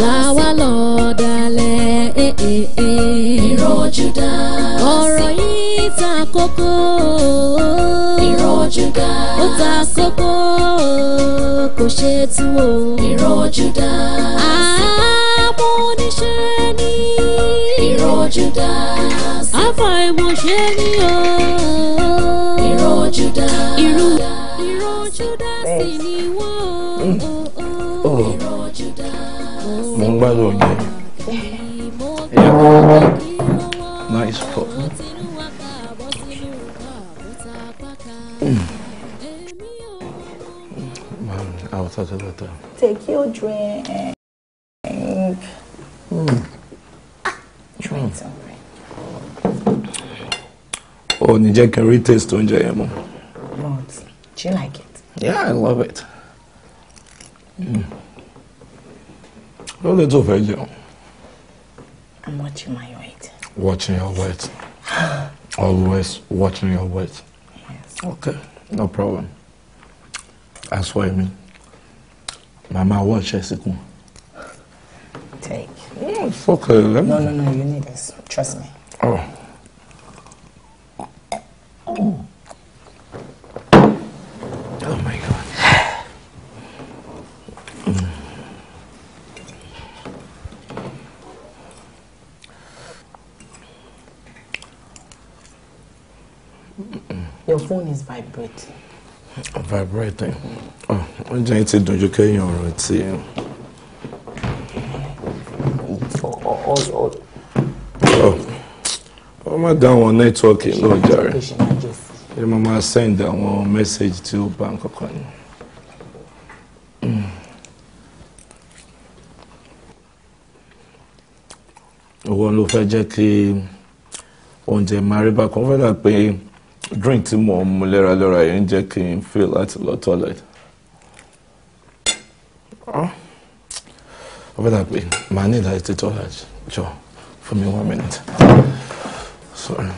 táwa lọ dalẹ̀ eh, eh, eh. ìrọ̀jú dá sí ọ̀rọ̀ yìí ta kókó ìrọ̀jú dá ó ta kókó kò ṣe tú o ìrọ̀jú dá sí ni ìrọ̀jú dá sí àfàìmọ̀ṣẹ́ ni o ìrọ̀jú dá sí irú ìrọ̀jú dá sí ni wọ́n ń gbádùn ọ̀jẹ̀ nice pop. Àwọn tata tata. Take your drink. Mm. Try it alright. Ó ní jẹ́ kí n rí taste oúnjẹ yẹn mọ́. do you like it? Yeah, I love it. Mm lóde tó fẹ́ jẹun. I'm watching my weight. Watching your weight. Always watching your weight. Yes. Okay, no problem. That's what I mean. Mama, watch Esikun. Take. Mm, it's okay. Let me... No, no, no, you need this. Trust me. Oh. oh. your phone is vibrating. vibrating ó oh, jẹ́ ti you kẹ́yìn ọ̀rọ̀ tí. Oh, má dá àwọn nẹ́tíwọ́ọ̀kì náà jàre ẹ máa máa send àwọn mẹ́sẹ̀gì tí ó bá nǹkan kan ni. owó mm. ló fẹ́ jẹ́ kí oúnjẹ máa rí bákan fẹ́ dà pé. Mm drink tí mo mu léraléra yẹn ń jẹ́ kí n feel láti lọ toilet. Ah. ó bẹ́ẹ̀ dàgbé màá ní ìdájí tí toilet jọ fún mi one minute. Sorry.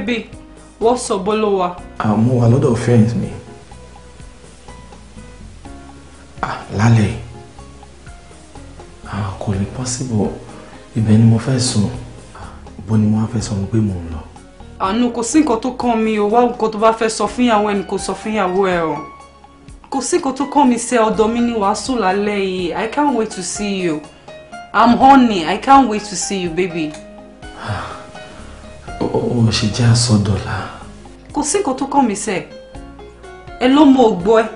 baby what's up bolowa. a lot of friends me. ah Lale. ah kò lè possible ibẹ̀ ni mo fẹ́ ah, but more ni mo wá fẹ́ sọ Ah, no. mò ń lọ. àánú kò sí nǹkan tó kàn mí o wá nǹkan tó bá fẹ́ sọ fún ìyàwó ẹni kò sọ fún ìyàwó ẹ o kò i can't wait to see you i'm horny i can't wait to see you baby. Ah ó ṣe jẹ́ àsọdọ̀la. kò sí nǹkan tó kàn mí sẹ́ẹ̀ ẹ ló mọ ògbó ẹ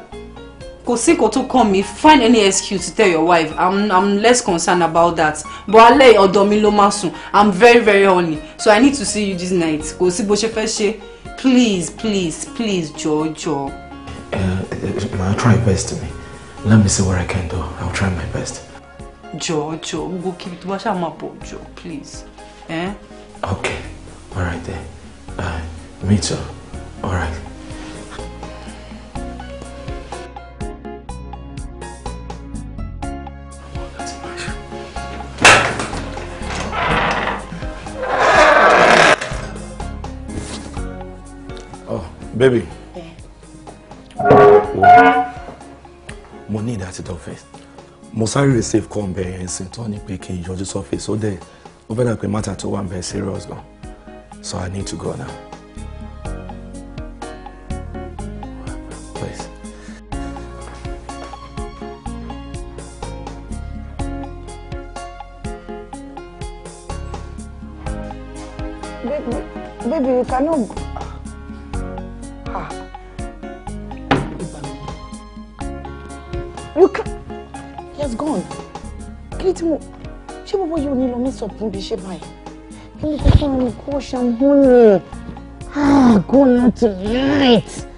kò sí nǹkan tó kàn mí find any excuse to tell your wife i'm i'm less concerned about that but alẹ́ ọ̀dọ̀ mi ló máa sùn i'm very very horny so i need to see you this night kò sí bó ṣe fẹ́ ṣe please please please jọ̀ọ́jọ̀ọ́. Uh, I'll try best me. Let me see what I can do. I'll try my best. Jọ̀ọ́ jọ̀ọ́, gbogbo kiri tó bá ṣáà máa bọ̀ jọ̀ọ́ please. Eh? Okay. All right then. Uh, me too. All right. Oh, baby. Yeah. Oh, mo need that at office mo sáré receive call bẹ́ẹ̀ yẹn sí tó ní pé kí n yọjú sọ́fíìsì ó dẹ̀ ó fẹ́ dà serious gan. So I need to go now. Please. Baby, baby, you cannot go. Ah. You can He has gone. Kí ni tí mo ṣé bọ́bọ́ yóò ní lọ mí sọ fún bin so ein großer Hund. Ah, gute Nacht.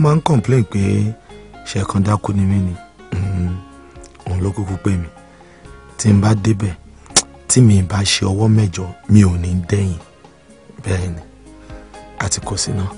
máa ń complain pé ṣẹ̀kan dákú ni mí ni mm-hmm. òun ló kúkú pè mí tí n bá débẹ̀ tí mi bá ṣe ọwọ́ mẹ́jọ mi ò ní dẹ́yìn bẹ́ẹ̀ ni àti kò sí náà.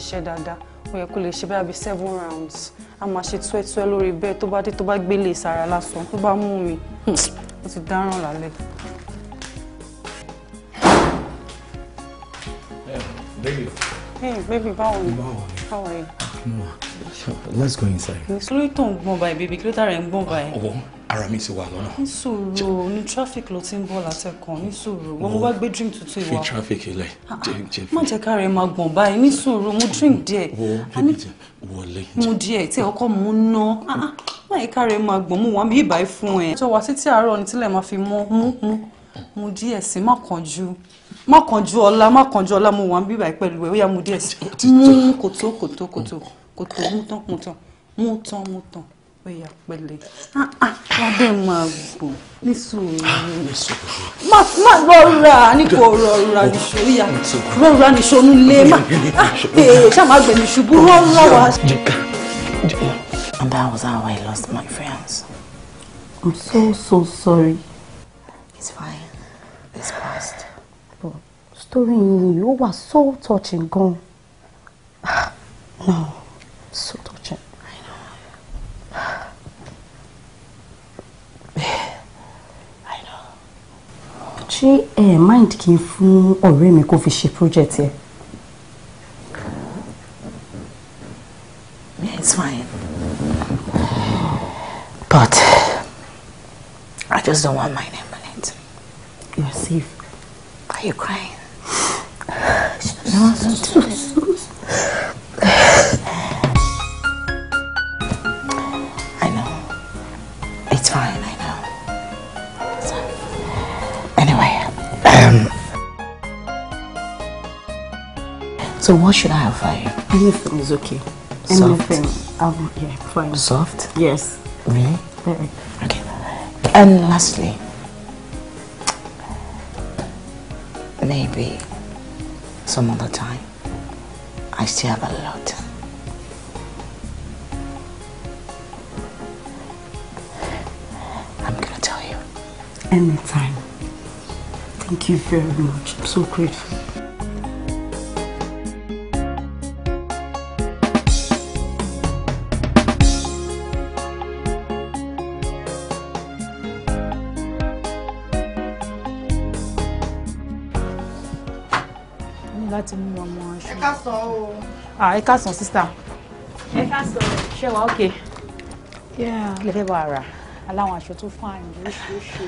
ṣiṣẹ́ dáadáa ó yẹ kó lè ṣe bẹ́ẹ̀ bí seven rounds a máa ṣe tuẹ́tuẹ́ lórí bẹ́ẹ̀ tó bá dé tó bá gbélé sára lásán tó bá mú mi hmm. ó ti dáràn lálẹ́. Eh, baby. Hey, baby, báwo ni? Báwo ni? Ah, Let's go inside. Kí ló tó ń gbọ́n báyìí, baby? Kí ló tààrà ń gbọ́n báyìí? ara mi ti wà lọ́nà. ní sùúrù ní traffic ló ti ń bọ̀ látẹ̀kàn ní sùúrù wọ́n mo wá gbé drink tuntun ìwà. fi traffic ilẹ̀ jẹ́ ah, ah, jẹ́ fi. má jẹ́ ká rẹ̀ máa gbọ̀n báyìí ní sùúrù mo drink díẹ̀. wọ́n bíbí jẹ wọlé. mo díẹ̀ tí ọkọ mo ná ah, má yẹ ká rẹ̀ máa gbọ̀n mo wà bí ìbá fún ẹ. ọjọ́ wa títí àárọ̀ ni tílẹ̀ máa fi mọ́ mú mú mo díẹ̀ sí má kánjú má kánjú ọlá má kánjú ọlá mo wà bí ìbá pẹ̀lú ẹ ó yá mo díẹ̀ sí mú kòtó kòtó kòtó kòtó mú tán mú tán mú tán mú tán ọ̀yà pẹ̀lẹ́ ládé máa gbò ní sùúrù má rọra ní kò rọra nìṣó yá rọra nìṣó nílé má ṣáà má gbẹ̀mí ṣubú rọra wá. And that was how I lost my friends. I'm so, so sorry. It's fine. It's past. But story you were so touching Gone. Ah, no. So ṣé ẹ eh, mind kì í fún ọ̀rẹ́ mi kó fi ṣe project yẹn. Yeah, it's fine. But I just don't want my name on it. You're safe. Are you crying? no, I know. It's fine, I know. So, anyway. Um, so what should I offer you? Anything is okay. Soft. Anything. Um, yeah, fine. Soft? Yes. Really? Very. Okay. And lastly, maybe some other time. I still have a lot. I'm gonna tell you. Anytime. Thank you very much. I'm so grateful. láti mú ọmọ aṣọ. ẹ káàsán o. ah ẹ káàsán sísá. ẹ káàsán. ṣé wàá òkè. lè fẹ́ bá aláwọn aṣọ tó fún àyàn lóṣooṣù.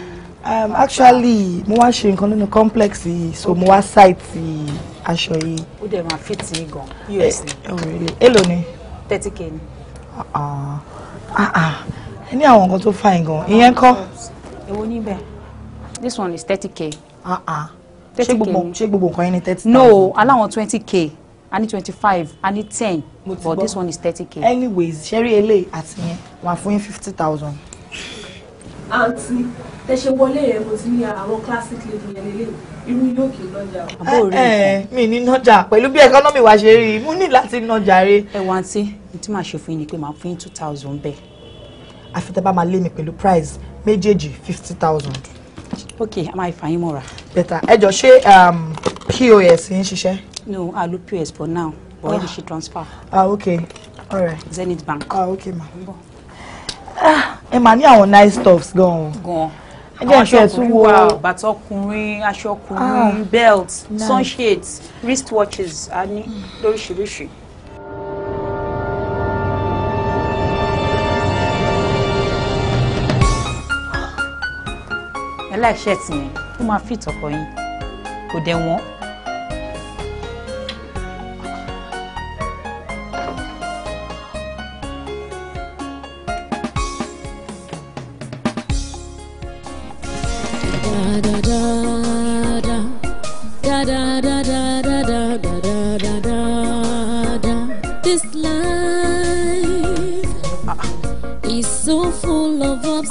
Um, actually mo wá ṣe nǹkan nínú complex yìí so mo wá ṣáìtì aṣọ yìí. ó dẹ̀ máa fit yín gan us ni. èló ni. thirty k ni. Ah, ah. Ah, ẹ ní àwọn nǹkan tó fine gan ìyẹn kọ́. èwo níbẹ̀ this one is thirty k. ṣé gbogbo ṣé gbogbo nǹkan yẹn ni thirty thousand. no aláwọn twenty k a ní twenty five a ní ten but this one is thirty k. anyways ṣẹ́rí eléyìí àti yẹn wà fún yín fifty thousand àǹtí tẹ ṣe wọlé yẹn mo ti ní àwọn classic lady yẹn lélẹ̀ irú yóò kì í lọ́jà ẹ ẹ eh, eh, mi ní nọjà pẹ̀lú bí ẹkọ́nọ́mì wa ṣe rí i mo ní láti nọjà rí. ẹ eh, wọ àǹtí ní tí màá ṣe fún yín ni pé màá fún yín two thousand bẹ́ẹ̀. àfi tẹ bá máa lé mi pẹ̀lú price méjèèjì fifty thousand. ok a máa fà yín mọ́ra. bẹ́tà ẹ jọ ṣé um, pos ń ṣiṣẹ́. no a lo pos for now but oh. when did she transfer. ah ok all right. Zenith Bank. ah ok ma. Bon ẹ ah, máa ní àwọn nice stuffs gan-an. gan-an àwọn aṣọ ọkùnrin wà bàtà ọkùnrin aṣọ ọkùnrin ah, belt sunshades wristwatches a ní mm. lóríṣiríṣi. ẹ láì ṣẹ́ẹ̀tì yẹn ó máa fi ìtọ̀kọ yín kò dẹ̀ wọ́n.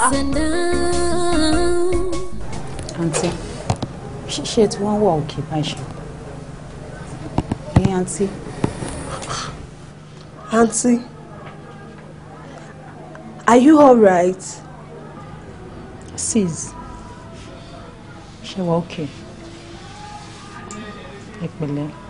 àǹtí ṣíṣe tí wọ́n wà òkè báyìí Hey àǹtí. àǹtí are you alright? sis ṣe wà òkè ẹ pẹ̀lẹ́. Okay.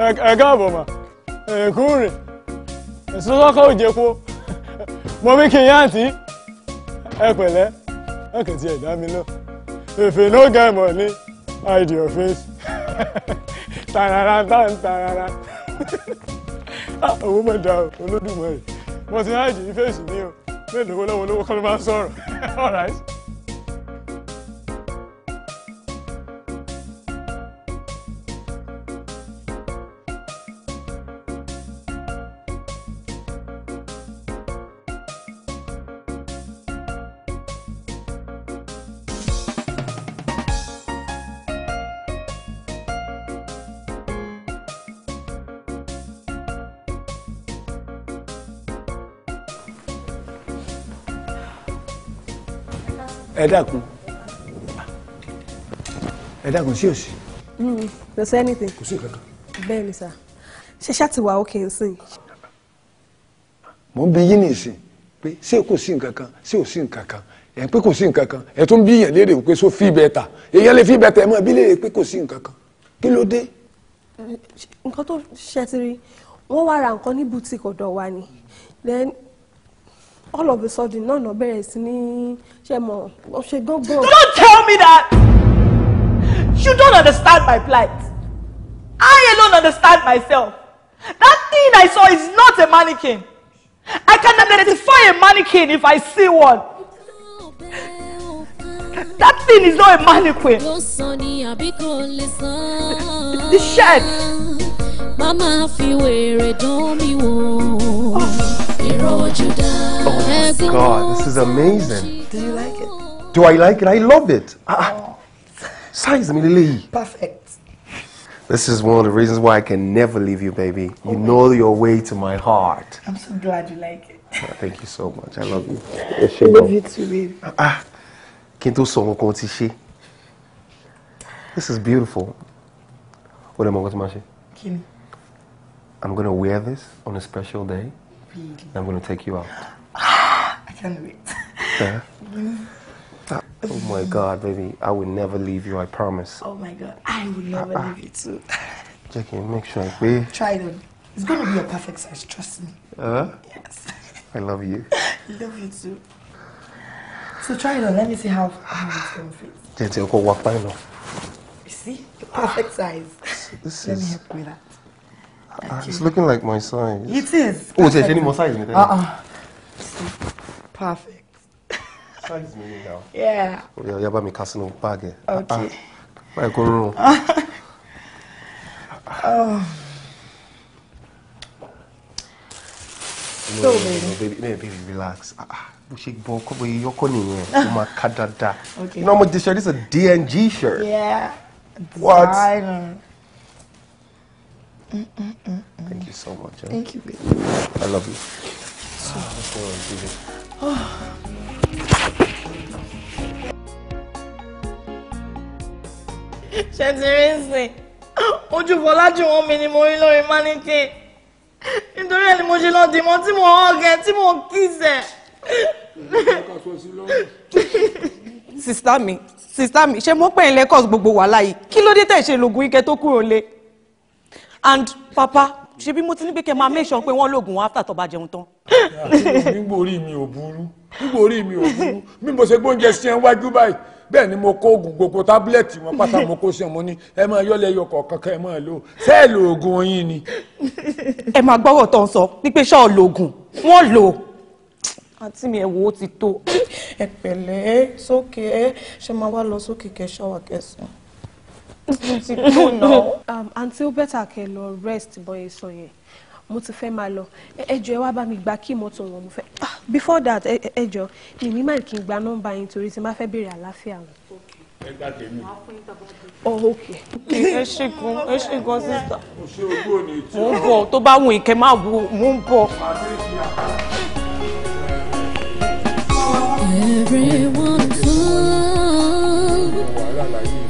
ẹ káàbọ̀ mà èkó rìn sọ́sọ́kọ́ òjèpo mo bí kí n ti mi náà èfè no get money hide your face tàràrà tarara tàràrà ah, owó mẹ́ta olódùmarè mo ti hide your face ní o me lo lọ́wọ́ kọ́ ẹ dákun ẹ dákun sí òsì. Mm, kò sí anything. kò sí kankan. bẹ́ẹ̀ ni sà ṣe ṣáà ti wà òkè nsìn. mo ń bi yín nìsín pé ṣé kò sí nǹkan kan ṣé ò sí nǹkan kan ẹ̀ pé kò sí nǹkan kan ẹ̀ tó bí yàn léèrè pé so fi bẹ́ẹ̀ ta èèyàn lè fi bẹ́ẹ̀ ta ẹ̀ mọ́ bí léèrè pé kò sí nǹkan kan kí ló dé. Mm, nǹkan tó ṣe ti rí wọ́n wá ra nǹkan ní boutique ọ̀dọ̀ wa ni then all of a sudden náà náà bẹ̀rẹ̀ sí ní ṣe mọ̀ ṣe gángan. don't tell me that you don't understand my plight I alone understand myself that thing I saw is not a mannequin I can identify a mannequin if I see one that thing is not a mannequin the, the shirt. mama fi wèrè dán mi wò. Oh. Oh my God, this is amazing. Do you like it? Do I like it? I love it. Oh. Size me, Perfect. This is one of the reasons why I can never leave you, baby. You oh. know your way to my heart. I'm so glad you like it. Ah, thank you so much. I love you. I love you too, baby. Ah, kí n tó sọ This is beautiful. What am I going to do? I'm going to wear this on a special day. Really? I'm going to take you out. I can't wait. Yeah. Oh my God, baby, I will never leave you, I promise. Oh my God, I will never uh, leave you too. Jackie, make sure I pay. Try it on. It's going to be a perfect size, trust me. Uh, yes. I love you. love you too. So try it on, let me see how, how it's going to fit. Jackie, I'll go walk by now. You see? The perfect size. This let is... me help you with that. Thank uh, it's you. looking like my size. It is. Oh, is there any more size Uh. Uh-uh. tẹ́lẹ̀. Perfect. size mi ni now. Yeah. yeah, oya bá mi kà sínú bag Okay. Ah, ah. Báyìí kò rọrùn. Oh. Oh, so no, baby. No, baby, no, baby, relax. Ah, bó ṣe gbọ́ ọkọ bóyá your nìyẹn, ó máa ká dáadáa. Okay. You know how much this shirt uh, is a DNG shirt? Yeah. Designer. What? Thank you so much. Thank you, baby. I love you. So, ah, that's what Oh. seriously. ojú Bọ́lájí wọn mi ni mo rí lórí mannequin nítorí ẹ̀ ni mo ṣe lọ dìmọ́ tí mo ọ̀gẹ̀ tí mo kíṣẹ̀. sista mi sista mi ṣé mo pẹ́ ń lẹ́kọ̀ọ́ gbogbo wàhálà yìí kí ló dé tẹ̀ ṣe lògùn ike tó kúrò lé and papa ṣebí mo ti ní pé kẹ́ máa make sure pé wọ́n lògùn wọn after tó bá jẹun tán. nígbò orí mi ò burú nígbò orí mi ò burú bí mo ṣe gbóúnjẹ sí ẹ wájú báyìí bẹ́ẹ̀ ni mo kó oògùn gbogbo tábìlẹ̀tì wọn pátá mo kó sí ọmọ ní ẹ máa yọ lẹ́yọ kọ̀ọ̀kan ẹ máa lò sẹ́ẹ̀lì oògùn yín ni. ẹ máa gbọ́wọ́ tó ń sọ pípé ṣọ́ọ̀ lògùn wọ́n lò àǹtí mi ẹ wò ó ti tó. ẹ pẹ̀lẹ́ sókè ẹ ṣe máa wá lọ sókè kẹ́ ṣọ́wà kẹsàn-án mo ti kú náà. àǹtí ó bẹ́tà kẹ́ lọ rest bọ́yẹ sọ yẹn mo ti fẹ́ máa lọ ẹjọ́ ẹ wá bá mi gba kí mọ́tò wọn mo fẹ́ ah, before that ẹjọ́ mi mi máa kí n gba nọ́mbà yín torí tí n bá fẹ́ béèrè àlàáfíà wọn. ẹ gbà oh ok. ṣègùn ẹ ṣègùn sísá. mo ń bọ̀ tó bá wùn ìkẹ́ máa wù mo ń bọ̀. Everyone, come.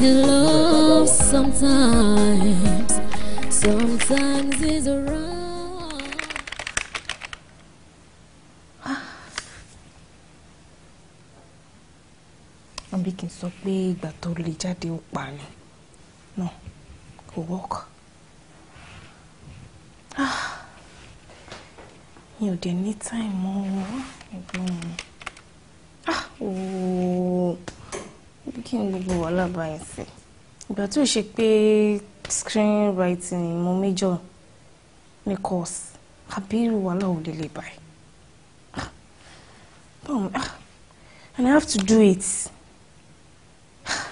Hello sometimes, sometimes it's wrong. I'm making so big that totally ìgbà tó lè no go walk. Ah. mi ò dé ní time more. Ah, oh, ooo kí go all by yourself ìgbà tí ò ṣe pé screen writing mo major ní course àbírù wàhálà ò lè lè báyìí ah, ah, and I have to do it. Ah.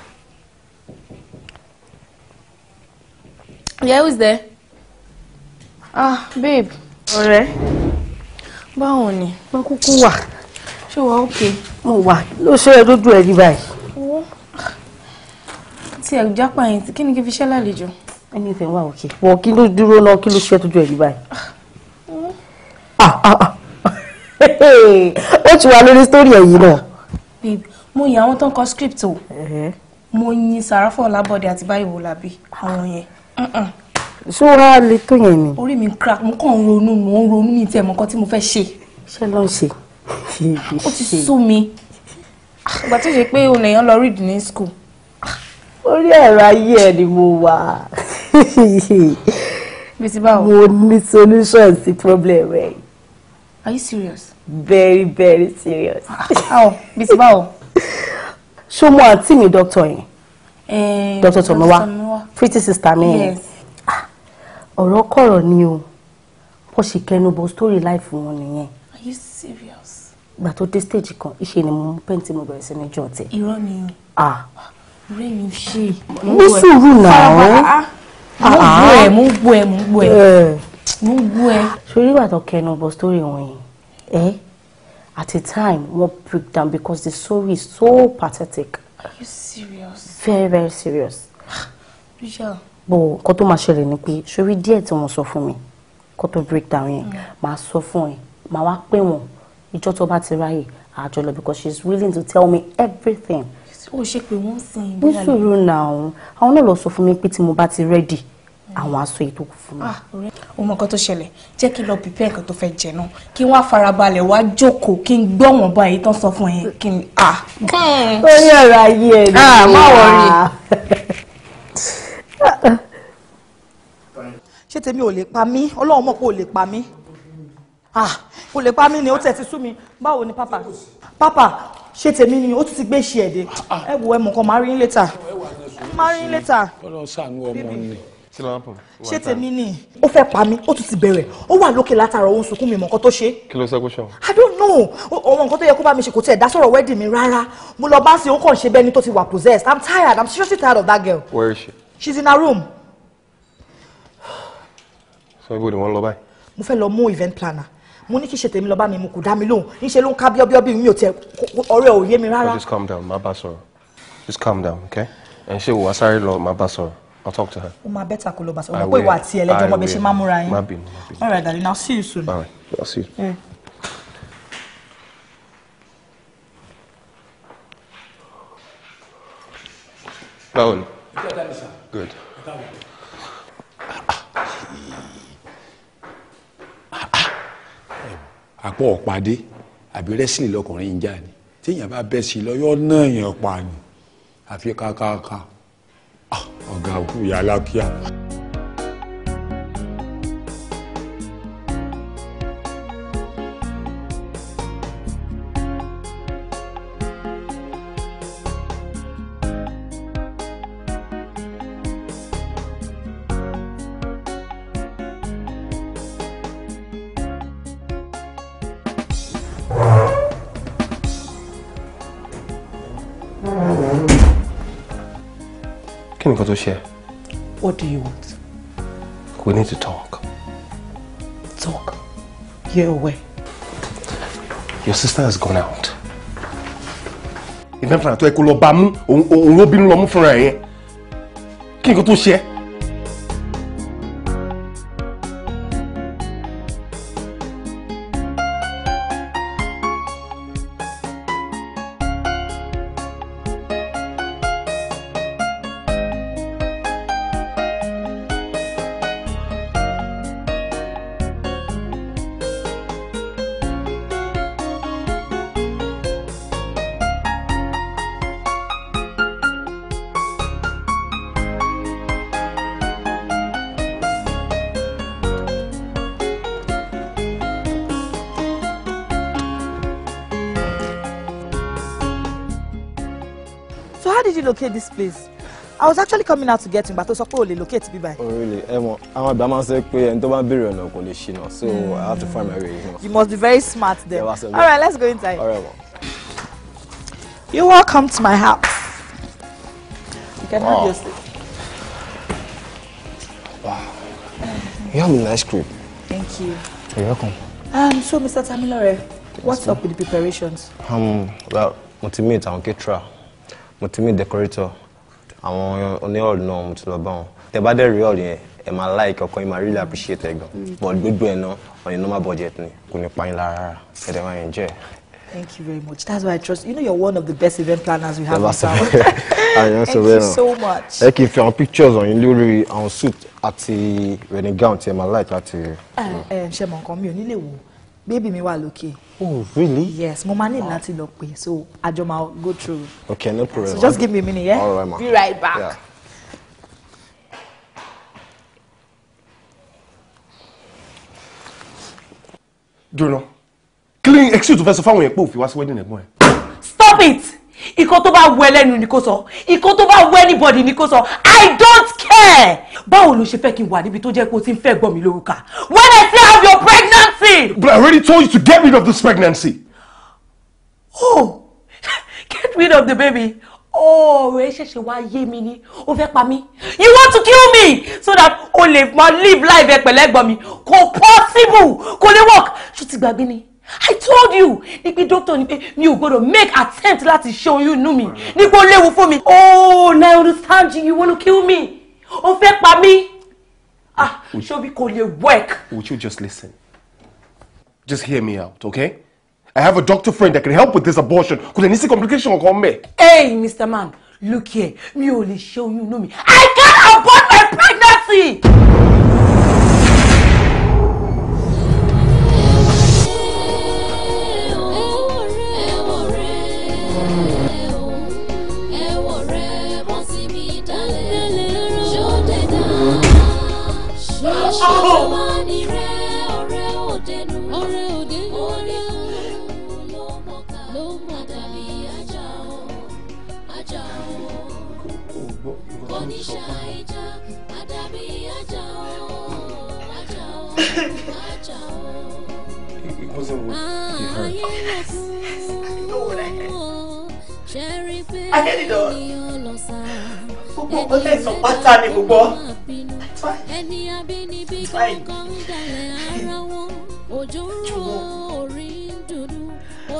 Yeah, who's there? Ah, babe. Ọ̀rẹ́. Báwo ni? Bá kúkú wà. Ṣé wà ókè? Mo wà. Ló ṣe é dúdú ẹ rí báyìí tí ẹ jápa yẹn kí ni kí fi ṣẹ́ lálejò. ẹni ìfẹ́ wà òkè wọ kí ló dúró náà kí ló ṣe tójú ẹ̀yìn báyìí. Ah, ah, ah. ó ti wà lórí sítórì ẹ̀yìn náà. babe mo yin àwọn tó ń kọ script o mo yin sàràfọ̀ ọ̀làbọ̀dé àti báyìí wò lábí àwọn yẹn ṣóra le tó yẹn ni. orí mi crack mo kàn ń ronú mo ń ronú mi tiẹ̀ mọ́ nǹkan tí mo fẹ́ ṣe. ṣé ló ń ṣe. ó ti sú mi. ìgbà tó ṣe pé òun èèyàn lọ read ní school orí ẹ̀rọ ayé ẹ̀ ni mo wà mo ní solution sí problem rẹ. are you serious. very very serious. how bísí báwo. ṣó mo àǹtí mi dókítà yẹn. Eh, doctor Tomiwa pretty sister mi yẹn ah, ọ̀rọ̀ kọ̀rọ̀ ni o bó ṣe kẹnu bọ story life wọn nìyẹn. are you serious. gbà tó dé stage kan iṣẹ́ ni mo mú pẹ́ǹtì mo bẹ̀rẹ̀ sí ní jọ̀ọ́tẹ̀. irọ́ ni o. ah ọ̀rẹ́ mi ò ṣe. ní sùúrù náà ah, ah, ah. mo ń gbọ́ ẹ mo ń gbọ́ ẹ mo ń gbọ́ ẹ eh. mo ń ẹ. sori wà kẹnu bọ story wọn yìí ẹ eh? at a time wọn break down because the story is so pathetic. are you serious. very very serious. bọ̀ nǹkan tó máa ṣẹlẹ̀ ni pé sori díẹ̀ tí wọ́n sọ fún mi kó tó break down yẹn mm. màá sọ fún ẹ màá wá pè wọ́n ìjọ́ tó bá ti ráyè àjọlọ because she is willing to tell me everything. O ṣe pé wọ́n sin ìgbéyàwó. ní sùúrù náà àwọn náà lọ sọ fún mi pé tí mo bá ti rẹ́dì àwọn aṣọ ètò kù fún mi. Ah, ohun nǹkan tó ṣẹlẹ̀ jẹ́ kí n lọ pípẹ́ nǹkan tó fẹ́ jẹ náà kí wọ́n á farabalẹ̀ wá jókòó kí n gbọ́ wọn bá èyí tó ń sọ fún yín kí n. lórí ah. ọ̀rọ̀ ayé ẹ̀ ní ah, má wọrí. ṣé tèmi ò lè pa mí ọlọ́run mọ̀ pé ò lè pa mí kò lè pa mí ni ó tẹ̀ ti sú mi báwo ni pápá pápá ṣé tèmi ni ó tún ti gbé ṣe ẹ̀dẹ̀ ẹ wo ẹ mọ̀ kan máa rí yín létà máa rí yín létà. ọlọ́run ṣàánú ọmọ ni ṣé tèmi ni ó fẹ́ pa mí ó tún ti bẹ̀rẹ̀ ó wà lókè látara òun sunkún mi mọ̀ nǹkan tó ṣe. kí ló sọ ṣọ. i don't know ọmọ nǹkan tó yẹ kó bá mi ṣe kò tiẹ̀ dá sọ̀rọ̀ wedding mi rárá mo lọ bá ń sin òun kàn ṣe bẹ́ẹ̀ ni tó ti wà possessed i'm tired i'm seriously tired of that girl. where is she. she's in her room. So ibo ni wọ́n lọ báyìí. mo fẹ́ lọ mú event planner mo ní kí ṣe tèmi lọ mi mu kò dá mi lóhùn níṣẹ́ ló ń ká bíọ́bíọ́bí mi ò tẹ ọ̀rẹ́ ò yé mi rárá. Oh, just calm down má bá sọ̀rọ̀ just calm down okay ẹ ṣe wò wá sáré lọ má bá sọ̀rọ̀ I'll talk to her. ó máa bẹ́tà kó lọ bá sọ̀rọ̀ pé ìwà àti ẹlẹ́jọ́ mọ̀ bẹ́ẹ̀ ṣe máa múra yín. darling I'll see you soon. all I'll see you. báwo ni. good. apá ọ̀pàdé àbí rẹ́sìlì lọkùnrin ń jà ní téèyàn bá bẹ́ sí i lọ́yọ́ náà yẹn pa ni àfi kákáká ah, ọ̀gá òkú yàrá kíá. kí ni nǹkan tó What do you want? We need to talk. Talk? You're away. Your sister has gone out. ìgbà fúnra tó ẹ kó lọ bá mú òun ló bínú lọ mú fúnra ẹ Can kí nǹkan tó ṣe place i was actually coming out to get him but I was pé o lè locate bí by. oh really ẹ mọ àwọn àgbà máa ń sọ pé ẹni tó bá ń so i hmm. have to find my way. You, you must be very smart then yeah, all right let's go inside. all right, well. you welcome to my house. you can wow. have your sleep. wow you have a nice crib. thank you. you're welcome. Um, so Mr. Tamilore what's sir. up with the preparations. Um, well mo ti meet àwọn caterer mo ti meet decorator àwọn oní náà mo ti lọ bá wọn tẹ bá dẹ̀ rí ọ̀rọ̀ yẹn ẹ máa like ọkàn yín máa really appreciate ẹ gan mm. but gbogbo ẹ náà on normal budget ni kò ní pa yín lára rárá ẹ dẹ̀ máa enjoy. Thank you very much. That's why I trust you. know you're one of the best event planners we have in town. Thank you so much. Ẹ kì í fi àwọn pictures ọ̀yin lórí àwọn suit àti wedding gown tí ẹ máa like láti. Ah, eh, ṣé mọ̀ nǹkan mi ò nílé wò ó? baby mi wa loke. oh really. yes mo máa ní láti lọ pè so àjọ máa go through. okay no problem so just give me a minute yeah? all right ma be right back. Yeah. jona kí excuse to first of all, yẹn pé òfin wá sí wedding ẹ̀gbọ́n ẹ̀. stop it ìkó tó bá wọ ẹlẹ́nu ni kó sọ ìkó tó bá wọ anybody ni kó sọ i don't care báwo ló ṣe fẹ́ kí n wà níbi tó jẹ́ pé o ti ń fẹ́ gbọ́ mi lórúkà when i still have your pregnancy. but i already told you to get rid of this pregnancy. oh get rid of the baby ọ̀rọ̀ oh, ẹ ṣẹ̀ṣẹ̀ wá yé mi ni ó fẹ́ pa mí you want to kill me so that o lè máa live life ẹ pẹ̀lẹ́ gbọ́ mi kò possible kò lè work ṣó ti gbàgbé ni I told you ni pé doctor ni pé mi ò gbọ́dọ̀ make attempt láti ṣe oyún inú mi ni pé ó léwu fún mi. Oh now I understand you you wanna kill me o fẹ́ pa mí ah ṣobi kò lè work. Would you just listen? Just hear me out, okay? I have a doctor friend that can help with this abortion kò lè ní sí complication kankan mẹ́. Hey Mr. Man look here mi ò lè ṣe oyún inú mi I can't abort my pregnancy. I Gbogbo nǹkan tẹ̀ pátá ni gbogbo.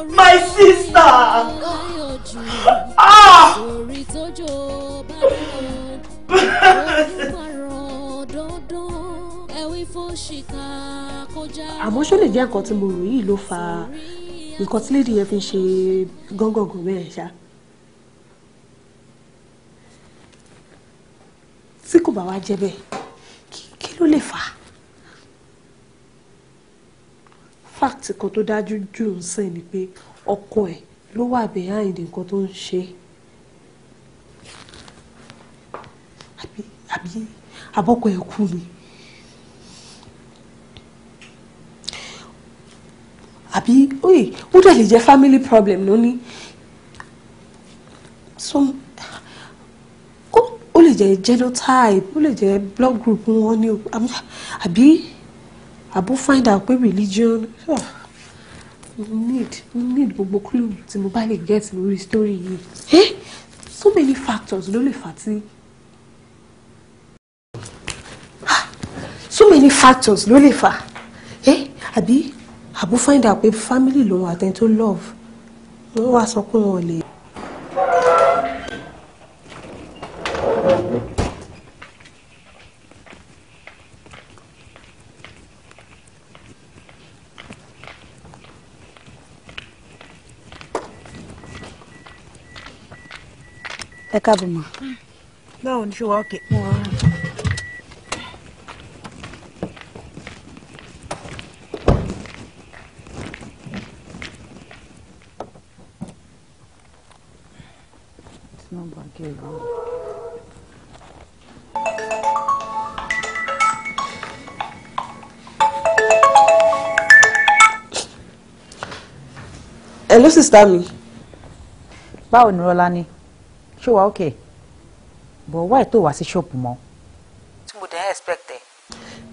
My sister! Ah! àmọ́ ṣó lè jẹ́ nǹkan tí mo rò yìí ló fa nǹkan tí lédi yẹn fi ń ṣe gángangàn bẹ́ẹ̀ ṣá. tí kò bá wá jẹ́ bẹ́ẹ̀ kí ló lè fà á fact kan tó dájú jù ń sìn ni pé ọkọ ẹ̀ ló wà behind nǹkan tó ń ṣe àbí àbí abọ́kọ kú ni àbí oye ó dẹ̀ lè jẹ́ family problem ló ní lè jẹ́ genotype ó lè jẹ́ blood group wọn ni àbí àbó find pé religion oh, need need gbogbo clue tí mo bá lè get lórí story yìí eh, so many factors ló lè fà tí ah, so many factors ló lè fà eh? àbí àbó find out pé family lòun àtẹni tó love wọ́n wá sọ pé wọ́n lè. káàbọ̀ mọ́. báwo ni ṣé wàá kẹ́ mọ́ ọ. Hello sister mi. Báwo ni Rọ́lá ni? ṣó wa ok but why tó wá sí ṣọ́ọ̀bù mọ́ tí mo dẹ̀ expect ẹ̀.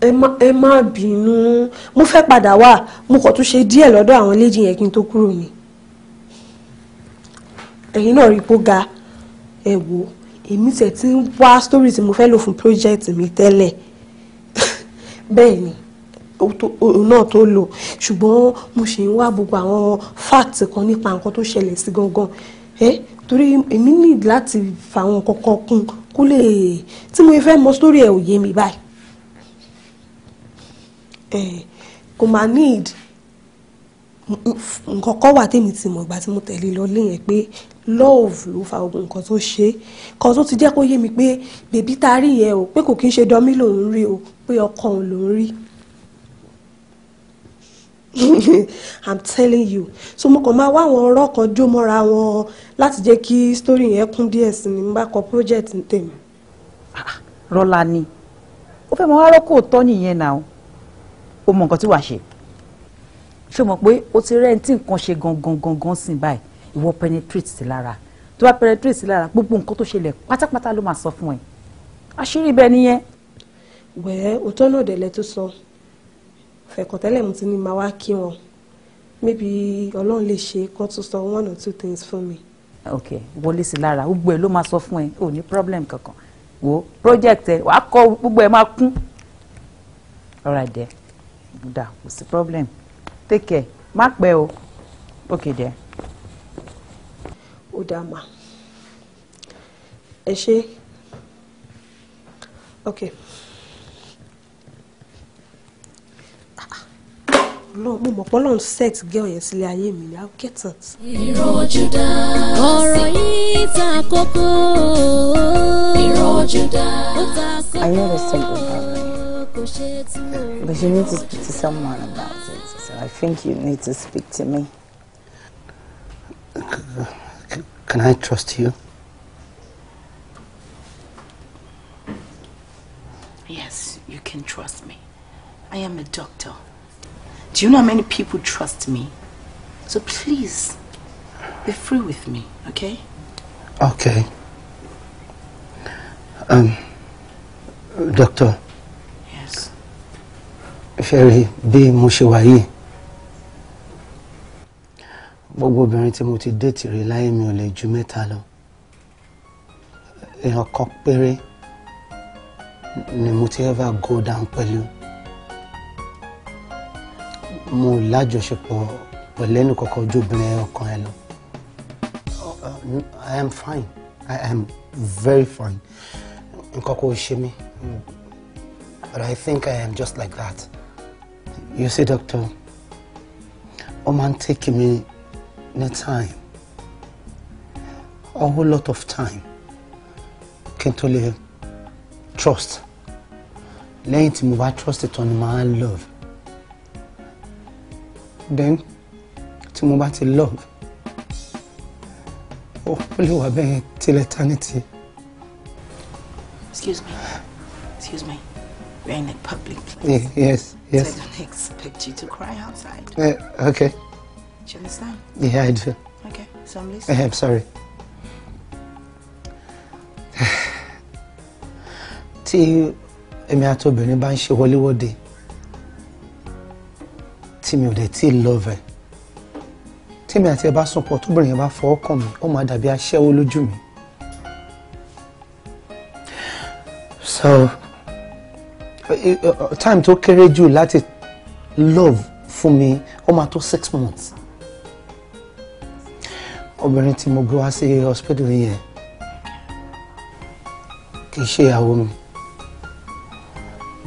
ẹ má ẹ má bínú mo fẹ́ padà wá mo kàn tún ṣe díẹ̀ lọ́dọ̀ àwọn léjì to kí n tó kúrò ni ẹ̀yin náà rí pó ga ẹ wo èmi tẹ̀ tí ń wá story tí mo fẹ́ lò fún project mi tẹ́lẹ̀ bẹ́ẹ̀ ni òun náà tó lò ṣùgbọ́n mo ṣì ń wá gbogbo àwọn fact kan nípa nǹkan tó ṣẹlẹ̀ ẹ eh, torí èmi need láti fàwọn kọ̀ọ̀kan kún kó lè tí mo fẹ́ mọ sórí ẹ̀ ò yé mi báyìí ẹ eh, kò máa need nǹkan kọ́ wà tèmi ti mọ̀ ìgbà tí mo tẹ̀lé lọ léyìn pé love ló fa ogun nǹkan tó ṣe kan tó ti jẹ́ kó yé mi pé bèbí tá rí yẹn o pé kò kí ń ṣe dánmí lòún rí o pé ọkọ òun lòún rí i'm telling you so mo kàn máa wá àwọn ọ̀rọ̀ kan jó mọ́ra wọn láti jẹ́ kí story yẹn kún díẹ̀ sí ni mo bá kọ project ní tèmi. Ah, rọ́lá ni ó fẹ́ mọ wá rọ́kò tọ́ nìyẹn náà o mọ nǹkan tí wàá ṣe ṣé o mọ̀ pé o ti rẹ́ ẹni tí nǹkan ṣe gangan gangan sìn báyìí ìwọ penetrate sí lára tó bá penetrate sí lára gbogbo nǹkan tó ṣẹlẹ̀ pátápátá ló máa sọ fún ẹ àṣírí ibẹ̀ nìyẹn. wẹ́ẹ́ òótọ́ náà dẹ̀ lẹ́ tó sọ. So fẹ̀kọ̀tẹ́lẹ̀ mo ti ní máa wá kí wọn maybe ọlọ́run lè ṣe kó tún sọ one or two things fún mi. ok wọlé sí lára gbogbo ẹ ló máa sọ fún ẹ ò ní problem kankan wo project ẹ wàá kọ gbogbo ẹ máa kún alright dẹ buda kò sí problem take care má pẹ́ o ok dẹ. ó dáa ma ẹ ṣe ok. mo mọ̀ pé Ọlọ́run set girl yẹn sílé ayé mi ni I get it. ìrọ̀jú dá sí. ọ̀rọ̀ yìí ta kókó. ìrọ̀jú dá sí. I heard a simple problem. But you need to speak to someone about it. So I think you need to speak to me. can I trust you? Yes, you can trust me. I am a doctor. Do you know how many people trust me? So please, be free with me, okay? Okay. Um, doctor. Yes. Sherry, be mushiwai. ṣe wà yìí, gbogbo obìnrin tí mo ti déètì rí láyé mi ò ever go down pẹ̀lú mo lájọṣepọ̀ pẹ̀lú ẹnì kọ̀ọ̀kan ojú obìnrin ọkàn ẹ lọ uh, I am fine I am very fine nǹkan kò ṣe mí but I think I am just like that you see doctor ó máa ń take me ní time a whole lot of time kí n tó lè trust lẹ́yìn tí mo bá trust ìtọ́ni máa ń love then tí mo bá ti love ó lè wà bẹ́ẹ̀ till eternity. excuse me excuse me we're in a public place. yes yes. so I don't expect you to cry outside. Uh, okay. do you understand. yeah I do. okay so I'm listening. Uh, eh, I'm sorry. tí èmi àti obìnrin bá ń ṣe wọléwọ̀de tí mi ò dẹ̀ tí ì lọ́ọ̀vẹ̀ tèmi àti ẹ bá sùn pọ̀ tóbìnrin yẹn bá fọwọ́ kàn mí ó máa dàbí aṣẹ́wó lójú mi. so time tó kéré jù láti love fún mi ó máa tó six months obìnrin tí mo gbé wá sí hospital yẹn kì í ṣe ìyàwó mi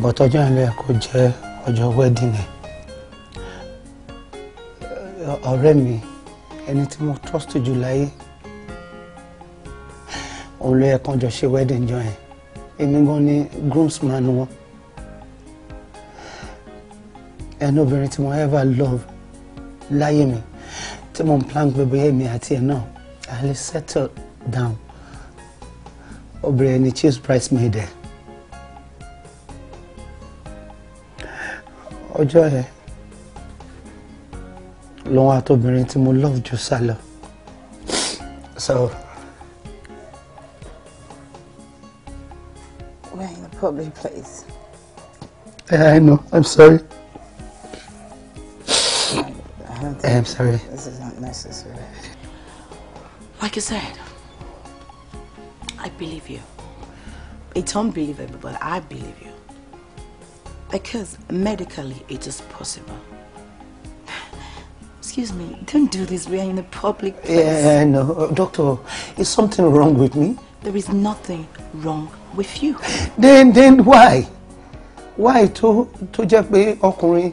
bọ́tọ́jọ́ yẹn lóye kó jẹ́ ọjọ́ wedding ẹ̀ ọ̀rẹ́ mi ẹni tí mo trust jù láyé òun ló yẹ kán jọ ṣe wedding jọ yẹn èmi gan ni groomsman wọn ẹni obìnrin tí mo ever love láyé mi tí mo ń plan pé bóyá èmi àti ẹ̀ náà a lè settle down obìnrin ẹni chief bridesmaid ẹ ọjọ́ yẹn. lòun àtobìnrin tí mo love jù sá so. we're in a public place. Yeah, I know. I'm sorry. I am sorry. This is not necessary. Like I said, I believe you. It's unbelievable, but I believe you. Because medically it is possible. Excuse me, don't do this. We are in a public place. Yeah, no. Uh, doctor, is something wrong with me? There is nothing wrong with you. Then, then why? Why to to jẹ́ pé ọkùnrin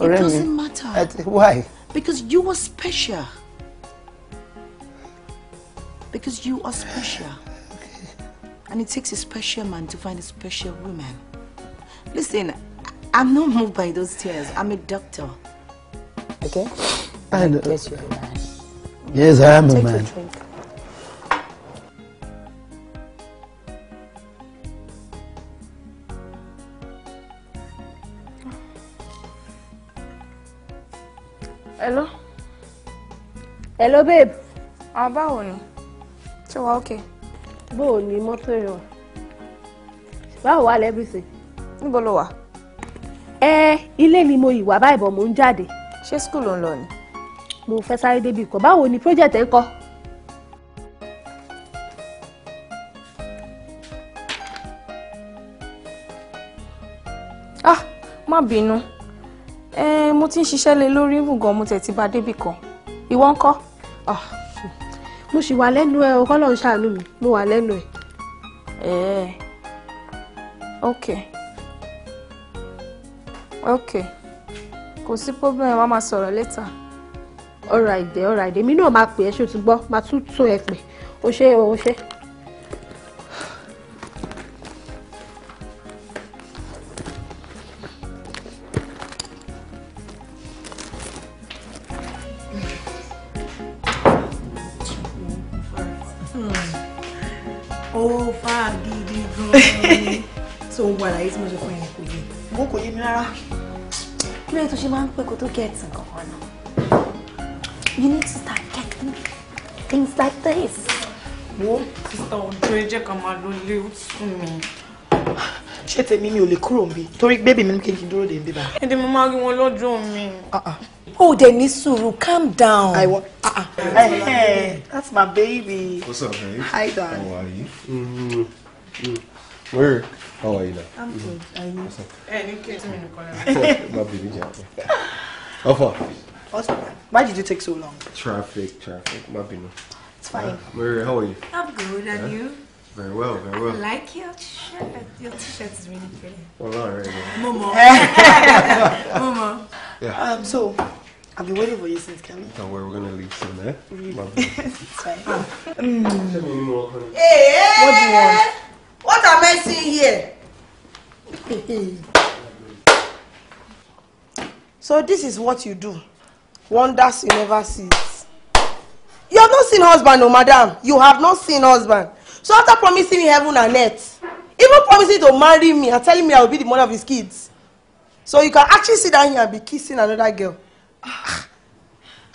It doesn't matter. At, why? Because you are special. Because you are special. Okay. And it takes a special man to find a special woman. Listen, I'm not moved by those tears. I'm a doctor. Okay? And I guess you're a man. Yes, I am Take a man. Your drink. Hello? Hello, babe. Ah, báwo ni? So okay? Báwo ni mọ́tò yẹn? Báwo wà lẹ́bìsì? Níbo lo wà? Eh, Ile ni mo ìwà báyìí bọ̀ mò ń jáde ṣé school ló ń lọ ni. mo fẹ́ sáré débi ìkọ́ báwo ni project ẹ̀ ń kọ́. ah má bínú eh, mo ti ń ṣiṣẹ́ lé lórí ìwùngàn mo tẹ̀ ti bá kan ìwọ ń kọ́. ah mo sì wà lẹ́nu ẹ ọkọ lọ́n ṣàánú mi mo wà lẹ́nu ẹ. ok ok kò sí problem wàá máa sọ̀rọ̀ later. ọ̀rọ̀ àìdè ọ̀rọ̀ àìdè mi náà máa pè ẹ́ ṣe tún gbọ́ máa tún tún ẹ pè ó ṣe ó ṣe. ó fà gidi gan-an tó ń wà láyé tí mo ṣe fún ẹ̀yìn kò yé. mo kò yé mi rárá kí ló yẹ tó you need to start getting things like this. wo sista ojú ẹ jẹ́ ká máa lọ lé ó sùn mi. ṣé tèmi mi ò lè kúrò níbí torí bébì mi ní kí n dúró dé níbí báyìí. ẹni mo máa rí wọn lọ́jọ́ mi. calm down. I want. uh ah, -uh. Ah. Hey, hey, that's my baby. what's up babe. hi dad. how are you. Mm -hmm. mm. Mm-hmm. where. How are you now? I'm good. Are you? What's up? Hey, you came to me in the corner. My baby jacket. How far? Why did you take so long? Traffic, traffic. My baby. It's fine. Ah, Maria, how are you? I'm good. And yeah? you? Very well, very well. I like your shirt. Your t-shirt is really pretty. Well, all right. Yeah. Momo. Momo. Yeah. Um, so, I've been waiting for you since coming. Don't worry, we're gonna leave soon, eh? Really? it's fine. Ah. Mm. Hey, eh, eh, what do you want? Eh, What am I seeing here? So this is what you do. Wonders you never see. You have not seen husband, no, madam. You have not seen husband. So after promising me heaven and earth, even promising to marry me and telling me I will be the mother of his kids. So you can actually sit down here and be kissing another girl. Ah.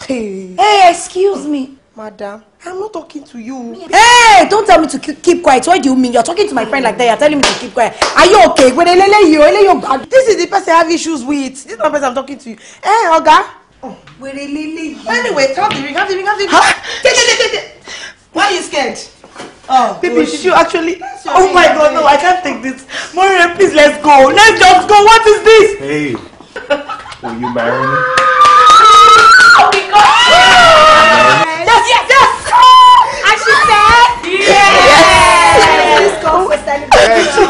hey, excuse me. Madam, I'm not talking to you. Hey, don't tell me to keep quiet. What do you mean? You're talking to my friend like that. You're telling me to keep quiet. Are you okay? When uh, This is the person I have issues with. This is the person I'm talking to. Hey, Oga. Oh, anyway, have the ring, have the ring, have the come Huh? Take, take, take, take. Why are you scared? Oh, baby, oh, should you actually? Oh my God, no, I can't take this. Maria, please, let's go. Let's just go. What is this? Hey, will you marry me? Oh my God. Yes! Please come for celebration.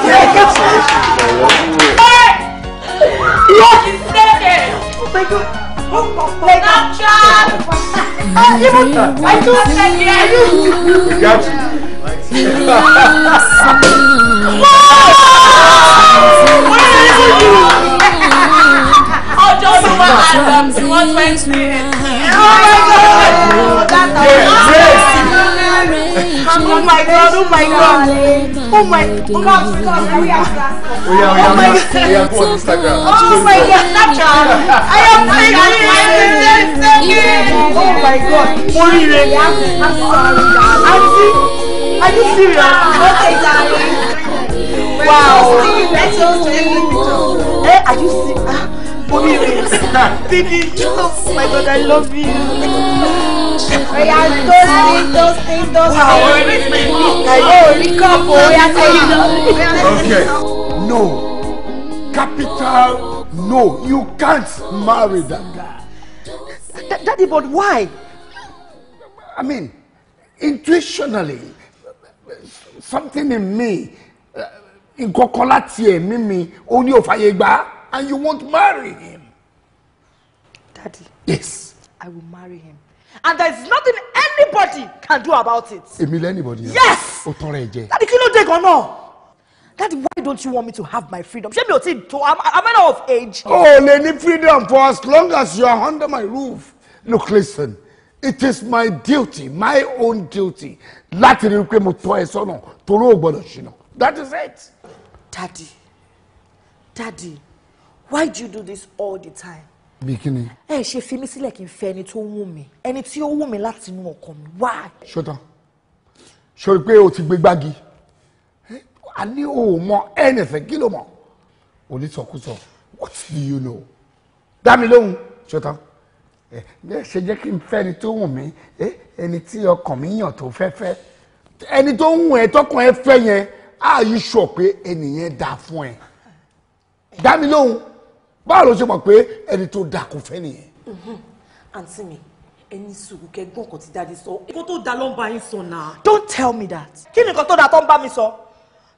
Look, it's naked! Oh my god! Snapchat! Ah, even I don't like it. You got you. Wow! What is it? Oh, John Nova Adams, he was Wednesday. Oh my God! That's yeah. Oh my god, oh my god. Oh my god, oh my god. Oh my god. Oh my god, Snapchat. I am pregnant. Oh my god. Morire. I'm sorry. Auntie, are you serious? Okay, darling. Wow. Hey, eh, are you serious? Ah, Morire. Baby, oh my god, I love you. Oya Oh ní kọ́ọ̀pù oya sẹ́yìn. Okay no capital no you can't marry that guy. Daddy but why? I mean intuitionally something in me in láti Mimi, mi ó ní and you won't marry him. Daddy. Yes. I will marry him and there is nothing anybody can do about it. èmi lẹ́ anybody yẹn. yes. o tọrọ ẹ jẹ. dadi kí ló dé gan-an. dadi why don't you want me to have my freedom ṣé mi ò tí tó am am I not of age. o oh, lè ní freedom for as long as you are under my roof. look listen it is my duty my own duty láti rí i pé mo tọ́ ẹ sọ́nà torí o gbọ́dọ̀ ṣìnà that is it. dadi dadi why do you do this all the time bí kí ni. ẹ ṣe fi mí sílẹ̀ kí n fẹ́ ẹni tó wù mí ẹni tí ó wù mí láti inú ọkàn mi wá. ṣọtàn sori pé o ti gbé gbági a ní o mọ anything kí ló mọ onísọkúsọ what do you know dá mi lóhùn ṣọtàn ẹ ṣe jẹ́ kí n fẹ́ ẹni tó wù mí ẹni tí ọkàn mi yàn tó fẹ́ fẹ́ ẹni tó ń wù ẹ tọkàn ẹ fẹ́ yẹn are you sure pé ẹnìyẹn dáa fún ẹ dá mi lóhùn báwo ló ṣe mọ̀ pé ẹni tó dà kò fẹ́ nìyẹn. Mhm. àǹtí mi ẹni sùúrù kẹgbọ́n kan ti dáadé sọ èkó tó da ló ń bá yín sọ náà. don't tell me that. kí ni nǹkan tó da tó ń bá mi sọ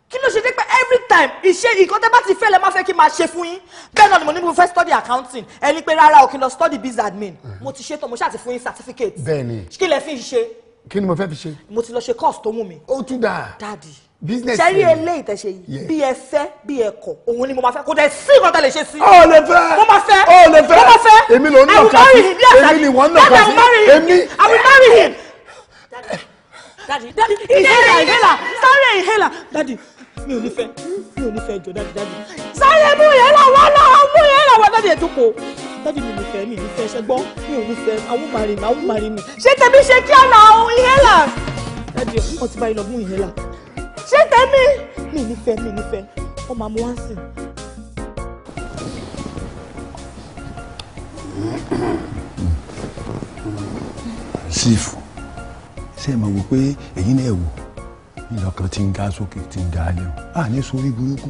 kí ló ṣe dé pé every time ìṣe nǹkan tẹ́ bá ti fẹ́ lẹ́ máa fẹ́ kí n máa ṣe fún yín bẹ́ẹ̀ náà ni mo ní mo fẹ́ study accounting ẹni pé rárá o kí n lọ study biz admin mhm. mo ti ṣe tán mo ṣáà ti fún yín certificate. bẹ́ẹ̀ni kí lẹ fi ṣe. kí ni mo fẹ́ fi ṣe. mo ti lọ ṣe course tó mú mi. ó tún dáa. dáàdi business ṣe rí eléyìí tẹ ṣe yìí bí ẹ fẹ́ bí ẹ kọ̀ òun ni mo máa fẹ́ kò dẹ sí nǹkan tẹ lè ṣe sí. ó lè fẹ́ mo máa fẹ́ ó lè fẹ́ mo máa fẹ́ èmi ló ń nà ká sí èmi ni wọ́n nà ká sí èmi. I will marry him. Daddy, daddy, inhaler, inhaler, sáré inhaler, daddy, mi ò ní fẹ́, mi ò ní fẹ́ jọ daddy, daddy, Sorry, sáré mú inhaler wá náà, mú inhaler wá daddy ẹ̀dùnkò, daddy mi ò ní fẹ́, mi ò ní fẹ́, ṣẹ́gbọ́n, mi ò ní fẹ́, àwọn màrí mi, àwọn màrí mi, ṣé tẹ̀mí ṣe kí á nà àwọn inhaler, daddy, ọmọ ti bá yín lọ mú inhaler ṣé tẹ́mí mi nífẹ̀ mi nífẹ̀ ó máa mú wá sí i. sífù ṣé ẹ máa wò pé èyí náà wò ìlọkàn ti ń ga sókè ti ń ga alẹ́ o à ní sórí burúkú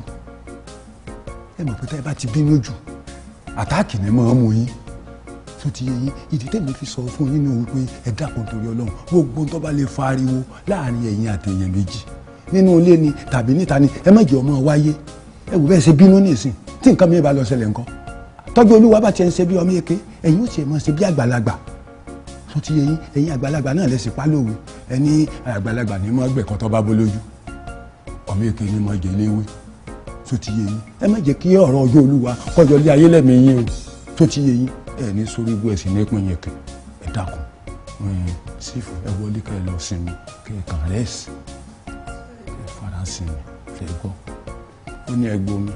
ẹ mọ̀ pé tá ẹ bá ti bínú jù àtáàkì ni màá mú yín tó ti yé yín ìdí tẹ̀mí fi sọ fún yín nínú wípé ẹ dákun torí ọlọ́run gbogbo tó bá lè fa ariwo láàrin ẹ̀yin àtẹ̀yẹ méjì nínú ilé ni tàbí níta ni ẹ má jẹ́ ọmọ wáyé ẹ wò bẹ́ẹ̀ ṣe bínú nìsín tí nǹkan mìíràn bá lọ ṣẹlẹ̀ nǹkan tọ́jú olúwa bá tiẹ̀ ń ṣe bí ọmọ èké ẹ̀yin ó tiẹ̀ mọ̀ ṣe bí àgbàlagbà tó ti yẹ yín ẹ̀yin àgbàlagbà náà lẹ́sìn pálóòwe ẹni àgbàlagbà ní mọ́ gbẹ̀kan tó bá bó lójú ọmọ èké ní mọ́ jẹ léwé tó ti yẹ ẹ má jẹ́ kí ọ̀rọ̀ ọjọ́ olúwa kọjọ lé ayé lẹ́mìí o tó ti yẹ yín ẹ ní sórí ibú ẹ̀sìn ní ìpín yẹn kẹ ẹ dákun sífù ẹ wọlé kẹ lọ sinmi kẹ kàn rẹ́ẹ̀sì sinmi fẹ́gbọ́ ó ní ẹgbẹ́ omi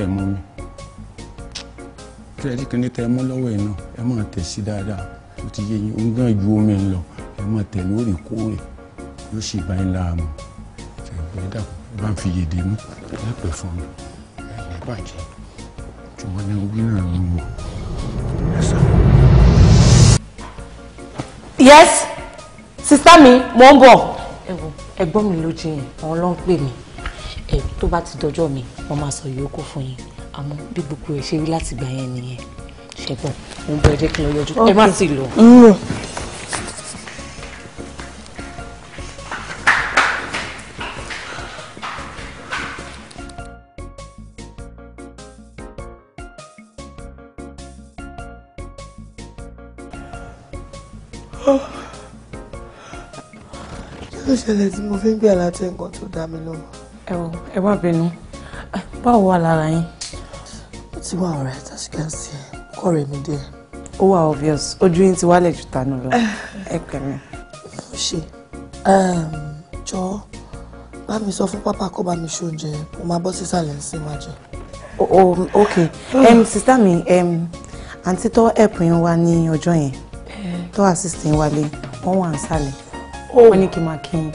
ẹ mú mi kírẹ́dì kìíní tẹ ẹ mú lọ́wọ́ ẹ̀ náà ẹ máa tẹ̀ sí dáadáa ó ti yé yín omi náà ju omi ń lọ ẹ máa tẹ̀ lóòrèkóòrè yóò sì bá yín láàmú fẹ́gbọ́ ẹ dàpọ̀ ẹ bá ń fi yèdè mú lẹ́pẹ̀ fún mi ẹ lè bàjẹ́ ṣùgbọ́n ní orí náà ló wọ̀ yes sista mi mo ń bọ̀. ẹ wò ẹ̀gbọ́n mi ló jiyàn òun ló ń pè mí ẹ tó bá ti dọjọ́ mi mo máa sọ yòókù fún yín àmọ́ bí gbogbo ẹ ṣe rí láti gbà yẹn nìyẹn ṣẹgbọn òun bọ ẹ kí n lọ yọjú ẹ má sì lọ. ṣẹlẹ̀ tí mo fi ń gbà láti nǹkan tó dá mi lóhùn. ẹ wò ẹ má bínú ah, báwo wà lára yín. ó ti wà ọ̀rẹ́ as you can see kọ́ rẹ̀ mi díẹ̀. ó wà obvious ojú yín ti wálẹ̀ ju tànù lọ ah. ẹ pẹ̀lú. mo ṣe um, jọ bá mi sọ fún pápá kó bá mi ṣe oúnjẹ mo máa bọ́ sísàlẹ̀ ń sìn máa jẹ. ok um, sista mi um, àǹtí tó ẹ̀pù yín wá ní ọjọ́ yẹn eh. tó assist yín wálé wọ́n wà ń sàlẹ̀ ó ní kí n máa kí n.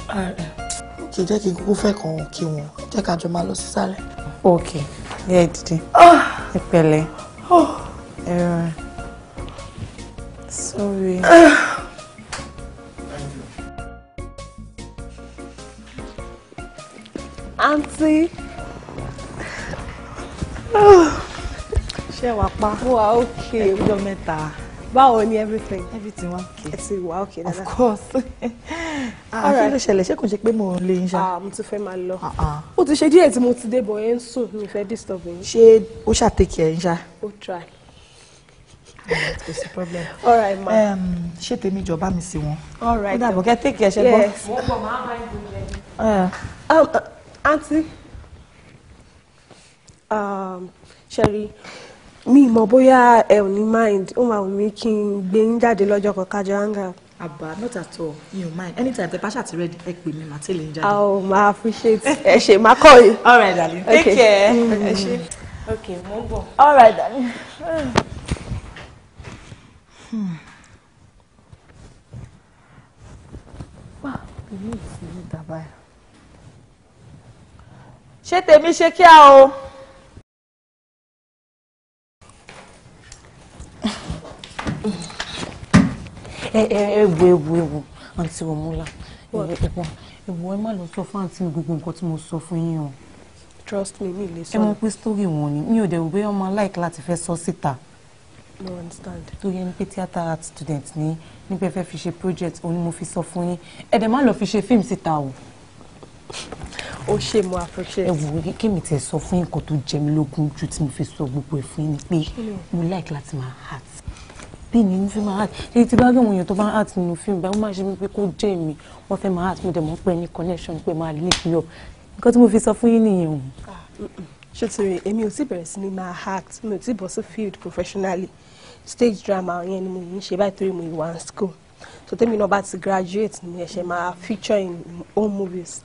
kì í jẹ́ kí n kúkú fẹ́ kàn án kí wọn jẹ́ ká jọ máa lọ sí sálẹ̀. ok ní ẹ dìde ah. ẹ pẹ̀lẹ́ oh. ẹ rọra sorry. àǹtí ah. ah. ṣé wàá pa. wà á òkè ọjọ́ mẹ́ta báwo ni everything. everything wa okay. ẹ ti okay dada. of course. àfi ah, ló ṣẹlẹ̀ ṣé kò ṣe pé mo lè ń ṣá. Ah, mo ti fẹ́ máa lọ. Ah, ó ti ṣe díẹ̀ tí mo ti dé bọ̀ ẹ̀ ń sùn mi fẹ́ disturb yín. ṣé ó ṣàtẹ̀kẹ̀ ẹ̀ ń ṣá. ó try. kò sí problem. Alright right ma. ṣé tèmi jọba mi sí wọn. all right. ó dàbọ̀ kẹ́ tẹ̀kẹ̀ ṣe gbọ́. yes. mo bọ̀ máa bá ìgbìmọ̀ eh. um, yẹn. Uh, aunty ṣe um, rí mi mọ̀ bóyá ẹ ò ní mind ó máa wù mí kí n gbé yín jáde lọ́jọ́ kan kájọ hanga. àbá not at all you mind anytime tẹ bá ṣàti ready ẹ pè mí màá tẹ̀lé yín jáde. Ah, oh ma appreciate ẹ ṣe má kọ́ yìí. all right darling take care mm. ẹ ṣe. ok mo ń bọ̀. all right darling. hmm. wà ah, èmi ò sí ní ìdábàá ṣé tèmi ṣe kíá o. ewu ewu ewu àǹtí òmùlà ewu ẹ má lọ sọ fún àǹtí mi gbogbo nǹkan tí mo sọ fún yín o. trust me mi lè sọ. ẹ mọ̀ pé story wọn ni mi ò dẹ̀ wò bóyá ọmọ aláìkí láti fẹ́ sọ síta. no understand. tó yẹ ni pé theatre art student ní nípa ẹ fẹ́ fi ṣe project òun ni mo fi sọ fún yín ẹ dẹ̀ má lọ fi ṣe fíìmù síta o ó ṣe mo appreciate. ẹ wò ó kí mi tẹ sọ fún nǹkan tó jẹ mí lógún ju tí mo fi sọ gbogbo ẹ fún yín ni pé mo like láti máa heart bí mi mo fẹ́ máa hàt èyí tí bá rí àwọn èèyàn tó bá hàt nínú fíìmù báyìí wọ́n máa ṣe wípé kó jẹ́ èmi wọ́n fẹ́ máa hàt mo dẹ̀ mọ́ pé ní connection pé máa lè fi ọ́ nǹkan tí mo fi sọ fún yín nìyẹn o. ṣé torí èmi ò tí bẹ̀rẹ̀ sí ni máa hàt mi ò tí bọ́ sí field professionally stage drama yẹn ni mo yìí ṣe báyìí torí mo wà ní school so tèmi náà bá ti graduate ni mo yẹ ṣe máa feature in home movies.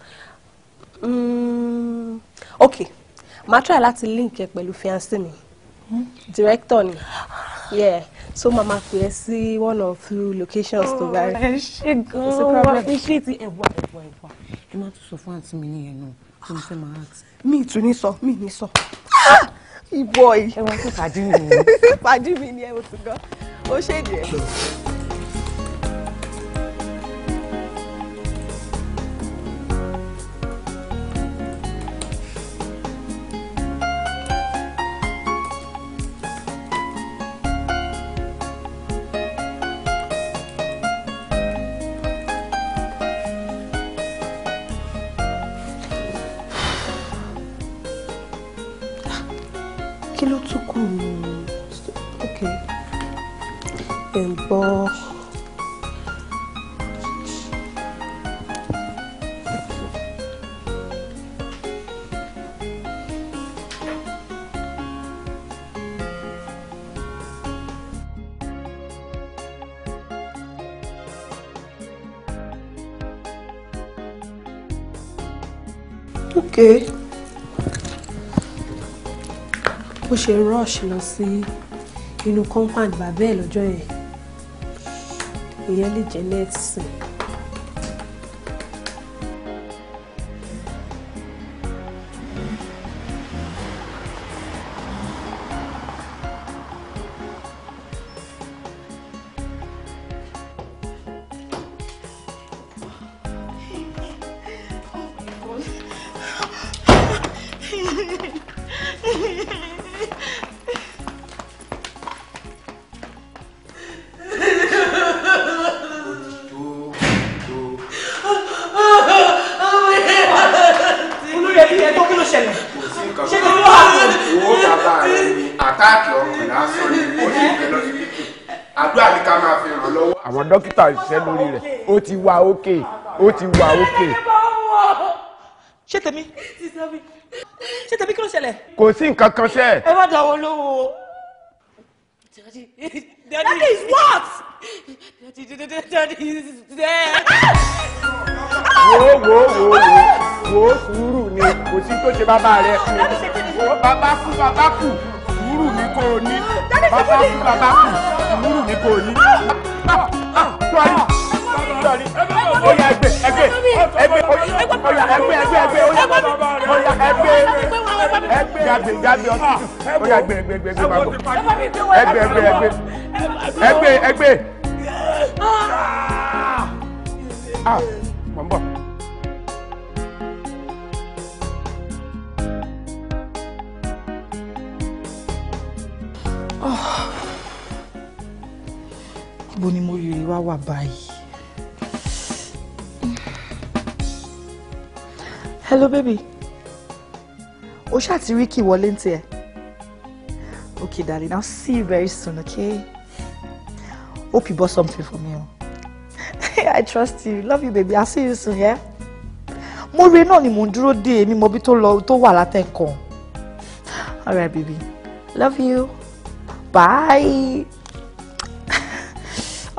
Mm, okay màá try láti link ẹ pẹ̀lú fiancé mi hmm? director ni yeah so Mama, pè ẹ́ one or two locations to oh, bá rí. ẹ ṣe gan-an wá fi ṣé ti ẹ̀wà ẹ̀wà ẹ̀wà ẹ má tún sọ fún àǹtí mi nìyẹn náà kí n fẹ́ máa àǹtí. mi ìtún ní sọ mi ní sọ ah! ìbọ̀ yìí. ẹ wọ́n tún pàdé mi ni. pàdé mi ni ẹ o tún gan ó ṣèdí ẹ. kí ló tún kù ok ẹ̀ ń Okay. ṣe rush lọ sí inú compound bàbá ẹ̀ lọ́jọ́ yẹn ìyẹn lè jẹ́ nẹ́ẹ̀tì sìn. ṣiṣẹ́ lórí rẹ̀ ó ti wà ókè ó ti wà ókè. ṣé tèmi ṣé tèmi kí ló ṣẹlẹ̀. kò sí nǹkan kan ṣe. ẹ má dàwọ́ lówó. Daddy, is what? Daddy, is there. wo wo wo wo wo sùúrù ni kò sí tó ṣe bàbá rẹ fún wo bàbá kú bàbá kú sùúrù ni kò ní bàbá kú bàbá kú sùúrù ni kò ní. Ah! ọya ẹgbẹ ẹgbẹ ẹgbẹ ọya ẹgbẹ ẹgbẹ ẹgbẹ ọya ẹgbẹ ẹgbẹ gàgbé gàgbé ọtí ọya ẹgbẹ ẹgbẹ ẹgbẹ ẹgbẹ bàbọ ẹgbẹ ẹgbẹ ẹgbẹ ẹgbẹ ah. ẹgbẹ. Ah. bó ni mo rí rí wá báyìí. hello baby o ṣáà ti rí kí wọlé ń tiẹ̀ okay darling I'll see you very soon okay hope you bought something for me I trust you love you baby I'll see you soon yeah mo re náà ni mo ń dúró dè èmi mo bí tó lọ tó wà látẹ̀kàn all baby love you bye.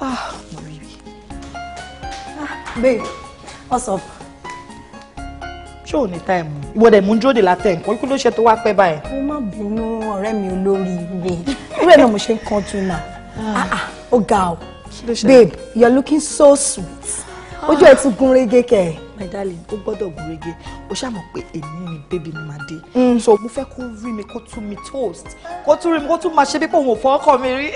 Ah, my baby. Ah, babe, what's up? Show me time. You were the mú de látẹ̀ nǹkan kí ló ṣe tó wá pẹ́ báyìí. mo má bínú ọ̀rẹ́ mi olórí ire ìwé náà mo ṣe ń kan tún ah ah Oh ga babe you're looking so sweet ah. ojú ẹ tún gún régé kẹ my darling ó gbọ́dọ̀ gúnrégé ó ṣàmọ̀ pé èmi ni bébí mi máa dé mm. so mo fẹ́ kó rí mi kó tún mi toast kó tún rí mi kó tún máa ṣe bí pé òun ò fọwọ́kọ̀ mi rí.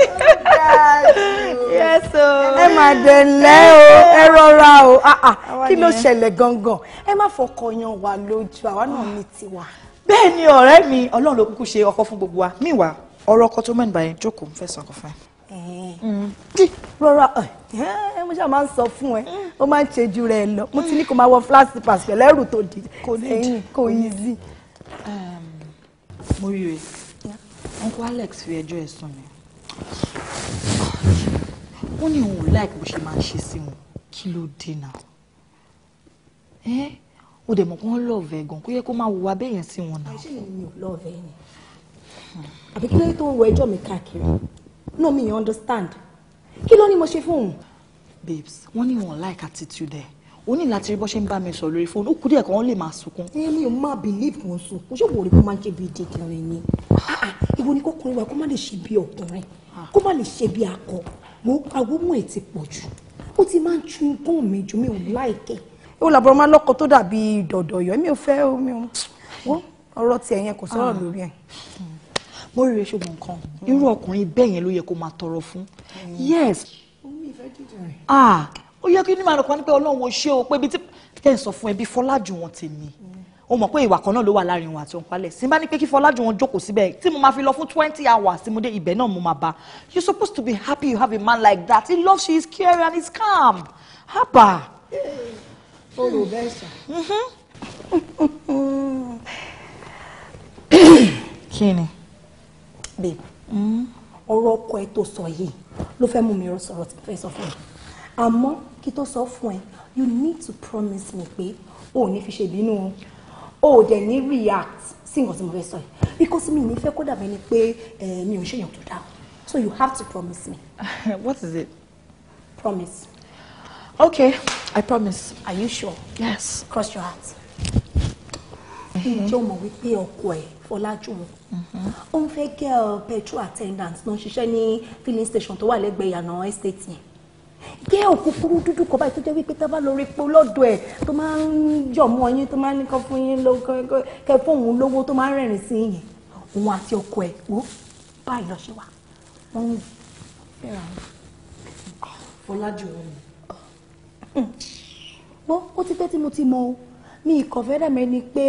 Oh, ẹ máa dẹ̀lẹ́ o ẹ rọra o ah, ah, kí ló ṣẹlẹ̀ gangan ẹ má fọkànyàn wà lójú àwa náà ní tiwa. bẹ́ẹ̀ ni ọ̀rẹ́ mi ọlọ́run ló kúkú ṣe ọkọ fún gbogbo wa míwàá ọ̀rọ̀ ọkọ tó mẹ́nu báyìí jókòó fẹ́ sọ̀kọ̀ fún ẹ rọra ẹ mo ṣáà máa ń sọ fún ẹ ó máa ń ṣe ju rẹ lọ mo ti ní kó máa wọ flat slippers pẹ̀lú tó di ẹ̀yìn kò easy. mo rí rẹ uncle Alex fi ẹjọ́ ẹ̀ sùn mi wọ́n ní òun ò láìpẹ́ bó ṣe máa ń ṣe sí wọn kí ló dé náà o dẹ̀ mọ̀ pé wọ́n lọ́ọ̀vẹ́ gan kó yẹ kó máa wùwà bẹ́ẹ̀ yẹn sí wọn náà. àbí kí lóye tó ń wọ ẹjọ́ mi káàkiri no me you understand kí ló ní mo ṣe fún òun. babes wọ́n ní wọn like attitude ẹ̀ o ní láti rí bó ṣe ń bá mi sọ lórí fóònù ó kú díẹ̀ kan lè máa sunkún. ẹ eh, ò máa believe wọn sunkún ṣé wo rí kó máa ń ṣe bí dídìrín ni ah, ah, ìwọ ni kọkùnrin wa kó má lè ṣe bí ọkùnrin ah. kó má lè ṣe bí akọ wo àwọn ọmọ ẹ ti pọ̀ jù ó ti máa ń tún nǹkan mi jù mi ò láìkẹ́. ó làbọ̀rọ̀ máa lọ́kọ tó dàbí dọ̀dọ̀ yọ mi ò fẹ́ omi o ọ̀rọ̀ tiẹ̀ yẹn kò sọ̀rọ̀ lórí ẹ̀ mo rí rẹ ṣùgbọ́n nǹkan irú ọkùnrin bẹ́ẹ̀ yẹn ló yẹ kó máa tọrọ fún yes ah ó yẹ kí ní màá nìkan ní pé ọlọ́run ò ṣe o pé ibi tí tẹ̀ ń sọ fún ẹbí fọlájú wọn tèmi o mọ̀ pé ìwà kan náà ló wà láàrin wọn àti òǹpalẹ̀ sí bá ní pé kí fọlájú wọn jókòó síbẹ̀ tí mo máa fi lọ fún twenty hours tí mo dé ibẹ̀ náà mo máa bá you are supposed to be happy you have a man like that he loves you he is caring and he is calm haba. olùbẹ́sà. Mm-hmm. kí ni babe ọ̀rọ̀ ọkọ ẹ tó sọ yìí ló fẹ́ mú mi rọ sọ̀rọ̀ tí mo fẹ́ sọ fún ẹ àmọ́ kí tó sọ fún ẹ you need to promise me pé o ò ní fi ṣe ìbínú o ò dẹ̀ ní react sí nǹkan tí mo fẹ́ sọ yìí because mi ní fẹ́ kó dàbẹ́ ni pé mi ò ṣèyàn tó dá so you have to promise me. what is it? promise. okay i promise. are you sure? yes. cross your heart. Mm-hmm. ṣé o mọ̀ wípé ọkọ ẹ̀ Fọlájùmọ̀ ó mm-hmm. ń fẹ́ girl uh, petrol attendant náà ṣiṣẹ́ ní filling station tó wà lẹ́gbẹ̀ẹ́ ìyànà estate yẹn gé òkú dúdú kọ báyìí tó jẹ́ wípé tá a bá lọ rí po lọ́dọ̀ ẹ̀ tó máa ń yọ̀ mọ́ yín tó máa ń nìkan fún yín kẹ fóun lówó tó máa ń rẹ̀rìn sí yín òun àti ọkọ ẹ̀ wò báyìí lọ ṣe wà wọ́n ń fẹ́ràn. Fọlájú wọn. Ah, mm-hmm. wọ́n ó ti pẹ́ tí mo ti mọ o mi ìkọ̀ fẹ́ dà mẹ́ni pé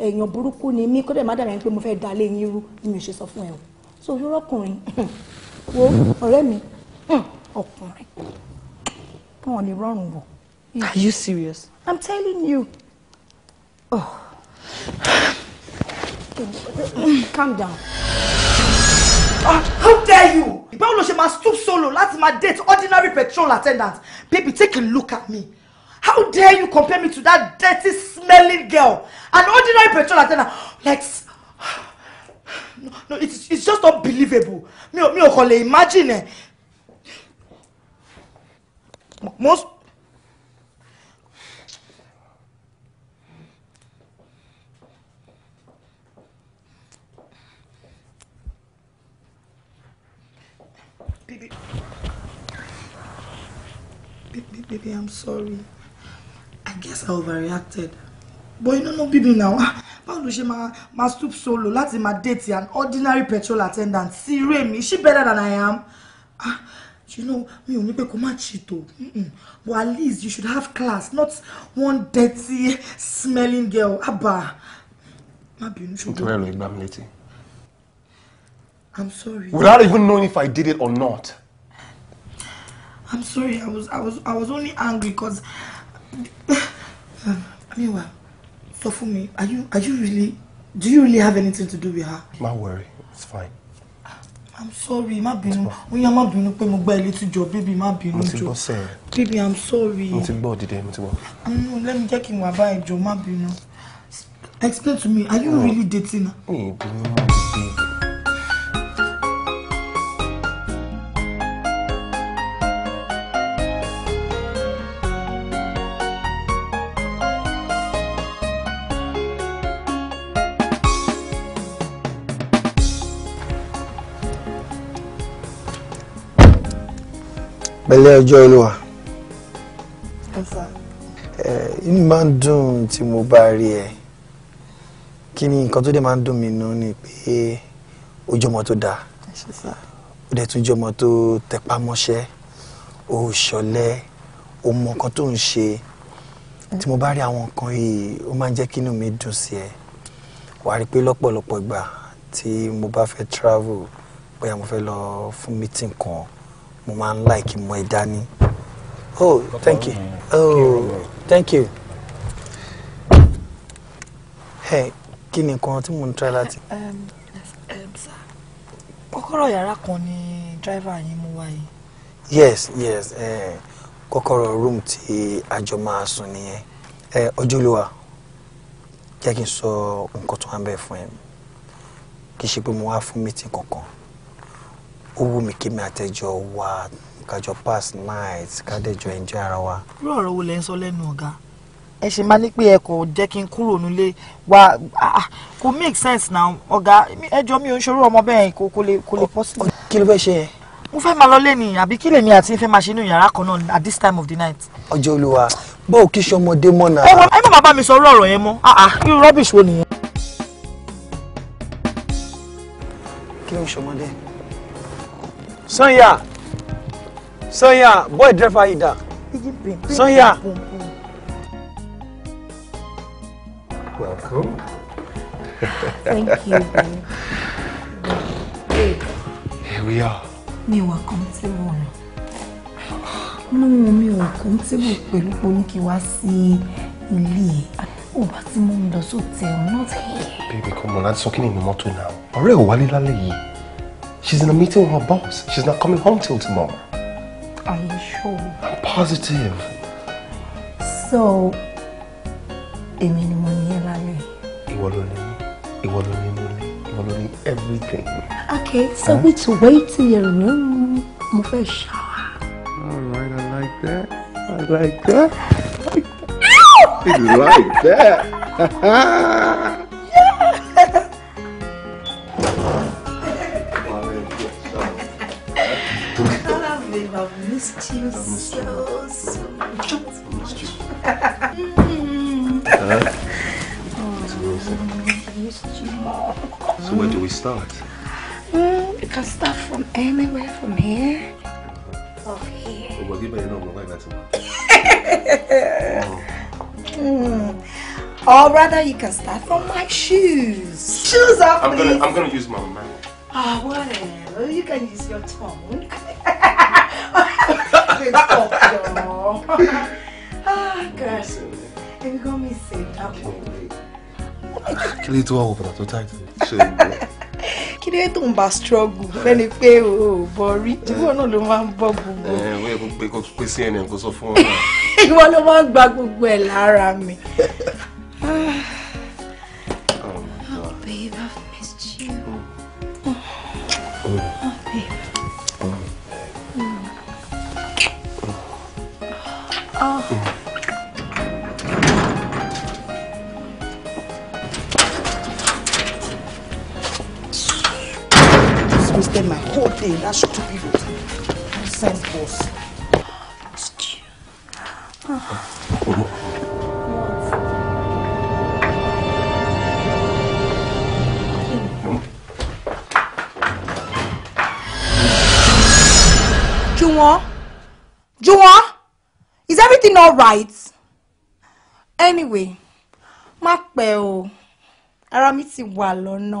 èèyàn burúkú ni mí kódà má dà mẹ́ni pé mo fẹ́ da lé yín rú ni mi ò ṣe sọ fún ẹ o so rọ́kùnrin wo ọ̀rẹ́ mi ọkùnrin wọn ni rọrùn wọ. Are you serious? I'm telling you. Oh. Calm down. Uh, how dare you? Báwo ló ṣe máa stoop so low láti máa date ordinary petrol attendant? Baby, take a look at me. How dare you compare me to that dirty, smelling girl? An ordinary petrol attendant. Like, no, no it's, it's just unbelievable. Me, me, mi ò kò imagine. Most. Baby, Baby, baby, I'm sorry. I guess I overreacted. But you know bí mi náà wá. Báwo ló ṣe máa máa stoop solo. That's my máa date an ordinary petrol attendant See, irú èmi? She better than I am. Ah, you know, me only be pé kó má cheat But at least you should have class, not one dirty smelling girl. Abba. Má bínú ṣùgbọ́n. Nítorí I'm sorry. Without even knowing if I did it or not. I'm sorry. I was I was I was only angry because Meanwhile, um, sọ fún mi, are you, are you really, do you really have anything to do with her? My worry, it's fine. Ah, I'm sorry, má bínú. Oya má bínú pé mo gba ilé tí baby, bébí má bínú jọ. Bébí I'm sorry. Mo ti gbọ́ dìde, mo ti gbọ́. Àmú um, let me check kí n wà báyìí jọ má Explain to me, are you really dating her? Mi ì pẹ̀lẹ́ ọjọ́ olúwa inú máa ń dùn tí mo bá rí ẹ kí ni nǹkan tó dé máa ń dùn mí nú ni pé ojú ọmọ tó dáa ó dẹ̀ tún jẹ́ ọmọ tó tẹpá mọ́ṣẹ́ ó ṣọ̀lẹ ó mọ nǹkan tó ń ṣe tí mo bá rí àwọn nǹkan yìí ó máa ń jẹ́ kí inú mi dùn sí ẹ wà á rí pé lọ́pọ̀lọpọ̀ ìgbà tí mo bá fẹ́ travel bóyá mo fẹ́ lọ fún meeting kan mo máa ń like mọ ẹ dání oh thank you oh thank you hey kí ni nǹkan tí mo ń try láti. Eh, kọ́kọ́rọ́ yàrá kan ni driver yín mú wá yìí. yes yes eh, kọ́kọ́rọ́ room tí a jọ máa sùn nìyẹn eh, ojúlówà jẹ́ kí n sọ nǹkan tó wà ń bẹ̀ fún ẹ kì í ṣe pé mo wá fún meeting kankan. ó wù mí kí mi àtẹjọ wà kájọ pass night kádẹjọ enjoy ara wa. irú ọ̀rọ̀ wo lẹ ń sọ lẹ́nu ọ̀gá ẹ ṣe máa ní pé ẹ kò jẹ́ kí n kúrò nílé wa ah, ah, kò make sense now ọ̀gá ẹjọ́ mi ò ń ṣòro ọmọ bẹ́ẹ̀ kò kò lè kò lè possible. kí ló fẹ́ ṣe yẹn. mo fẹ́ máa lọ lé ni àbí kí lèmi àti ife máa ṣe inú yàrá kan náà at this time of the night. ọjọ́ olúwa bó o kí sọmọdé mọ́ náà. ẹ wọ ẹ má bàbá mi sọ irú ọ̀rọ̀ yẹn mọ́ ah, irú rubbish wo nìyẹn. kí ló ń ṣọmọdé. Sanya. Sanya, boy driver yìí dà. Sanya. Welcome. Thank you. Babe. Here we are. Mi wà comfortable rẹ̀. Inú mi ò comfortable pẹ̀lú pé o ní kí wá sí ilé ẹ̀. Ó bá ti mú mi lọ sóòtẹ́, I'm not here. Baby, come on, that's okay in the mọ́tò now. Ọ̀rẹ́ ò wálé lálẹ́ yìí. She's in a meeting with her boss. She's not coming home till tomorrow. Are you sure? I'm positive. So, èmi ni mo Iwaloni, Iwaloni Ìwọ everything. Okay, so we to wait in your room. Mo fẹ́ shower. All right, I like that. I like that. I like that. I like that. missed you so, so, so much. So where do we start? Mm, can start from anywhere from here. here. Oh, well, give me number. Or rather, you can start from my shoes. Shoes off, I'm Gonna, I'm gonna use my mind. Ah, oh, whatever. You can use your tongue. kí ló tó wà òbàdàn tó tà ṣe ìgbẹ́. kí ló tó ń bá struggle fẹ́ni pé o ò bọ rí ìdíwọ́ náà ló máa ń bọ́ gbogbo. ẹ ẹ wọ́n pé kó pé CNN kó sọ fún ọ náà. ìwọ ló máa ń gba gbogbo ẹ̀ lára mi. whole day in that stupid nonsense boss. Juwon? Juwon? Is everything all right? Anyway, má pẹ́ o. Ara mi ti wà lọ́nà.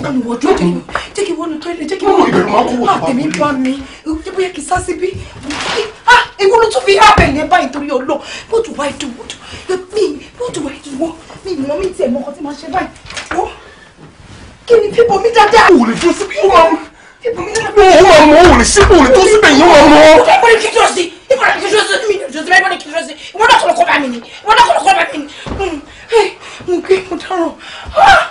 Ah, bá mi wọjú ọ̀dẹ̀ mi kí wọnú tọ́lẹ̀ jẹ́ kí wọ́n ìbẹ̀rù máa kó wà tèmi bá mi jẹ́ bóyá kí sásí bí ah ewu ló tún fi abẹ yẹn báyìí torí ọlọ what do I do what do mi what do I do mi ìmọ̀ mi tiẹ̀ mọ́kàn tí màá ṣe báyìí wọ́n kí ni pípọ̀ mi dáadáa. o lè tún síbi yóò máa mú o máa mú o lè síbi o lè tún síbi yóò máa mú. o fẹ́ bọ́lá kíkọ́ sí i bọ́lá kíkọ́ sí mi jọ̀sí bẹ́ẹ̀ bọ́lá kíkọ́ sí i wọ́n náà kọ́lọ́kọ́ bá mi ni wọ́n náà kọ́lọ́kọ́ bá mi ni. Hmm, mo gbé mo dáràn. Ah,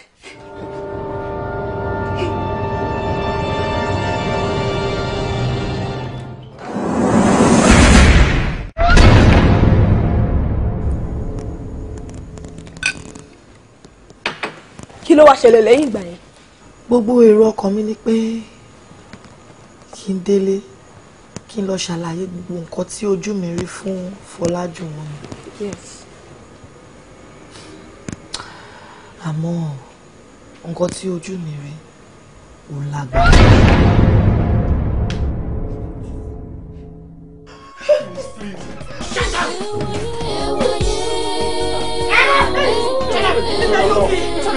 kí ló wá ṣẹlẹ̀ lẹ́yìn ìgbà yẹn. gbogbo èrò ọkàn mi ni pé kí n délé kí n lọ ṣàlàyé gbogbo nǹkan tí ojú mi rí fún Fọlájùwọ̀n mi. Yes. àmọ́ nǹkan tí ojú mi rí ò lágbára. Please.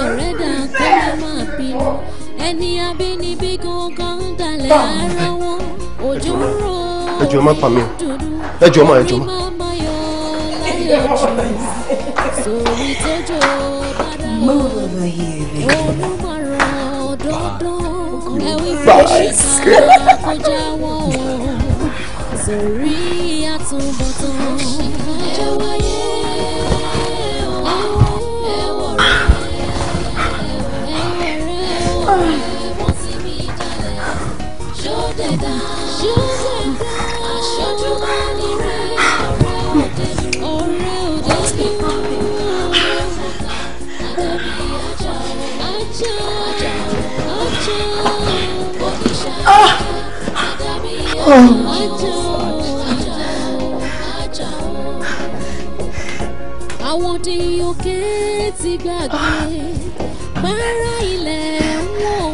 ọ̀rẹ́ dà kó lè máa bínú ẹni abínibí kankan ń dalẹ̀ ara wọn òjò ń rò ó ẹjọ́ má pa mí ẹjọ́ má ẹjọ́ má. sórí tójó bàdà ó olùmọ̀ràn dandan ẹ̀wí fún ṣìkà kọjá wọn sórí àtúbọ̀. àwọn di òkè ti gbàgbé pààrà ilẹ̀ ń wò ó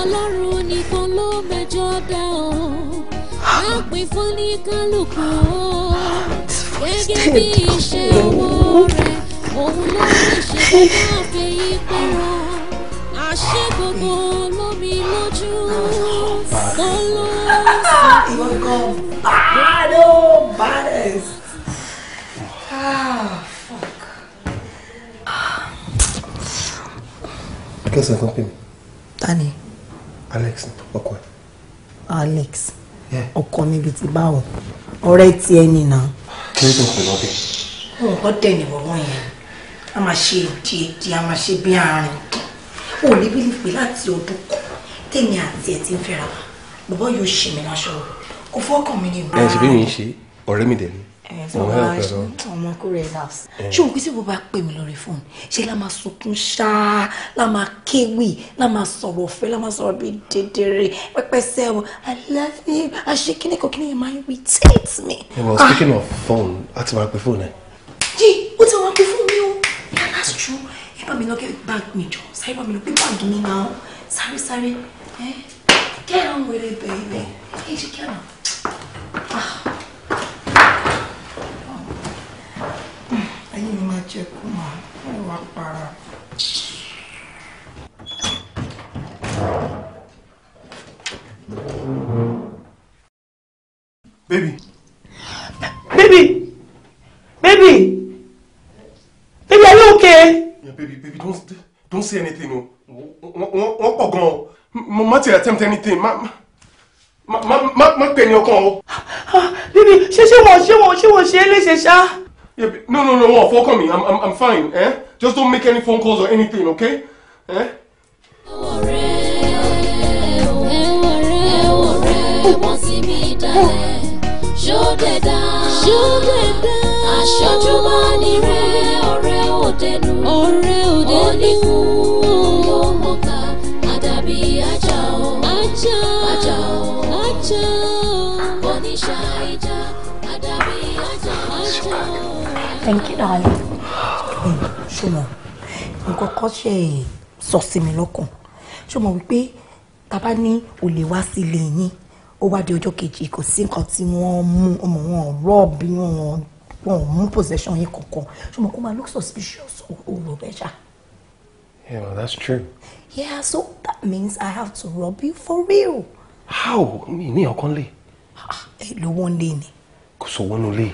ọlọ́run nìkan ló mẹjọ dá o á pè fún ní kálukú o gẹ́gẹ́ bí iṣẹ́ ọwọ́ rẹ̀ òun ló ń ṣe kí wọ́n fi ṣe gbogbo lómi lójú olóòsì. bàdó bàdẹ́s. kẹsàn-án tó ń pè mí. ta alex ọkọ ẹ. alex ọkọ mi bíi ti báwo ọ̀rẹ́ tí ẹ nìyà. kí ló tó ń pè lọ́dẹ. Oh, ọ̀dẹ̀ ni bọ̀bọ̀ yẹn a máa ṣe díẹ̀ díẹ̀ a máa ṣe bí àárín ò ní bílí pé láti ọdún kan tèmi àti ẹ̀ ti ń fẹ́ra wa bàbá yóò ṣì mí láṣọ rẹ̀ kò fọ́kàn mi nínú. ẹ ṣe bí mi ń ṣe ọ̀rẹ́ mi dẹ̀ ni ọmọ kò relax ṣé òun pé tí bó bá pè mí lórí fóònù ṣé la máa sunkún ṣáá la máa kéwì la máa sọ̀rọ̀ ọ̀fẹ́ la máa sọ̀rọ̀ bíi dédéré pẹ́pẹ́sẹ́ o i love you àṣé kíní kan kíní yẹn máa irritate me. ẹ wọ speaking ah. of phone a ti máa pe fóònù ẹ. yìí ó ti wọn pe fóònù mi o yeah that's true ẹ I'm not lọ get me, Joe. jọ I'm not mi lọ me now. Sorry, sorry. sáré eh? get on with it baby ẹ ṣe kí ọ̀nà. ẹyin máa jẹ kó máa ẹ wá para. Baby. Baby. Baby. Baby, are you okay? baby, baby, don't, don't say anything oh. Oh, oh, oh, oh, Má ti attempt anything. ma. Ma, ma, ma, ma, ọkàn o. Bíbí, ṣé ṣé she ṣé she ṣé she ṣe é léṣe Yeah, No, no, no, wọ́n fọ́kàn me, I'm, I'm, I'm fine. Eh? Just don't make any phone calls or anything, okay? Eh? wọ́n sì mí dalẹ̀ ṣódẹ̀dá aṣojú máa ní rẹ̀ thank you darling. ṣùgbọ́n nǹkan kan ṣe sọ sí mi lọ́kàn ṣùgbọ́n wípé tá a bá ní olè wá sí ilé yín ó wá di ọjọ́ kejì kò sí nǹkan tí wọ́n mú ọmọ wọn rọ́ọ̀bì wọn wọn mú possession yín kankan ṣùgbọ́n kó máa look suspicious ó rò bẹ́ẹ̀ ṣáà. Yeah, well, that's true. Yeah, so that means I have to rob you for real. How? Me? ní ọkàn lé. Ah, èlò wọn lé ni. Kò sọ wọnú lé.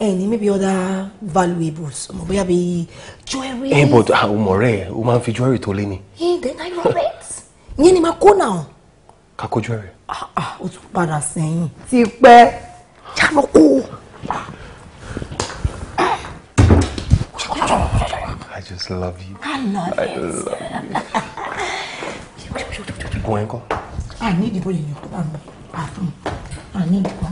Ẹ ní maybe other valuables, ọmọ bóyá bíi jewelry. Eh, but ah, ọmọ rẹ̀ o máa fi jewelry tó lé ni. then I rob it. Ìyẹn ni màá kó náà. Kakó jewelry. Ah, ah, o tún padà sẹ́yìn. Ti pẹ́. Ṣé àlọ́ kú? just love you. I love I it. love you. Go and go. I need the boy in your arm. Um, bathroom. I need one.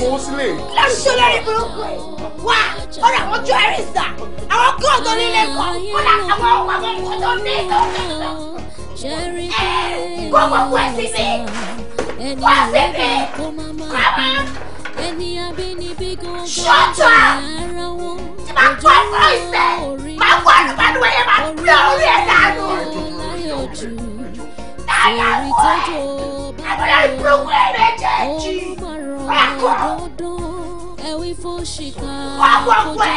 fowó sílẹ̀. lọ́sọ̀ lórí burúkú ẹ̀ wá ọ̀rọ̀ àwọn jọ ẹ̀rí sà àwọn kan tó nílé kan kódà àwọn àwọn ọkọ tó ní tó ní sà. ẹ kó gbogbo ẹ sí mi wá sí mi kọ́mọ. ẹni abínibí gan-an ṣọ́tọ̀ tí máa kọ́ ẹ̀fọ́ ìṣẹ́ máa kọ́ àdúgbò yẹn máa gbé orí ẹ̀ dànù. Dáyà wọ̀ ẹ́ àgbàlá ìpínlẹ̀ ẹ̀jẹ̀ jì òdòdó ẹ̀wí fòṣìkà kò jáwọ́ torí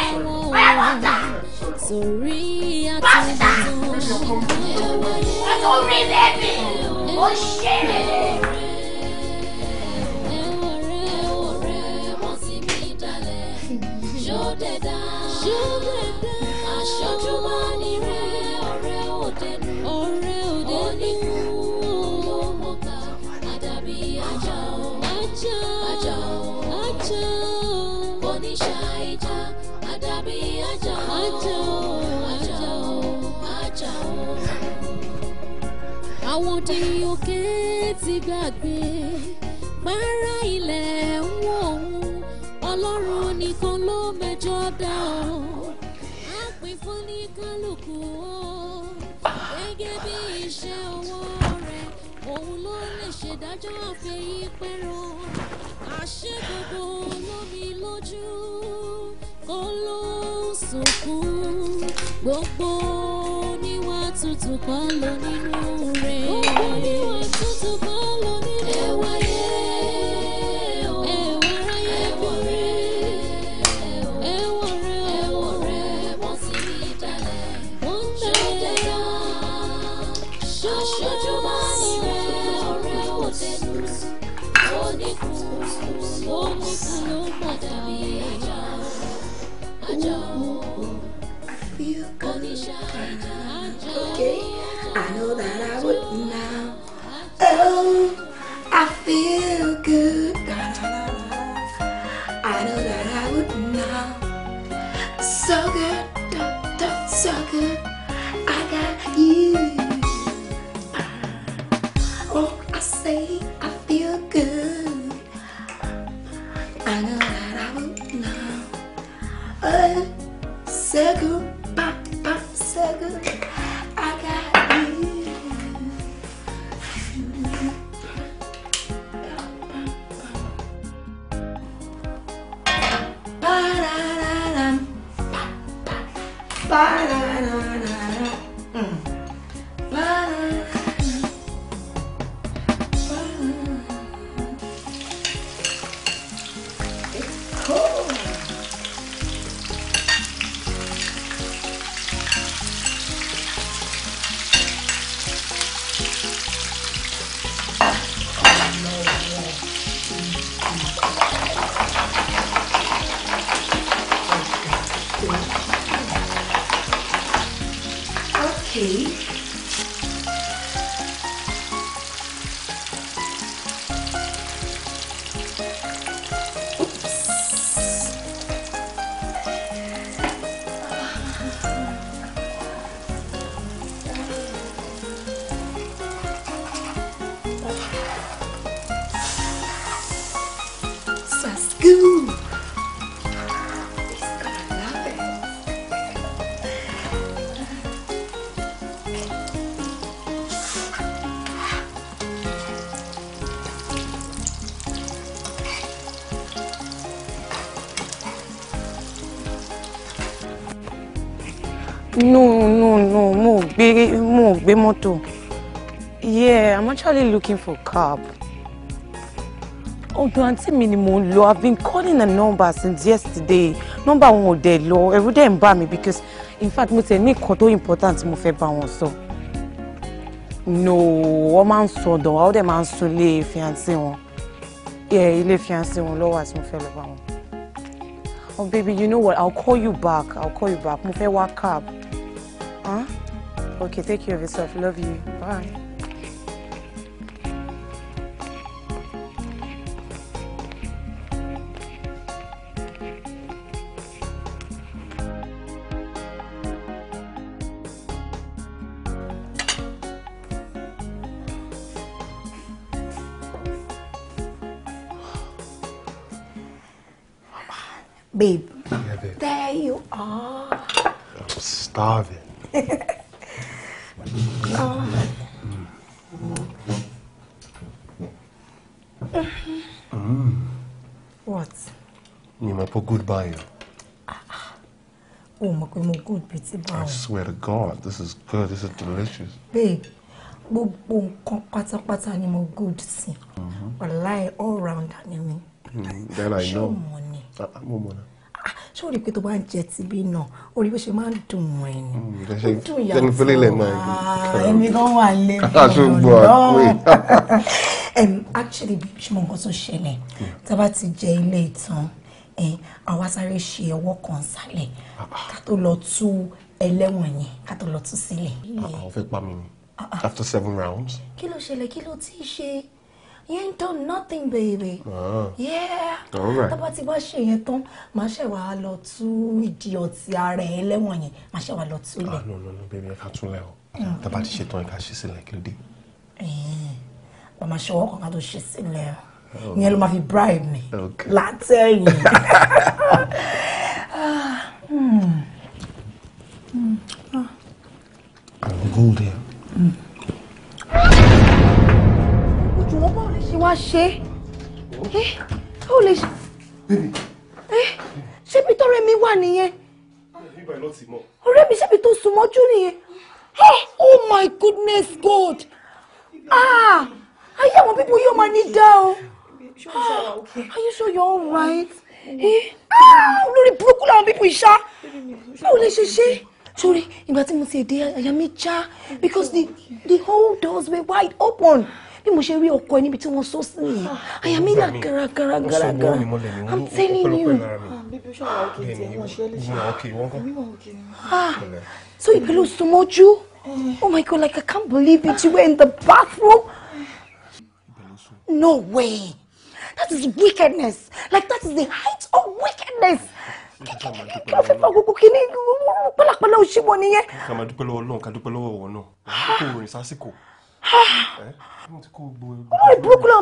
àtúntò ṣìkà ẹ̀wọ̀n. ṣó dẹ̀dá aṣojú wa. odi òkè ti gbàgbé para ilẹ̀ ń wò òun ọlọ́run nìkan ló mẹjọ dá ọ á pín fún ní kálukú o gẹ́gẹ́ bí iṣẹ́ ọwọ́ rẹ̀ òun ló lè ṣèdájọ́ àfẹ́yí pẹ́rọ àṣẹ gbogbo lómi lójú kó ló sunkún gbogbo àsùnkan lónínú rẹ̀. pé mo gbé yeah i'm actually looking for a cab Oh, àǹtí mi ni mò ń i've been calling a number since yesterday number one ò dẹ̀ every day dẹ̀ me because in fact mo say ní nǹkan tó important mo fẹ́ bá wọn sọ no wọ́n máa ń sọ ọ̀dọ̀ wa ó dẹ̀ máa ń sọ ilé fiancé wọn ilé fiancé wọn lọ́wọ́ àti mo fẹ́ oh baby you know what i'll call you back i'll call you back Move a wá cab. Huh? Okay, take care of yourself. Love you. Bye. Babe, yeah, babe, there you are. I'm starving. Ọ̀pọ̀ good báyọ̀. O mọ̀ my good bíi ti I swear to God, this is good, this is delicious. Babe, gbogbo nǹkan pátápátá ni mo good sí. Mm-hmm. Wàláì all rounder ni mi. Mm-hmm. That I know. Ṣé o mọ̀ ni? Ah, ah, mo mọ̀ náà ah, ṣé o rí pé tó bá ń jẹ ti bí náà o rí bó ṣe máa ń dùn wọn ẹ ni mm, ó dùn yàtọ̀ ẹni kan actually she ṣe go so shene. ṣẹlẹ̀ tá a bá ti jẹ ẹ àwa sáré ṣe ọwọ́ kan sálẹ̀ ah, ah. ká tó lọ tú ẹlẹ́wọ̀n yẹn ká tó lọ tú sílẹ̀. àwọn ah, fẹ́ pa mi ni after seven rounds. kí ló ṣẹlẹ̀ kí ló ti ṣe you ain't done nothing baby. Oh. yeah tábà tí wàá ṣe yẹn tán màá ṣe wàá lọ tú ìdí ọtí ara ẹ lẹ́wọ̀n yẹn màá ṣe wàá lọ tú ilẹ̀. no no no baby ẹ ká tún lẹ o mm. tábà ti ṣe tán ẹ ká ṣe sílẹ̀ kí ló dé. bàmá eh. ṣọwọ́ kan ká tó ṣe sílẹ̀ o. Oh. ìyẹn ló máa fi bribe mi látẹ̀yìn. Ah, hmm. I'm going there. Hmm. ojú wọn báwo lè ṣe wá ṣe é eh, báwo lè ṣe. Eh, ṣébi tọ́rẹ́ mi wà nìyẹn. ọ̀rẹ́ mi ṣébi tó sùn mọ́jú nìyẹn. Eh, oh my goodness God ah ayé àwọn bíbú yóò máa ní dá o. are you sure you're all right? Mm. Eh? Ah, olórí burúkú làwọn bíbù ìṣá. Báwo lè ṣe ṣe? Sorry, ìgbà tí mo ti dé àyà mi já because the the whole doors were wide open. Bí mo ṣe rí ọkọ ẹ níbi tí wọ́n sọ sí nìyẹn. Ah. Àyà mi là gàràgàrà gàràgàrà. I'm telling you. Ah, Bíbí ṣe wà ókè tí wọ́n ṣe so ìbí ló eh. Oh my God, like I can't believe it. You were in the bathroom? No way that is wickedness like that is the height of wickedness kí ló fi fọ gbogbo kìíní pálapàla òṣìwọ nìyẹn. ká máa dúpẹ́ lọ́wọ́ Ọlọ́run ká dúpẹ́ lọ́wọ́ ọ̀wọ́ náà kó rìn sásìkò. olórí burúkú náà.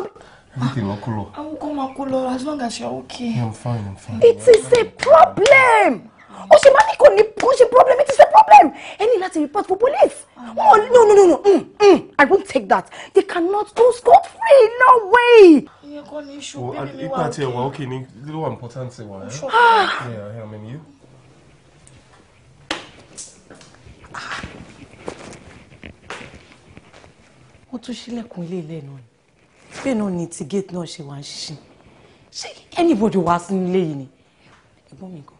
Anything will cool. I will come and cool as long as you're okay. Yeah, I'm fine, I'm fine. It is a problem. O ṣe máa ní kò ní kò ṣe problem it is a problem. Ẹ ní láti report for police. Ah. Oh no no no no mm, mm, I won't take that. They cannot go scot free no way yẹn kọ́ ni iṣu mi wà òkè. ipa tiẹ̀ wà òkè ni ló wà important tiẹ̀ wà eh? tún ṣílẹ̀kùn ilé ilé ni bẹ́ẹ̀ náà ni ti gate náà ṣe wà ń ṣiṣẹ́ ṣé anybody wá sí ilé yìí ni ẹ̀gbọ́n mi kan.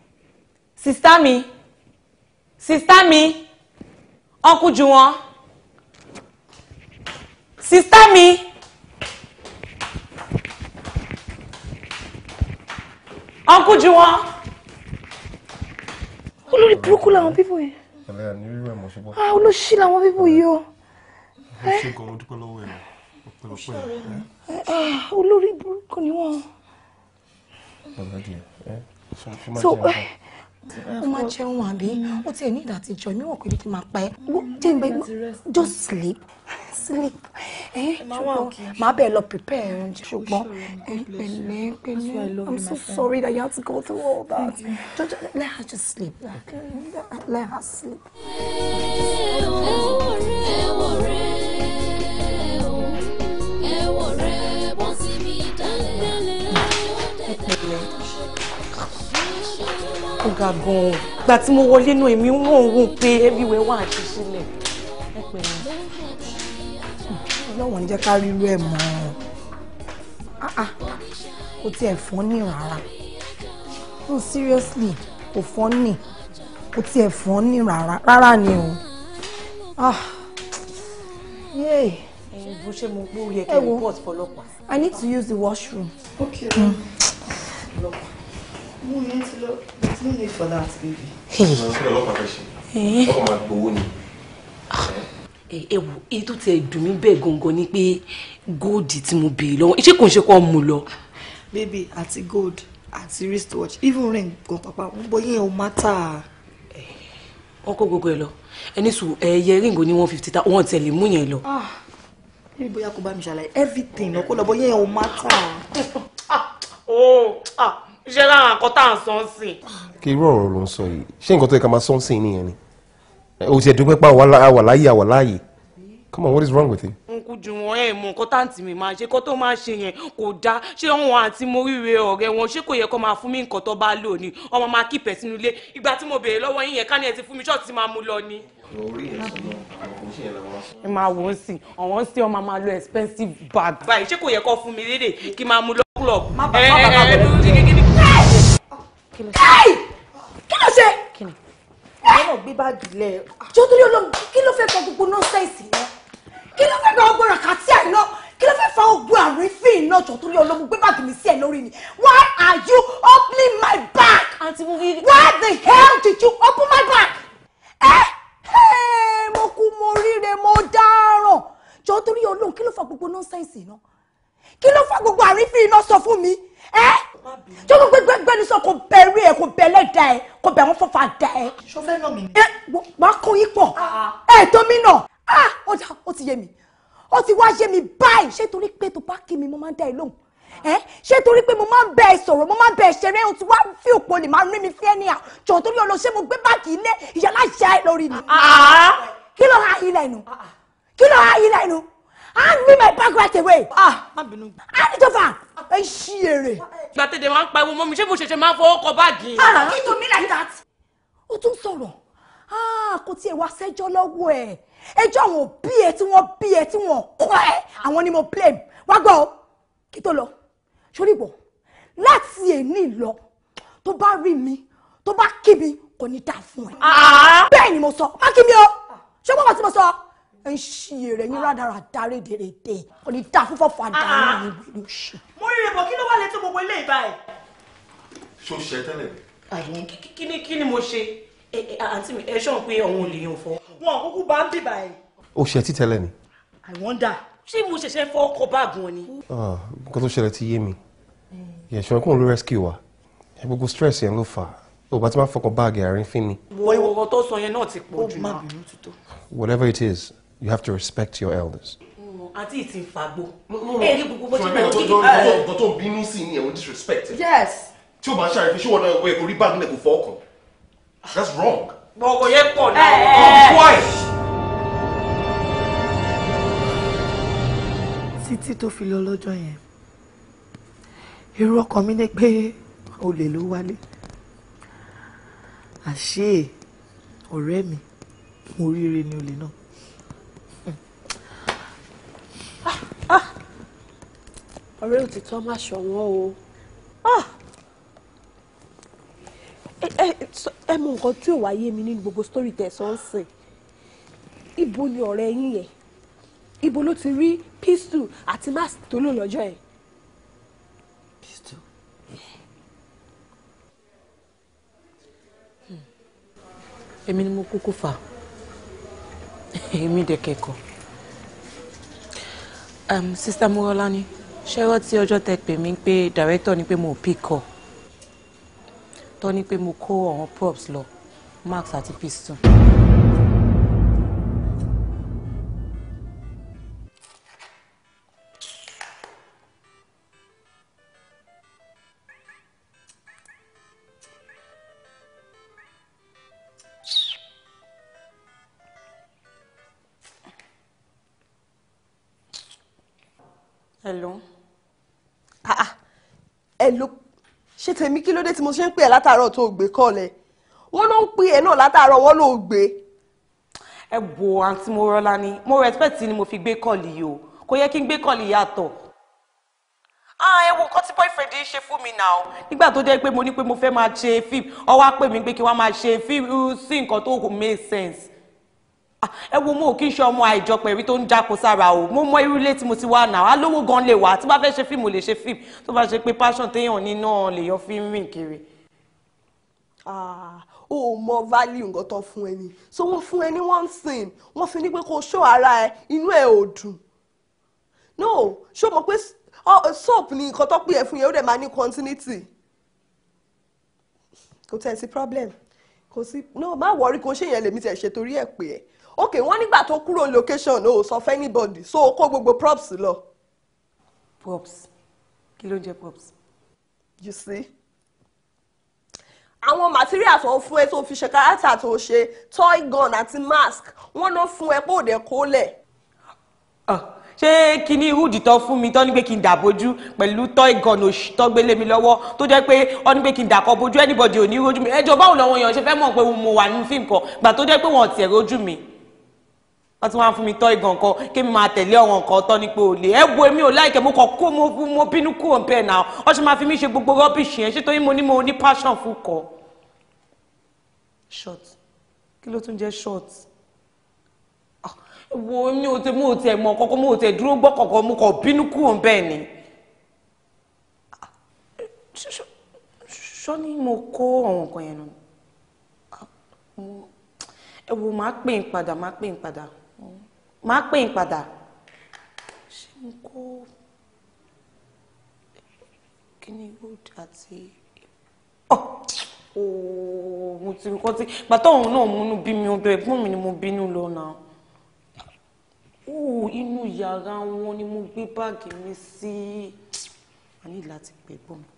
sista mi sista mi ọkùnjù wọn sista mi. uncle Juwon. olórí burúkú làwọn pípọ̀ yẹn. ẹ̀lẹ́ àní rírú ẹ̀ mọ̀ ṣùgbọ́n. ah olóṣì làwọn pípọ̀ yìí o. ẹ ṣe nǹkan mo dúpẹ́ lọ́wọ́ ẹ̀ ọ̀pẹ̀lọpẹ̀ ẹ̀. Ah, olórí burúkú ni wọ́n. so. Uh, ó máa jẹun àbí mm. ó tiẹ̀ ní ìdàtí jọ mi wọ̀ pé kí n máa pa ẹ́ jẹ́ ìgbẹ́ just sleep sleep ṣùgbọ́n màá bẹ̀ lọ prepare oúnjẹ oh, ṣùgbọ́n pẹ̀lẹ́ pẹ̀lẹ́ i'm so sorry that you had to go through all that just let her just sleep let her sleep. ó ga gan-an ìgbà tí mo wọlé náà èmi mọ̀ ń pé everywhere wà àti sílẹ̀ ẹ pè mí. Hmm, ọlọ́wọ̀n ní jẹ́ ká rírú ẹ̀ mọ́ ah, ah, kò tiẹ̀ fọ́n ní rárá no seriously kò fọ́n ní kò tiẹ̀ fọ́n ní rárá rárá ni o. Ah. Yay. ṣe mo gbó yẹ kí n report fọlọ́pàá. I need to use the washroom. Okay. Hmm. Ọlọ́pàá. Mo yẹn ti lọ. There's no need for that, baby. Ọkọ̀ máa gbowó ni. Ẹ ah. eh, eh, wo, èyí tó ti dùn mí bẹ́ẹ̀ gangan ni pé góòdì tí mo béèrè lọ́wọ́, ṣé kò ń ṣe kó mú lọ? Baby àti gold àti wristwatch even ring gan papa ń bọ yẹn ò mátà. Eh, wọ́n kó gbogbo ẹ lọ. Ẹni sùn ẹyẹ ríǹgò ní one fifty ta, wọ́n tẹ̀lé mú yẹn lọ. Ibi ah, bóyá kò bá mi ṣàlàyé everything lọ kó lọ bọ yẹn ò mátà. iṣẹ́ láwọn àkọ́ tá à ń sọ sí. kí irú ọ̀rọ̀ ló ń sọ yìí ṣé nǹkan tó yẹ ká máa sọ sí i nìyẹn ni o ti ẹ̀dùn pípa àwà láyé àwà láàyè come on what is wrong with you. n kú ju wọn ẹ mọ nǹkan táǹtì mi máa ṣe kó tó máa ṣe yẹn kò dáa ṣé wọn àti mo ríre ọ̀rẹ́ wọn ṣé kò yẹ kó máa fún mi nǹkan tó bá lò ní ọmọ máa kí pẹ sínú ilé ìgbà tí mo béèrè lọ́wọ́ yín yẹn ká ní ẹ ti fún mi ṣọọti máa mú lọ ni. ẹ máa wò ó sí ọ̀wọ́n sí ọmọ máa lo expensive bag. báyìí ṣé kò yẹ kó fún mi lédè kí n máa mú lọ má bàa má bàa kí ló ṣe ìwọ náà gbé báàgì lẹ e. jọ torí Ọlọ́run kí ló fẹ́ kọ gbogbo nọ́ọ̀sẹ̀sì náà kí ló fẹ́ kọ gbogbo ràkàtì àìná kí ló fẹ́ fa ogun àrífín náà jọ torí Ọlọ́run gbé báàgì mi sí ẹ lórí ni why are you opening my bag why the hell did you open my bag ẹ eh? mo kú mo ríre mo dáràn jọ torí Ọlọ́run kí ló fa gbogbo nọ́ọ̀sẹ̀sì náà kí ló fa gbogbo àrífín náà sọ fún mi ẹ́ tí o gbẹ gbẹ ní sọ kò bẹ rí ẹ kò bẹ lẹ́dà ẹ kò bẹ wọn fọfà dà ẹ. sọfẹ́ náà mi. ẹ wàá kọ́ yín pọ̀ ah, ah. ẹ tó mi nà á ah, ó ti yé mi ó ti wá yé mi báyìí ṣé torí pé tó bá kí mi mo máa ń dá ẹ lóhùn ẹ ṣé torí pé mo máa ń bẹ ẹ sọ̀rọ̀ mo máa ń bẹ ẹ ṣeré o ti wá fi òpó lè máa rí mi fi ẹni à jọ̀ọ́ torí ọlọ́ṣẹ́ mo gbé báàgì ilé ìyá láṣẹ lórí mi. kí ló ha ilẹ̀ nù kí ló ha ilẹ̀ nù hand me my bag right away. ah má bínú. hand it over. ẹ ṣí èrè. ìgbà tètè máa ń pa ewu mọ́ mi ṣé mo ṣẹ̀ṣẹ̀ máa fọwọ́ kọ báàgì. ah you do me like that. ó tún sọ̀rọ̀ ah kò tiẹ̀ wá sẹ́jọ́ lọ́wọ́ ẹ̀ ẹjọ́ àwọn òbí ẹ tí wọ́n bí ẹ tí wọ́n kọ́ ẹ àwọn ni mo blame wá gbọ́ kí tó lọ sórí ìbò láti èní lọ tó bá rí mi tó bá kí mi kò ní dáa fún ẹ. Ah. bẹ́ẹ̀ ni mo sọ má kí mi o ṣé wọ́n mọ̀ tí mo sọ ẹ ń ṣiyè rẹ yín rádaràda rédèrèdè kò ní dá fúnfọ́ fàdà náà ah, ní ìlú ṣe. mo rí rẹ̀ bọ̀ kí ló wà létí gbogbo ilé ìbá ẹ̀. ṣó ṣe tẹ́lẹ̀ mi. àyè kí ni kí ni mo ṣe àǹtí mi ẹ ṣọ́n pé ọ̀hún ò lè yan fọ́. wọn kúkú bá ń bìbà ẹ̀. ó ṣe tí tẹ́lẹ̀ ni. I wonder ṣé mo ṣẹ̀ṣẹ̀ fọ́ ọkọ̀ báàgùn ọ ni. Ah, nǹkan tó ṣẹlẹ̀ ti yé mi yẹ̀ṣọ́ ẹ̀kún ló rescue wa gbogbo stress yẹn ló fà á òbá tí máa fọkàn báàgì àárín fín ni. wọ ìwọ̀wọ̀ tó sọ yẹn náà ti pọ̀ jù náà. whatever it is you have to respect your elders. Mm, àti ìtì ìfàgbọ́ ẹ̀rí mm, mm, eh, gbogbo bó ṣe bẹ̀rẹ̀ kíkì báyìí. ọ̀gá tó ń bínú sí ni ẹ̀wọ̀n disrespect. yes. tí o máa ṣàrẹ̀ fi ṣé wọn náà wọ ẹ̀kọ́ rí báàgì lẹ́kọ̀ọ́ fọ́ọ̀kan that's wrong. ọkọ̀ yẹn pọ̀ náà. ọ̀hún eh, twice. Eh, títí tó fi lọ lọ́jọ́ yẹn irú ọkàn mi ni pé olè ló wálé àṣé ọ̀rẹ́ mi mo ríire ni olè náà Ah, ah. ọ̀rẹ́ òtítọ́ má ṣọ̀wọ́n o ah. ẹ mọ nǹkan tí ò wá yé mi nínú gbogbo story tẹ̀sán sìn ibo ni ọ̀rẹ́ yín yẹn ibo ló ti rí pistol àti mask tó lò lọ́jọ́ yẹn. pistol. Hmm. Hmm. èmi ni mo kúkú fà èmi dẹ̀ kẹ́kọ̀ọ́ um, sista murolani ṣé rántí ọjọ́ tẹ pè mí pé director ní pé mo pick up tó ní pé mo kó àwọn props lọ max àti pistol. ẹ ló ṣe tèmi kí ló dé tí mo ṣe ń pè ẹ́ látàárọ̀ tó gbé kọ́lẹ̀ wọ́n ló ń pè ẹ́ náà látàárọ̀ wọ́n ló gbé. ẹ wo àǹtí Mọ́rọ́lá ni mo respect ni mo fi gbé kọ́ọ̀lì yìí o kò yẹ kí n gbé kọ́ọ̀lì yàtọ̀. ẹ wo kọ́ tí boyfriend yìí ṣe fún mi náà. nígbà tó jẹ́ pé mo ní pé mo fẹ́ máa ṣe fíìmù ó wá pè mí pé kí wọ́n máa ṣe fíìmù sí nǹkan tó make sense Ah, ẹ wo mo kí n ṣe ọmọ àìjọpọ̀ èrí tó ń jáko sára o mo mọ irú ilé tí mo ti wá náà alówó gan lè wà tí bá fẹ́ ṣe fíìmù lè ṣe fíìmù tó bá ṣe pé passion téèyàn ní náà lèèyàn fi ń rìn kiri. Ah, o mọ value nǹkan tó fún ẹ so wọ́n fún ẹ ní one thing wọ́n fi ní pé kó o ṣó ara ẹ inú ẹ ò dùn no ṣó mọ̀ pé soap ni nǹkan tó pè é fún yẹn ó dẹ̀ máa ní continuity kò tẹ̀ sí problem kò sí no má wọrí kò ṣèyàn lèmi tẹ̀ ṣe torí ẹ̀ pé ẹ̀ ok wọ́n nígbà tó kúrò location o sọ fẹ́ anybody so o kó gbogbo props lọ. props kí ló ń jẹ props. you see àwọn material tó fún ẹ tó fi ṣe kárátà tó ṣe toy gun àti mask wọ́n ná fún ẹ pé òde kó lẹ̀. Ah, ṣé kinní hood tó fún mi tó ní pé kí n dà bójú pẹ̀lú toy gun òṣì tó gbélé mi lọ́wọ́ tó jẹ́ pé ó ní pé kí n dàkọ́ bójú anybody ò ní rojú mi ẹjọ́ báwo lọ́wọ́ yẹn ṣe fẹ́ mọ̀ pé mo wà nínú fíìmù kan gbà tó jẹ́ pé wọ́n tiẹ̀ rojú mi wọ́n ti wá fún mi tọ́ ìgàn kan kí mi máa tẹ̀lé ọ̀wọ̀n kan tọ́ nípa òòlè ẹ wo èmi ò láìkẹ́ mo kọ̀ kó mo bínú kúrò ń bẹ́ẹ̀ náà wọ́n ṣe máa fi mí ṣe gbogbo rọ́bìṣì yẹn ṣé torí mo ní mo ní passion fún kọ. short kí ló tún jẹ́ short ah, wo mi ò tẹ mo ò tẹ mọ kọkọ mo ò tẹ dúró gbọ́ kọkọ mo kọ̀ bínú kúrò ń bẹ́ẹ̀ ni. sọ ni mo kó ọ̀wọ̀n kan yẹn nù ah, ẹ wo máa pè ń padà máa pè ń padà máa pè yín padà ṣé mo kó kíní wood àti ooo oh, oh, mo ti nǹkan ti bàtà òun náà múnú bí mi ọ̀dọ̀ ẹ̀gbọ́n mi ni mo bínú lọ náà ooo inú yàrá wọn ni mo gbé báàgì mi sí a ní láti pè ẹ̀gbọ́n mi.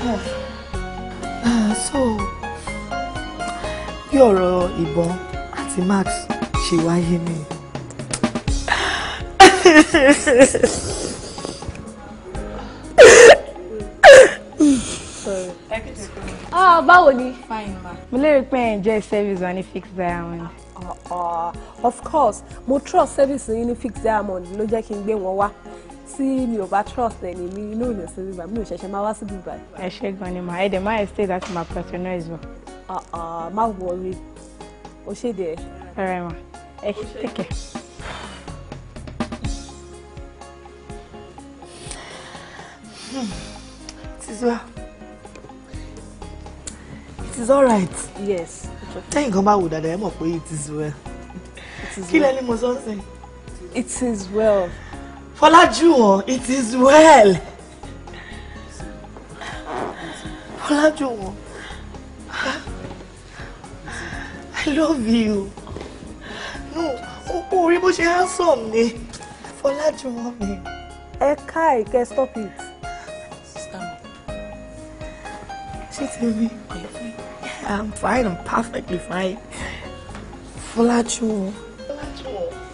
Huh. Ah, so bí ọ̀rọ̀ ìbọn àti max ṣe wáyé ni. ah báwo ni. fine ma. mo lérò pé enjoy service wa ní fix diamond. Uh, of course mo trust service yín ní fixed diamond ló jẹ́ kí n gbé wọn wá tí mi ò bá trust ẹni mi inú ò ní sí bíbá mi ò ṣẹ̀ṣẹ̀ máa wá sí bíbá. ẹ ṣe gan ni mà ẹ dẹ̀ má ah, ah, ẹ stay that my personal is well. má wọrí o ṣe dẹ. ẹ rẹ mà ẹ ṣe tẹkẹ. Tizwa, it is all right. Yes. Tẹ́yìn kan bá wò dáadáa, ẹ mọ̀ pé it is well. Kí lẹ́ni mo sọ́nsìn? It is well. Fọlájúwọ̀n, it is well. Fọlájúwọ̀n, I love you. No, kókó orí bó ṣe handsome ni. Fọlájúwọ̀n mi. Ẹ ká ẹ̀kẹ́ stop it. Ṣé ti rí? I'm fine, I'm perfectly fine. Fọlájúwọ̀n. Fọlájúwọ̀n.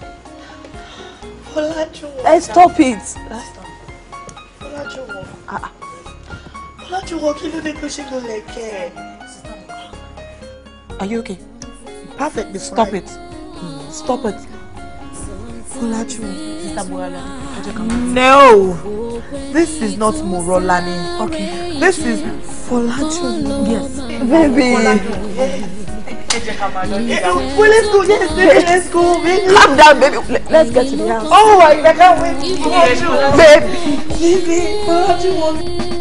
Ọlájúwọ̀n. Ẹ eh, stop it. Ọlájúwọ̀n. Ọlájúwọ̀n ah, ah. kí ló dé tó ṣe ló lẹ̀kẹ́ Are you okay? Perfect. fine. Hmm, stop it. Stop it. No! This is not Morolani. Okay. This is Fọlájúwọ̀n. Yes. Baby. Fọlájúwọ̀n. Well, let's go. Yes, baby, let's go, baby. Calm down, baby. Let's get to the house. Oh, I can't wait. Baby, baby, what do want?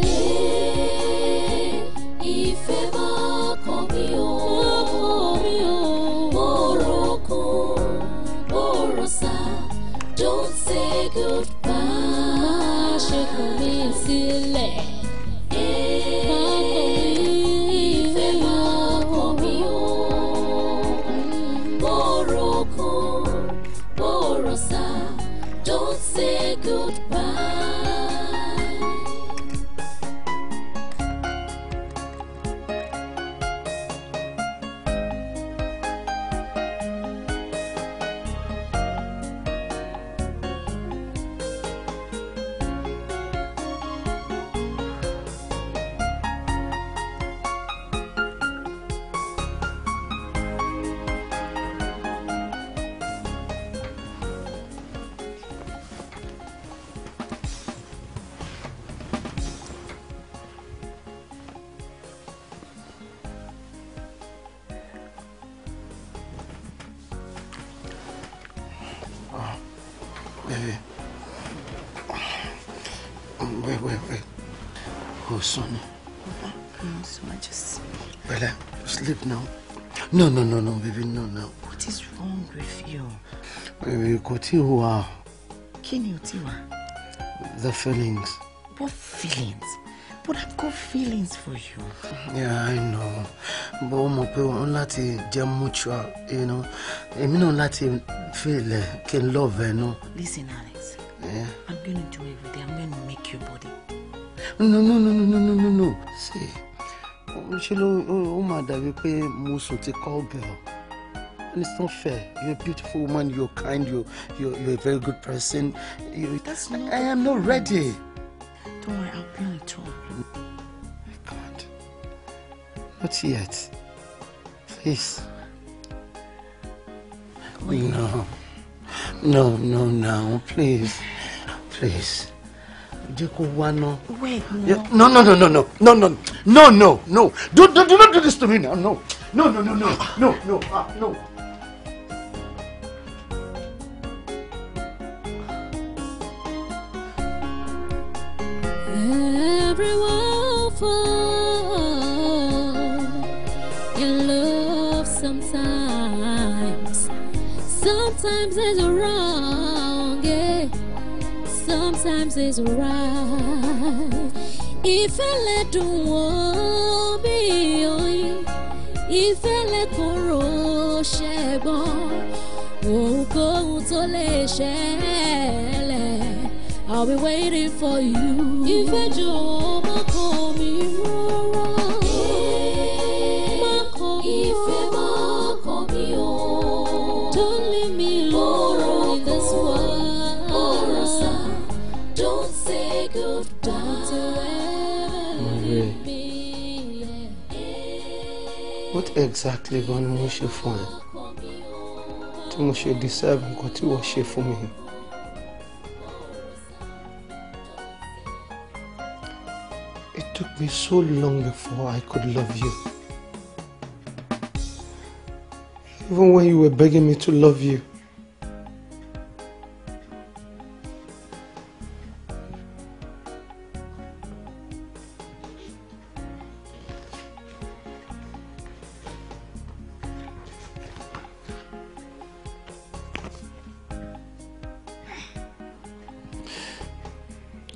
sùn ni. bàbá mo i just. bella sleep now. no no no no baby no no. what is wrong with you. baby you tí ì wà. kí ni the feelings. what feelings. But I've got feelings for you. Yeah, I know. But ó not pé òun láti mutual, you know. Èmi náà láti feel eh, kí love you know. Listen, no no no no no no no See, ṣe ló ó máa dàbí pé mo sùn ti call girl and it's not fair you're a beautiful woman you're kind you're you're, you're a very good person you, that's not I am not ready. don't worry I'll bring it up. I can't not yet please. No, no, no, no, please, please jẹ́ kó wá ná. wait no. no no no no no no no no no do do do not do this to me now no no no no no no no ah no. sometimes. Sometimes wrong. sometimes is right. if I Ìfẹ́ lẹ be. wọ́n bí oyin, ìfẹ́ lẹ kóró go ohunkóhun tó lè ṣẹlẹ̀, I'll be waiting for you. Ìfẹ́ jọ̀wọ́ má kọ̀ mí rú. exactly gan ni mo ṣe fún ẹ tí mo ṣe deserve nǹkan tí wọ́n ṣe fún mi. It took me so long before I could love you. Even when you were begging me to love you.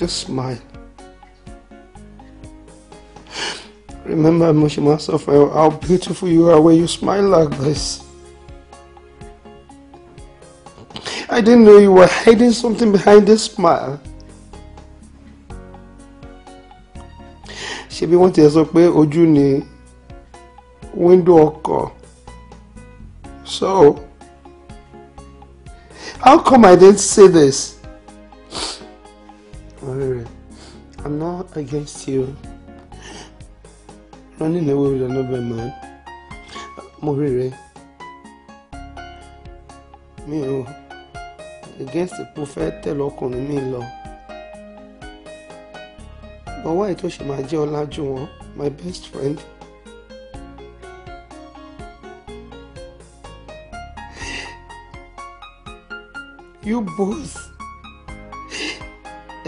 smile. Remember, Mushima Safael, how beautiful you are when you smile like this. I didn't know you were hiding something behind this smile. ṣebí wọ́n ti sọ pé ojú ni wíńdò so how come I didn't say this? worry. I'm not against you. Running away with another man. Mo rí rẹ. against the fẹ́ tẹ̀lé ọkùnrin mi lọ. Bọ̀wá ètò ṣì máa jẹ́ ọlájú my best friend. You boss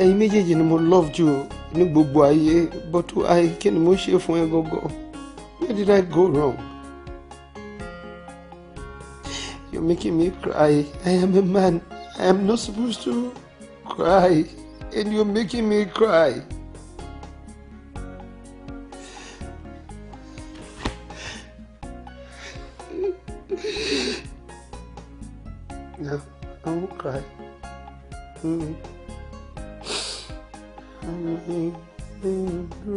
ẹ̀yin méjèèjì ni mo love you ní gbogbo ayé but ayé kí ni mo ṣe fún ẹ gọ́gọ́ where did I go wrong? You're making me cry. I am a man. I am not supposed to cry. And you're making me cry. No, I won't cry. Mm-hmm. I'll sing the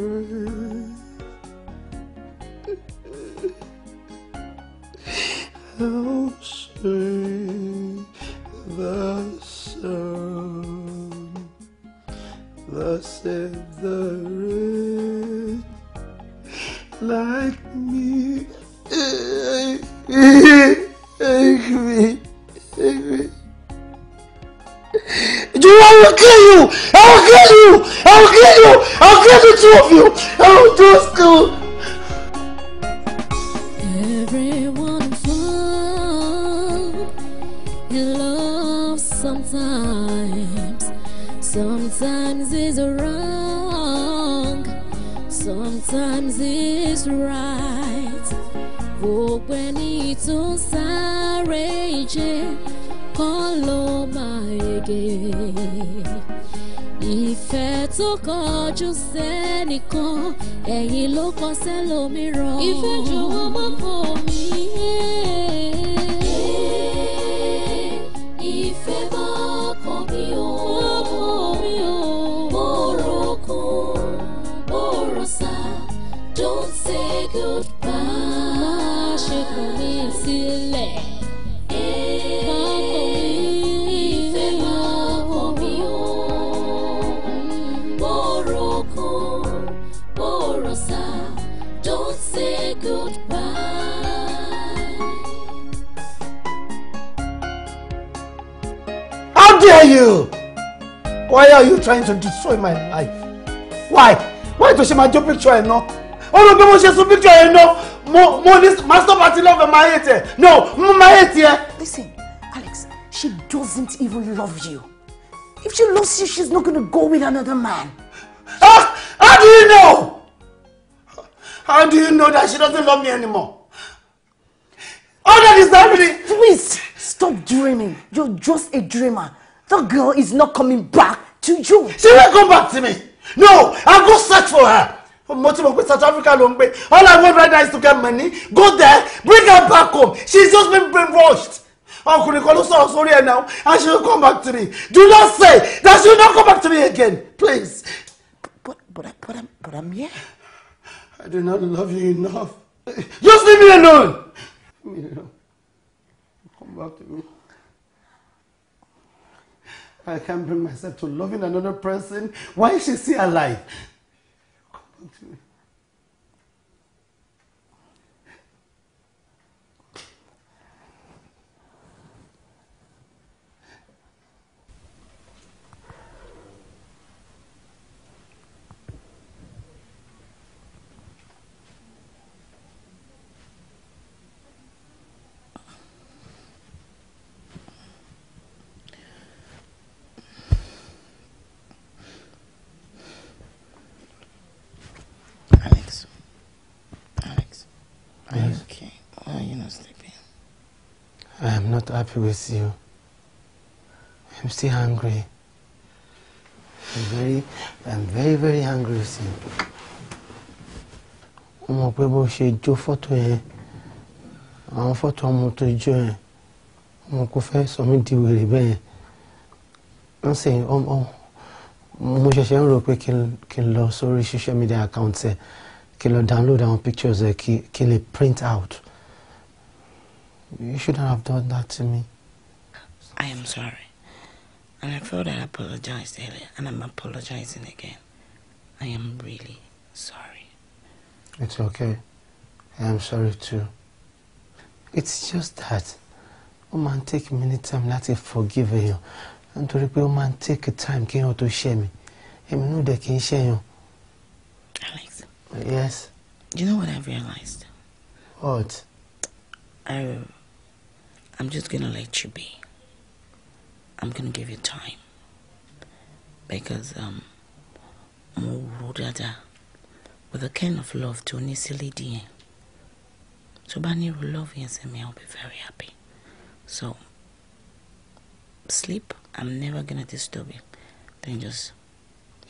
Thus the root like will kill you! I will kill you! I will kill you! I will kill the two of you! I will just kill. Everyone falls in love sometimes. Sometimes it's wrong, sometimes it's right. Gbogbo ẹni tó sáré jẹ́ kọ́ ló máa kọjú sẹ́nìkan ẹ̀yìn ló kọ sẹ́lòmíràn ìfẹ́ jọ̀wọ́ má fò mí trying to destroy my life? Why? Why tó she máa jó picture No. náà? Ó ló gbé mo ṣe sun picture ẹ̀ Mo mo this master party love ẹ̀ máa hate No, mo máa hate Listen, Alex, she doesn't even love you. If she loves you, she's not gonna go with another man. How, how do you know? How do you know that she doesn't love me anymore? All that is happening. Please stop dreaming. You're just a dreamer. That girl is not coming back to you. she will come back to me no i go search for her mo ti mọ̀ pé South Africa long way. all i want right now is to get money go there bring her back home she's just been brainwashed ọkùnrin kan ló sọ̀rọ̀ sórí ẹ̀ now and she will come back to me do not say that she will not come back to me again please. but but but i'm but i'm here. i do not love you enough just leave me alone. come back to me. I can't bring myself to loving another person. Why is she still alive? Come on to me. I'm not happy with you. I'm still angry. I'm very, I'm very, very angry with you. Mo mọ̀ pé bó ṣe jó fọ́tò yẹn, àwọn fọ́tò ọmọ tó jó yẹn, ọmọ kò fẹ́ sọ mí di wèrè bẹ́ẹ̀. Wọ́n sì ọmọ mo ṣẹ̀ṣẹ̀ ń rò pé kí n lọ sórí social media account ẹ̀ kí n lọ download àwọn pictures ẹ̀ kí n lè print out. You shouldn't have done that to me. I am sorry. And I thought I apologized earlier, and I'm apologizing again. I am really sorry. It's okay. I am sorry too. It's just that ó take many time láti forgive you, and to repeat, máa take time can you tó share me? èmi know they can share you. Alex. Yes. Do you know what I've realized? What? I I'm just gonna let you be. I'm gonna give you time because um, with a kind of love to easily dear. So Bani will love you and me, I'll be very happy. So sleep, I'm never gonna disturb you. Then just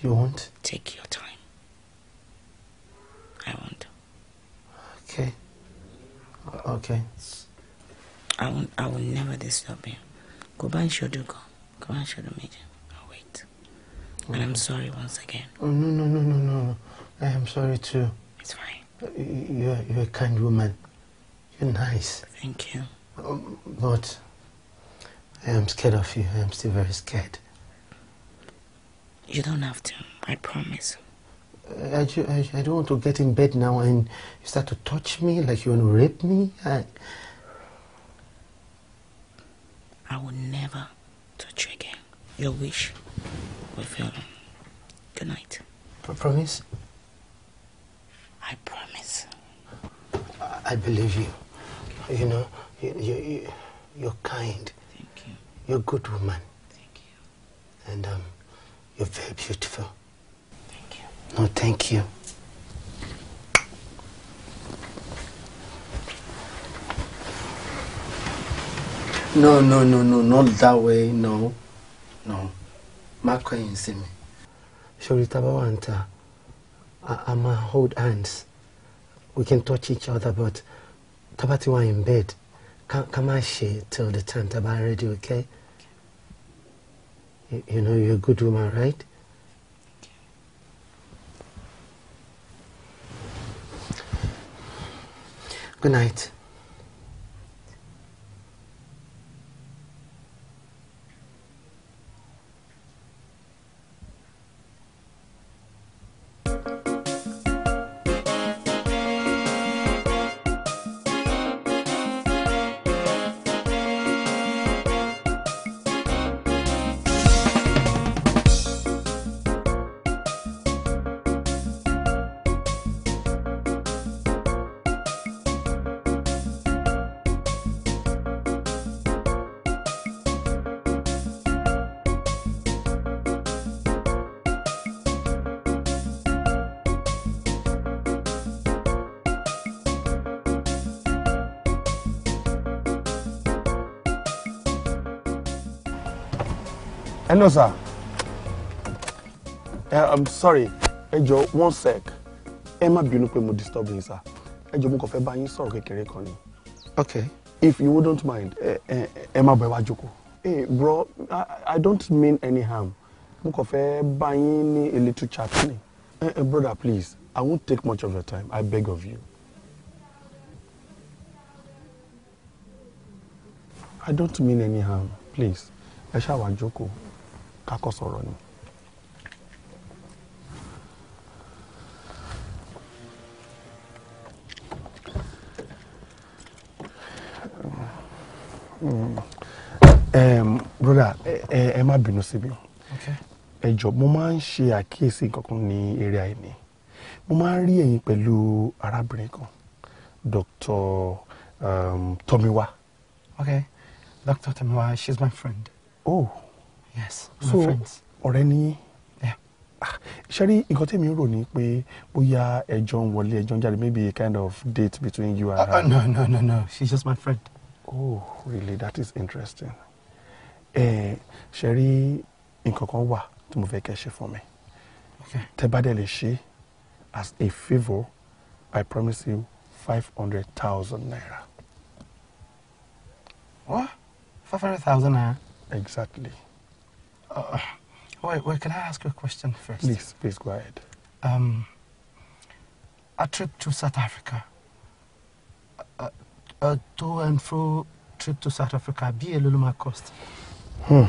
You won't? Take your time. I won't. Okay. Okay. I will, I will never disturb you. Go back and come. Go back and I'll wait. And I'm sorry once again. Oh, no, no, no, no, no. I am sorry too. It's fine. Uh, you're, you're a kind woman. You're nice. Thank you. Um, but I am scared of you. I am still very scared. You don't have to. I promise. Uh, I, I, I don't want to get in bed now and you start to touch me like you want to rape me. I, I will never touch you again. Your wish will fail. Good night. P promise? I promise. I, I believe you. You know, you, you, you, you're kind. Thank you. You're a good woman. Thank you. And um, you're very beautiful. Thank you. No, thank you. No, no, no, no, not that way, no, no. Má you see me. Ṣòrí tá a bá wà ń a hold hands. We can touch each other but tá a bá in bed, come, má ṣe till the time tá ready, okay? You, you know you're a good woman, right? Good night. hello sir ẹ eh, i'm sorry Hey, Joe. one sec Emma, be no pé mo disturb sir Hey, Joe. mo kàn fẹ́ bá yín sọ̀rọ̀ okay if you wouldn't mind ẹ má bọ̀ ẹ hey eh, bro i, I don't mean any harm mo kàn fẹ́ bá yín a little chat Hey, eh, brother please i won't take much of your time i beg of you. i don't mean any harm please ẹ ṣáà wá kakọ sọ̀rọ̀ ni. broda ẹ má bínú sí mi ẹ mo máa ń ṣe àkíyèsí kankan ní eré àìní mo máa ń rí ẹ̀yin pẹ̀lú arábìnrin kan Dr. Um, Tomiwa. okay Dr. Tomiwa she's my friend. oh yes my so, friends. ọ̀rẹ́ ni ah, ṣẹ́rí nǹkan tèmi rò ní pé bóyá ẹjọ́ ń wọlé ẹjọ́ ń jáde maybe a kind of date between you and ah, ah, her. Uh, no no no no she's just my friend. oh really that is interesting. Eh, ṣẹ́rí nǹkan kan wà tí mo fẹ́ kẹ́ ṣe fún mi. tẹ́ bá dẹ̀ lè ṣe as a favour I promise you five hundred thousand naira. what five hundred thousand naira. exactly. Uh, wait, wait, can I ask you a question first? Please, please go ahead. Um, a trip to South Africa, a, a to and fro trip to South Africa, bí èló ló máa cost? Hmm.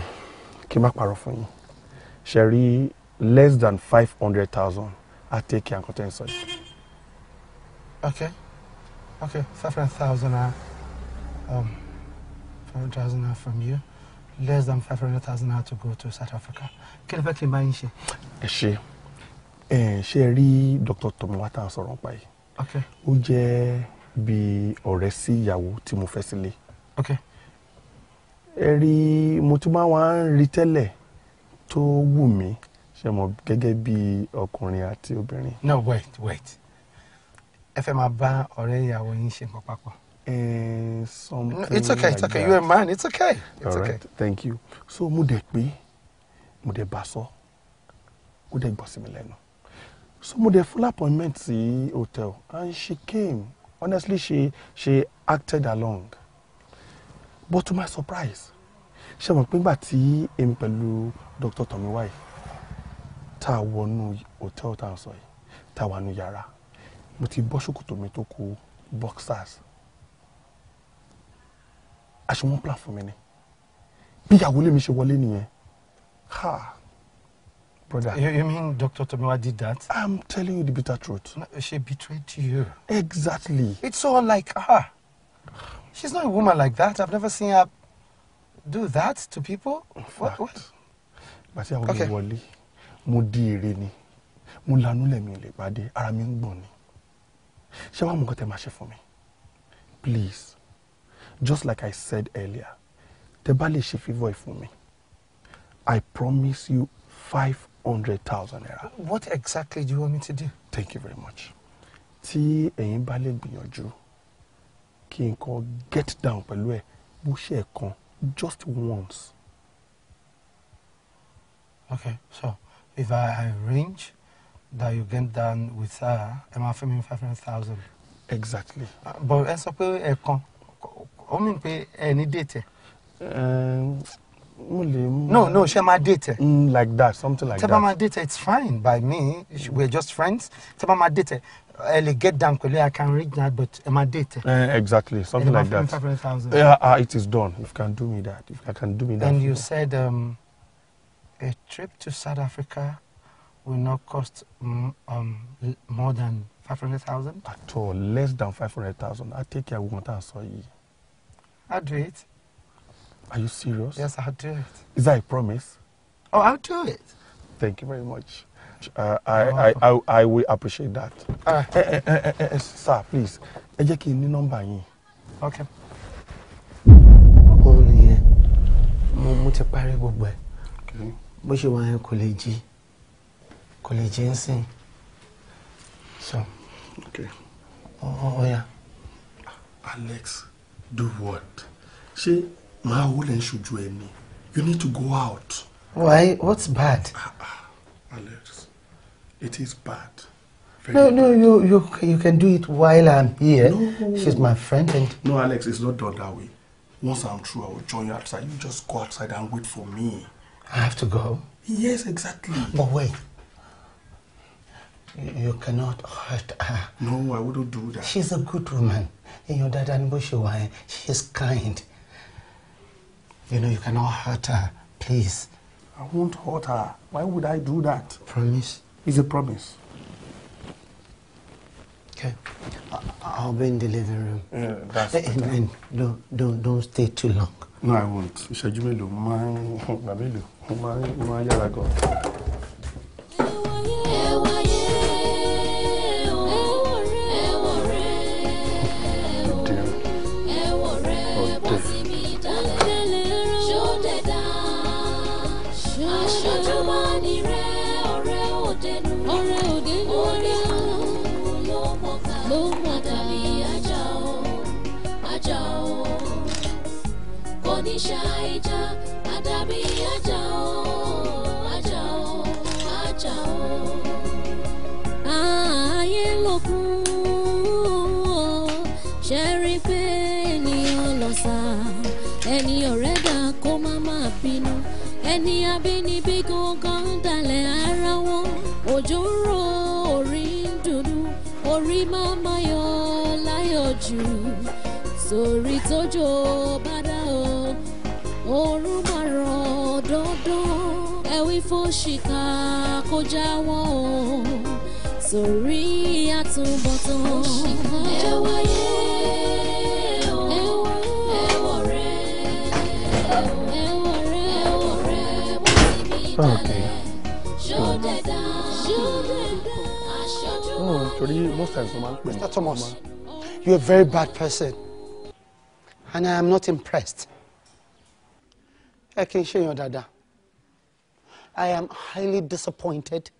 Kima n má parọ́ fún less than five hundred thousand á take your tẹ́ ń Okay, okay, five hundred thousand naira, um, five hundred thousand naira from you less than five hundred thousand naira to go to South Africa kí ló fẹ́ kí n bá yín ṣe. ẹ ṣe ẹ ṣe ẹ rí Dr. Tomowata sọ̀rọ̀ pa yìí ó jẹ́ bí ọ̀rẹ́ sí ìyàwó tí mo fẹ́ sílé ẹ rí mo tún máa ń rí tẹ́lẹ̀ tó wù mí ṣe mọ̀ gẹ́gẹ́ bí ọkùnrin àti obìnrin. no wait wait ẹ fẹ́ máa bá ọ̀rẹ́ ìyàwó yín ṣe nǹkan papọ̀ uh, something. No, it's okay. Like it's okay. That. You're a man. It's okay. It's All right. okay. Thank you. So mo dẹ̀ pé mo dẹ̀ bá sọ mo dẹ̀ gbọ́ sí mi lẹ́nu so mo dẹ̀ full appointment sí hotel and she came honestly she she acted along but to my surprise ṣe mọ̀ pé nígbà tí èmi pẹ̀lú Dr. Tomiwai tá a wọnú hotel tá a sọ yìí tá a wà nù yàrá mo ti bọ́ ṣòkòtò mi tó kù boxers àṣewọ́n plan fún mi ni bí ìyàwó lèmi ṣe wọlé nìyẹn ha brother. you, you mean Doctor Tomiwa did that. I'm telling you the bitter truth. No, she betrayed you. exactly. it's all like her. Ah. she's not a woman like that I've never seen her do that to people. what what. bàtí àwọn olè wọlé mo di èrè ni mo lanú lẹ́mi ò lè pàdé ara mi ń gbọ̀n ni ṣé wàá mọ̀ kọ́ tẹ́ máa ṣe fún mi please just like I said earlier tẹ bá lè ṣe I promise you five hundred thousand naira. What exactly do you want me to do? Thank you very much. Ti ẹ̀yin bá lè gbìyànjú kí n kọ́ get down pẹ̀lú ẹ̀ bó ṣe kan just once. Okay, so if I arrange that you get down with her, ẹ máa fún mi five hundred thousand. Exactly. Uh, but ẹ sọ pé ẹ̀kan ó mì pé ẹ ní déètì mo lè mú. no no ṣe máa déètì like that something like that. tẹ́ bá máa déètì it's fine by me we are just friends tẹ́ bá máa déètì ẹ lè get down pẹ̀lú I can read that but ẹ máa déètì exactly something like that. five hundred thousand. yeah it is done if you can do me that if you can do me that. and you said um, a trip to South Africa will not cost um, more than five hundred thousand. at all less than five hundred thousand i take care of what i a year. I'll do it. Are you serious? Yes, I'll do it. Is that a promise? Oh, I'll do it. Thank you very much. Uh, I, I, I, I will appreciate that. Uh, eh, eh, eh, sir, please, ẹ jẹ́ kí n ní Okay. Ó nìyẹn, mo mo ti parí gbogbo ẹ̀. Bó ṣe wà yẹn kò lè jí, kò So. Okay. Oh ó ó yá. Alex do what ṣé my woman should ṣojú ẹ you need to go out. why what's bad. Ah, ah, Alex it is bad. Very no, bad. no, you, you, you can do it while I'm here. No. She's my friend. And... No, Alex, it's not done that way. Once I'm through, I will join you outside. You just go outside and wait for me. I have to go? Yes, exactly. But wait. you cannot hurt her. No, I wouldn't do that. She's a good woman. In your dad and Bushy wà she is kind you know you cannot hurt her please. I won't hurt her why would I do that. promise. it's a promise. Okay. I'll be in the living room. Yeah, that's And, and don't, don't, don't stay too long. No, I won't. ìṣẹ́jú mélòó máa ń gbà my ìṣá adabi ajao, ajao, ajao. àjà o àjà o. ààyè lókun o ṣe rí pé ènìyàn lọ́sà ẹni ọ̀rẹ́ dà kó má má bínú ẹni abínibí gangan ń dalẹ̀ ara wọn òjò ń rọ orí ń dúdú orí máa máa yọ láyọ̀ jù sórí tójó bá òru máa ràn dandan ẹ fún ṣìkà kó jáwọ́ o torí àtúbọ̀tán ẹ wáyé. Ah, okay. Sure. Hmm. Oh, hmm, torí most times no man. Mr. Thomas, you're a very bad person, and I am not impressed ẹ kì í ṣèyàn dáadáa I am highly disappointed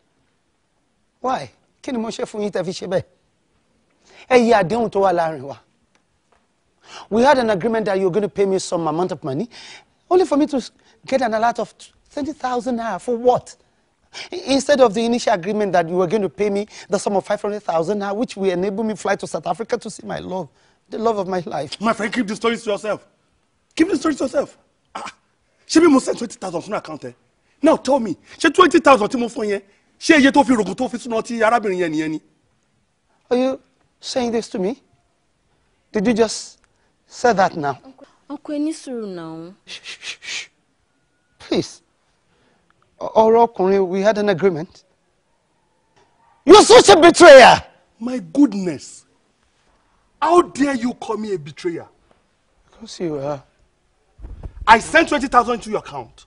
why kí ni mo ṣe fún yín tẹ́ fi ṣe bẹ́ẹ̀ ẹ yí àdéhùn tó wà láàrin wa we had an agreement that you were going to pay me some amount of money only for me to get an alert of twenty thousand naira for what instead of the initial agreement that you were going to pay me the sum of five hundred thousand naira which will enable me fly to South Africa to see my love the love of my life. my friend keep the story to yourself keep the story to yourself. Ah ṣé bí mo send twenty thousand sínú account. ẹ now tell me ṣé twenty thousand tí mo fún yẹn ṣé iye tó fi rògùn tó fi súná ti arábìnrin yẹn nìyẹn ni. Are you saying this to me? Did you just say that now? Uncle, ẹ ní sùúrù náà. Shh, shh, shh. Please. Ọ̀rọ̀ ọkùnrin, we had an agreement. You such a betrayer! My goodness! How dare you call me a betrayer? Because you are. I sent 20,000 into your account.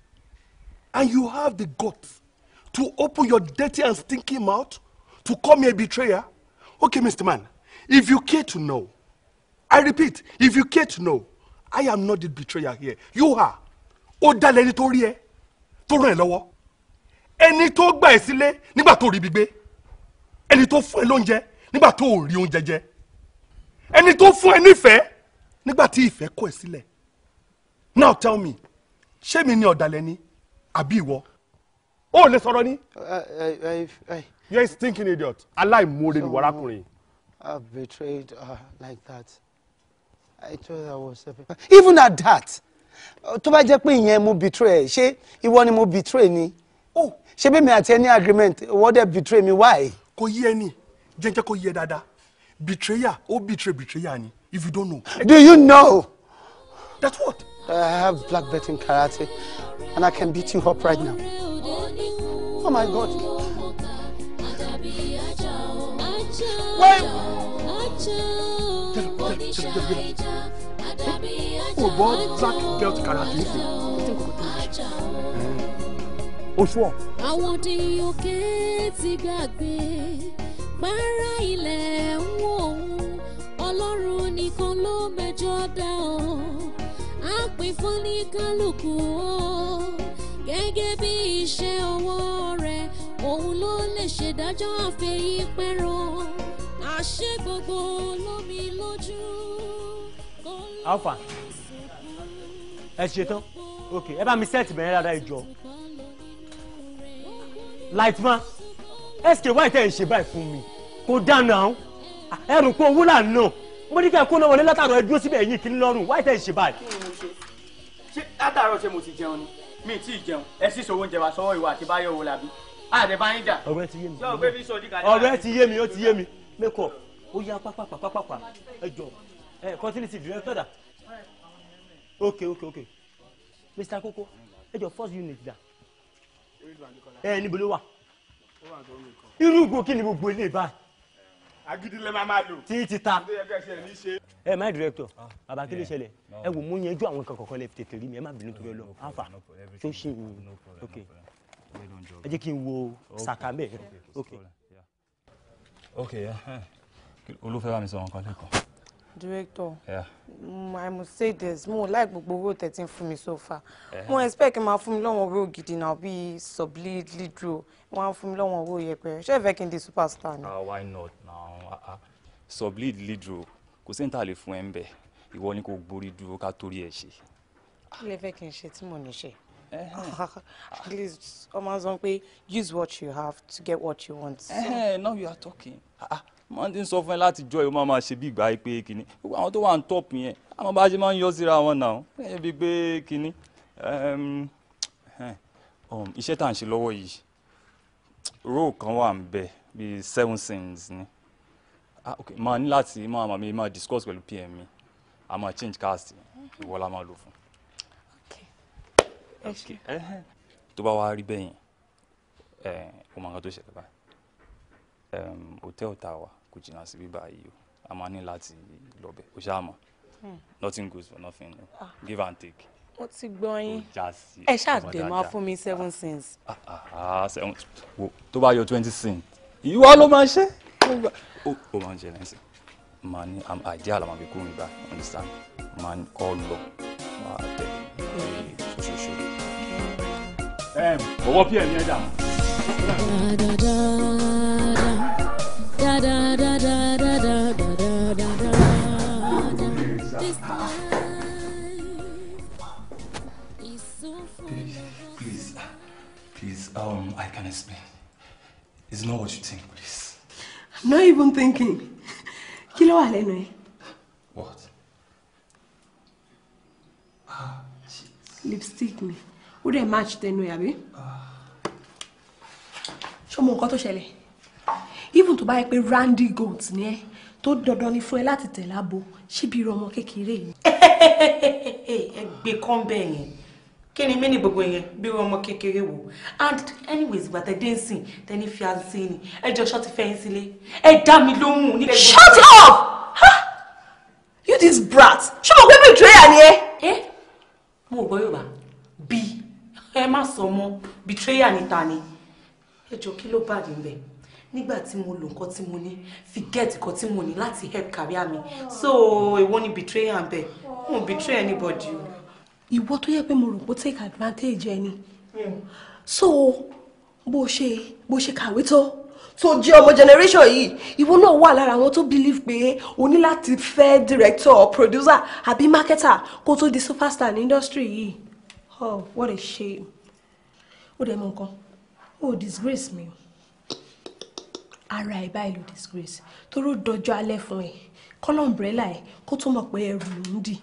And you have the guts to open your dirty and stinky mouth to call me a betrayer? Okay, Mr. Man, if you care to know, I repeat, if you care to know, I am not the betrayer here. You are. Ó dalẹ̀ ẹni tó rí ẹ tó ràn ẹ́ lọ́wọ́. Ẹni tó gbà ẹ́ sílé nígbà tó rí gbígbé. Ẹni tó fún ẹ lóúnjẹ nígbà tó rí oúnjẹ jẹ. Ẹni tó fún ẹ nífẹ̀ẹ́ nígbà tí ìfẹ́ kọ̀ ẹ́ sílẹ̀ now tell me ṣé mi ni ọ̀dàlẹ̀ ni àbí ìwọ ó lè sọ̀rọ̀ ni. you are a stinking idiot aláìmoore ni wàrákùnrin. I betrayed her uh, like that I told her I was happy. even at that tó bá jẹ́ pé ìyẹn mo betray ẹ̀ ṣé ìwọ ni mo betray ni ṣé bí mi àti ẹ ní agreement ìwọ dẹ̀ betray mi why. kò yí ẹni jẹ́jẹ́ kò yí ẹ dáadáa betrayer ó betray betrayer ni if you don't know. do you know. that's what I have black belt in karate, and I can beat you up right now. Oh my God. Wait. O bọ black belt karate nísìnyí. O ti ń kókó tó ń ṣe. Oṣù ọ̀. Àwọn di òkè ti gbàgbé, gbára ilẹ̀ ń wò ó, Ọlọ́run nìkan ló mẹjọ dá o á pín fún ní kálukú o gẹ́gẹ́ bí iṣẹ́ ọwọ́ rẹ̀ òun ló lè ṣèdájọ́ àfẹ́yí àṣẹ gbogbo lómi lójú. alfa ẹ ṣetán ok ẹ bá mi sẹ́ẹ̀tì bẹ̀rẹ̀ dáadáa ìjọ lightman sk white ẹ̀ ń ṣe báyìí fún mi kò dáná ah, ẹrù kó owó là ń nà mo ní kí ẹ kó náà wọlé látàrọ ẹ dúró síbẹ̀ yín kí n lọ́rùn white ẹ̀ ń ṣe báyìí látàárọ̀ ṣe mo ti jẹun ni mi ti jẹun ẹ sì sọ oúnjẹ wa sọ́wọ́ ìwà àti báyọ̀ wo làbí àdẹ bá ń jà. ọ̀rẹ́ ti yé mi ọ̀rẹ́ ti yé mi ó ti yé mi mẹkọ ó yá pápápápápá ẹ jọ ẹ continuity director da ok ok ok mr koko ẹ jọ first unit da ẹ níbo ló wà irú ìgò ni gbogbo ilé báyìí agídílẹ̀ máa máa lò. tí ti ta ẹ máa director baba kí ló ṣẹlẹ̀ ẹ wò mú yẹn ju àwọn nǹkan kọ̀ọ̀kan lẹ tètè rí mi ẹ má bínú torí Ọlọ́run àǹfà tó ṣe wò ok ẹ jẹ́ kí n wo sàkà mẹ́ ok. ok eh. olùfẹ́ bá mi sọ nǹkan lẹ́kọ̀ọ́. director yeah. mm, i must say this mo like gbogbo owó thirteen fún mi so far eh. mo expect kí n máa fún mi lọ́wọ́ owó gidi náà bíi sublead lidro wọ́n á fún mi lọ́wọ́ owó yẹpẹrẹ ṣé ẹ fẹ́ kí n di superstar ni. ah why not àwọn ah, ah, sublead leadro kò sí ní ta fún ẹ ń bẹ ìwọ ni kò gborí dúró ká torí ẹ ṣe. kí fẹ́ kí n ṣe tí mò ń ṣe. at least ọmọ sọ pé use what you have to get what you want. now you are talking ah, máa ti ń sọ fún ẹ láti jọ ìwọ máa máa ṣe bí ìgbà pé kínní gbogbo àwọn tó wà ń tọ́pù yẹn àwọn bá ṣe máa ń yọ síra wọn náà ẹ bí pé kínní um, iṣẹ́ tá à ń ṣe lọ́wọ́ yìí róò kan wà ń bẹ bíi seven sins ni. Ah, ok máa ní láti máa màmí máa discuss pẹ̀lú pm mi a máa change cast ìwọ la máa lò fún. tó bá wá rí bẹ́yìn ó máa kan tó ṣẹlẹ̀ báyìí hòtẹ́ẹ̀lì tá a wà kò jìnnà síbí báyìí o a máa ní láti lọ bẹ̀ o ṣáà mọ̀ hmm. nothing goes for nothing ah. give and take mo ti gbọ́ yín ẹ ṣáàtẹ̀ máa fún mi seven cents. Ah, ah, tó bá yọ twenty cents ìwọ ló máa ṣe wúwa ó ó máa ń ṣe lẹ́yìn sí máa ní àìdí àlàmà fi kúrò nígbà understand máa ń kọ́ lọ máa tẹ̀lé lórí ṣoṣooṣo. ọwọ́ pí Please, please, um, I can explain. It's not what you think not even thinking kí ló wà lẹ́nu what. Ah, lipstick me. ó dẹ̀ match tẹnu ẹ abi. ṣé o mọ nǹkan even to buy yẹ randy goat ni ẹ tó dandan ni fún ẹ láti tẹ̀ lábo ṣíbi irú ọmọ kékeré yìí. ẹ gbé kán bẹ́ẹ̀ yẹn kí ni mí ní gbogbo yẹn bí ọmọ kékeré wò and anyways ìgbà tẹ dé nsìn tẹ ní fiancé ni ẹ jọ ṣọtí fẹ́ yín sílé ẹ dá mi lóhùn ní. shut up huh? you this brat ṣé mo gbé betrayer ni ẹ. ẹ mo gbọ́ yorùbá bí ẹ má sọ mọ́ betrayer ni ta ni ẹ jọ kí ló bàdé ń bẹ̀ nígbà tí mo lò nǹkan tí mo ní fi get nǹkan tí mo ní láti help career mi so èwo ni betray ń bẹ̀ mo betray anybody o ìwọ tó yẹ pé mo rò pé take advantage ẹ hmm. so bó ṣe bó ṣe kàwé tó tó jẹ́ ọmọ generation yìí ìwọ náà wà lára àwọn tó believe pé o ní láti fẹ́ director producer àbí marketer kó tó di superstar ní industry yìí oh what a shame ó dẹ̀ mọ̀ nǹkan ó disgrace mi ara ẹ̀ báyìí ló disgrace toró dọjọ́ alẹ́ fún ẹ kọ́lọ̀ umbrella ẹ kó tó mọ̀ pé ẹrù ló ń dì.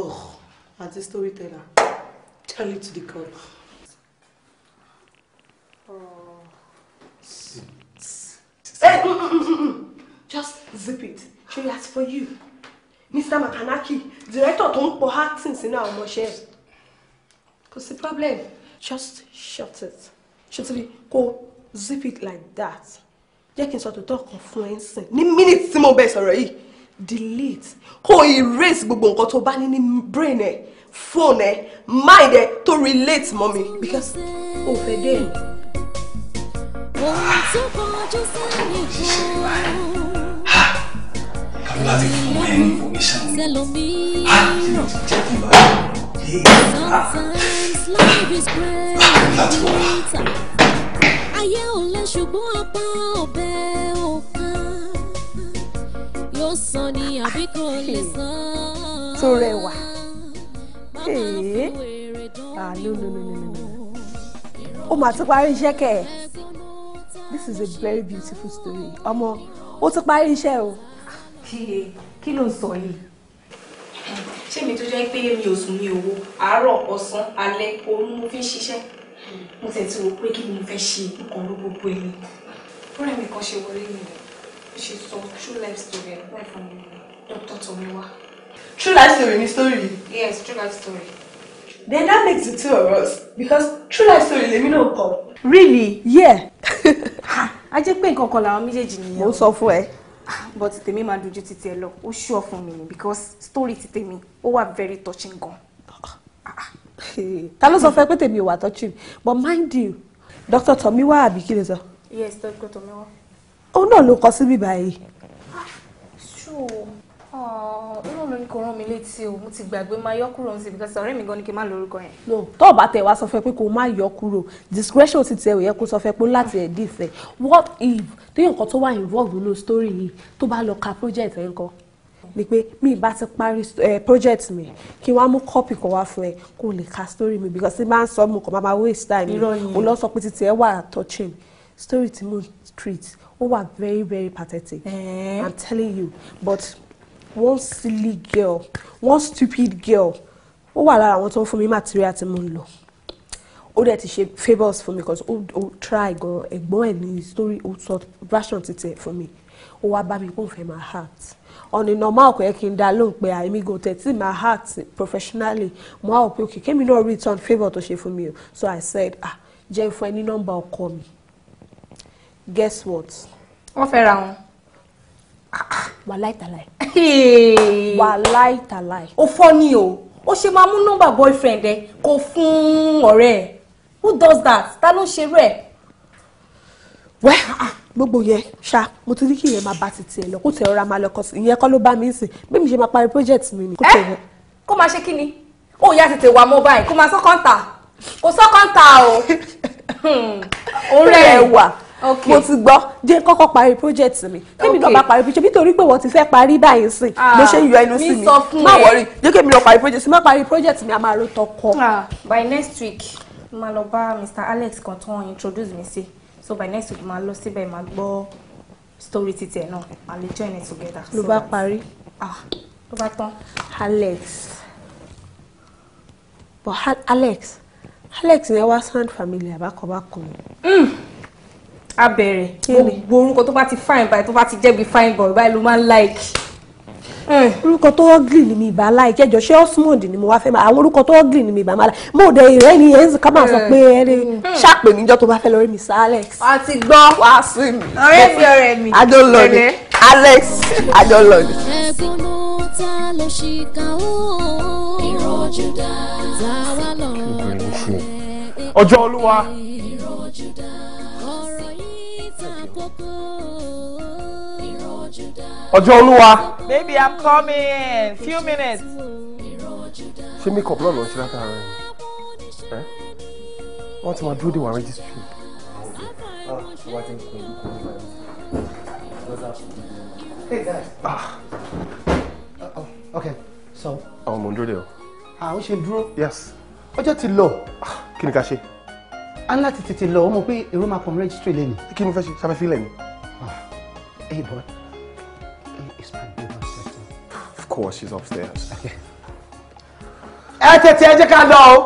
Oh àti storyteller tell it to the core. Hey, just zip it. Ṣé that's for you? Mr. Makanaki, director tó ń pọ̀ acting sínú àwọn ọmọọṣẹ́ ẹ̀. the problem. Just shut it. Shut it. Go zip it like that. You can start to talk of friends. ẹ ń sìn. Ní mínítì delete. Go erase gbogbo nǹkan tó bá ní ní brain ẹ̀ phone eh, mind eh, to relate mommy. because o fẹ́ dé ẹ̀. Kàlúlà ti fún ẹ ní information. Kàlúlà ti wà. Ayé ò lè ṣùgbọ́n apá ọ̀bẹ ò ee ah no no no no no ó mà ti parí iṣẹ́ kẹ̀ this is a very beautiful story ọmọ ó ti parí iṣẹ́ o. kí ló ń sọ yìí ṣé mi tó jẹ́ pé mi ò sùn ní owó àárọ̀ ọ̀sán alẹ́ òru mo fi ń ṣiṣẹ́ mo tẹ̀sí wo pé kí ni mo fẹ́ ṣe ọkàn ló gbogbo ẹni fúnra mi kan ṣe wọlé nìyẹn ó ṣe sọ true life story ẹ̀ fún ẹ̀fọn mi dr True life story ni story Yes, true life story. Then that makes the two of us because true life story Let me know, Paul. Really? Yeah. I just pé nǹkan kan làwọn méjèèjì nìyẹn. Mo sọ fún ẹ. Ah, but tèmi máa dojú ti tiẹ̀ lọ, ó ṣúọ̀ fún mi ni because story ti me. Oh, a very touching gan. Tell us of fún ẹ pé tèmi touching but mind you, Dr. Tomiwa àbí kí lè sọ? Yes, Dr. Tomiwa. no, náà ló kọ síbí báyìí. Sure. Ah, Ọlọ́run ní kò rán mi létí o mo ti gbàgbé máa yọ kúrò níbi because ọ̀rẹ́ mi gan ni kí n má lórúkọ yẹn. no tó o bá tẹ wá sọ fẹ pé kó o má yọ kúrò discretion ti tẹ ò yẹ kó sọ fẹ pé láti ẹ̀ dì fẹ what if tó yẹ nǹkan tó wà involve nínú story yìí tó bá lọ ka project ẹ̀ ńkọ́ ni pé mi bá ti parí project mi kí wọ́n mú copy kan wá fún ẹ kó o lè ka story mi because tí máa ń sọ mo kàn máa waste time o lọ sọ pé títí ẹ wà touching story tí mo treat ó wà very very pathetic i'm telling you but one silly girl one stupid girl ó wà lára àwọn tó ń fún mi material tí mo ń lò ó dẹ̀ ti ṣe favours for me, cause ó ó try gan ẹ̀gbọ́n ẹ̀ ní story ó sọ version títẹ̀ for me. ó wá bá mi kó n fẹ́ máa heart ọ̀nì normal kò yẹ kí n dá lóhùn pé àìmí go tẹ̀tí máa heart professionally mo á wò pé okay kémi náà return favour tó ṣe fún mi o so I said ah jẹ́ fún ẹ ní nọ́mbà ọkọ mi guess what. wọ́n fẹ́ ra wọn wàláì tàláì. wàláì tàláì. ó fọ́ ni o ó ṣe máa mú nọ́mbà boyfriend ẹ kó fún ọ̀rẹ́ ẹ who does that ta ló ń ṣe rẹ̀. wẹ́ ah, gbogbo yẹn ṣá mo ti ní kí ìyẹn máa bá ti tiẹ̀ lọ kó tẹ̀ ọ́ra máa sí ìyẹn kọ́ ló bá mi ń sìn bí mi ṣe máa parí project mi ni. ẹ kó máa ṣe kí ni ó yá tètè wà mobile kó máa sọ kọ́ńtà kó sọ kọ́ńtà o. ó hmm. rẹ̀ wà. Okay. mo ti gbọ́ jẹ́ kọ́kọ́ parí project mi kémi lọ bá parí project nítorí pé wọ́n ti fẹ́ parí báyìí sí mo ah, ṣe ń yọ ẹnu sí mi má wọrí jẹ́ kémi lọ parí project mi má parí project mi a máa ro tọkọ. Ah, by next week ma lọ bá Mr. Alex kan tó introduce mi sí so by next week ma lọ síbẹ̀ ma gbọ́ story títí ẹ̀ náà a lè join it together. ló bá parí. ló ah, bá tán. Alex but Alex Alex yẹn wá sound familiar bákan bákan. Mm a bẹ̀rẹ̀ gbogbo orúkọ tó bá ti fine boy tó bá ti jẹ́ bí fine boy báyìí ló máa ń like. Hmm. orúkọ tó ugly ni mi ìbá like ẹjọ ṣé osmond ni mo wá fẹ́ máa àwọn orúkọ tó ugly ni mi ìbá máa like mo dẹ̀ ìrẹ́ ni yẹn ká máa sọ hmm. pé ẹni hmm. ṣàpè níjọ́ tó bá fẹ́ lọ mi sí alex. a ti gbọ́ wá sí mi. ọ̀rẹ́ mi ọ̀rẹ́ mi. àjọ alex àjọ lọ ni. ẹ̀gbọ́n ta ló ṣì kà ó. ìrọ̀jú dá. ọjọ́ olúwa. ọjọ́ olúwa. baby i'm coming in few minutes. ṣé makeup náà lọ ṣe látara ẹ wọ́n ti máa dúró de wà registry. Ah, hey guys. Ah. oh, okay. So. Àwọn ọmọ ń dúró de o. À ń ṣe dúró. Yes. Ọjọ́ ti lọ. Ah, kí ni ká ṣe? A ní láti tètè lọ, ó mọ̀ pé èrò máa kàn registry lẹ́nu. Kí ni mo fẹ́ ṣe? Ṣàfẹ́fẹ́ lẹ́nu. Hey boy course she's upstairs. ẹ tètè ẹ jẹ́ ká lọ o.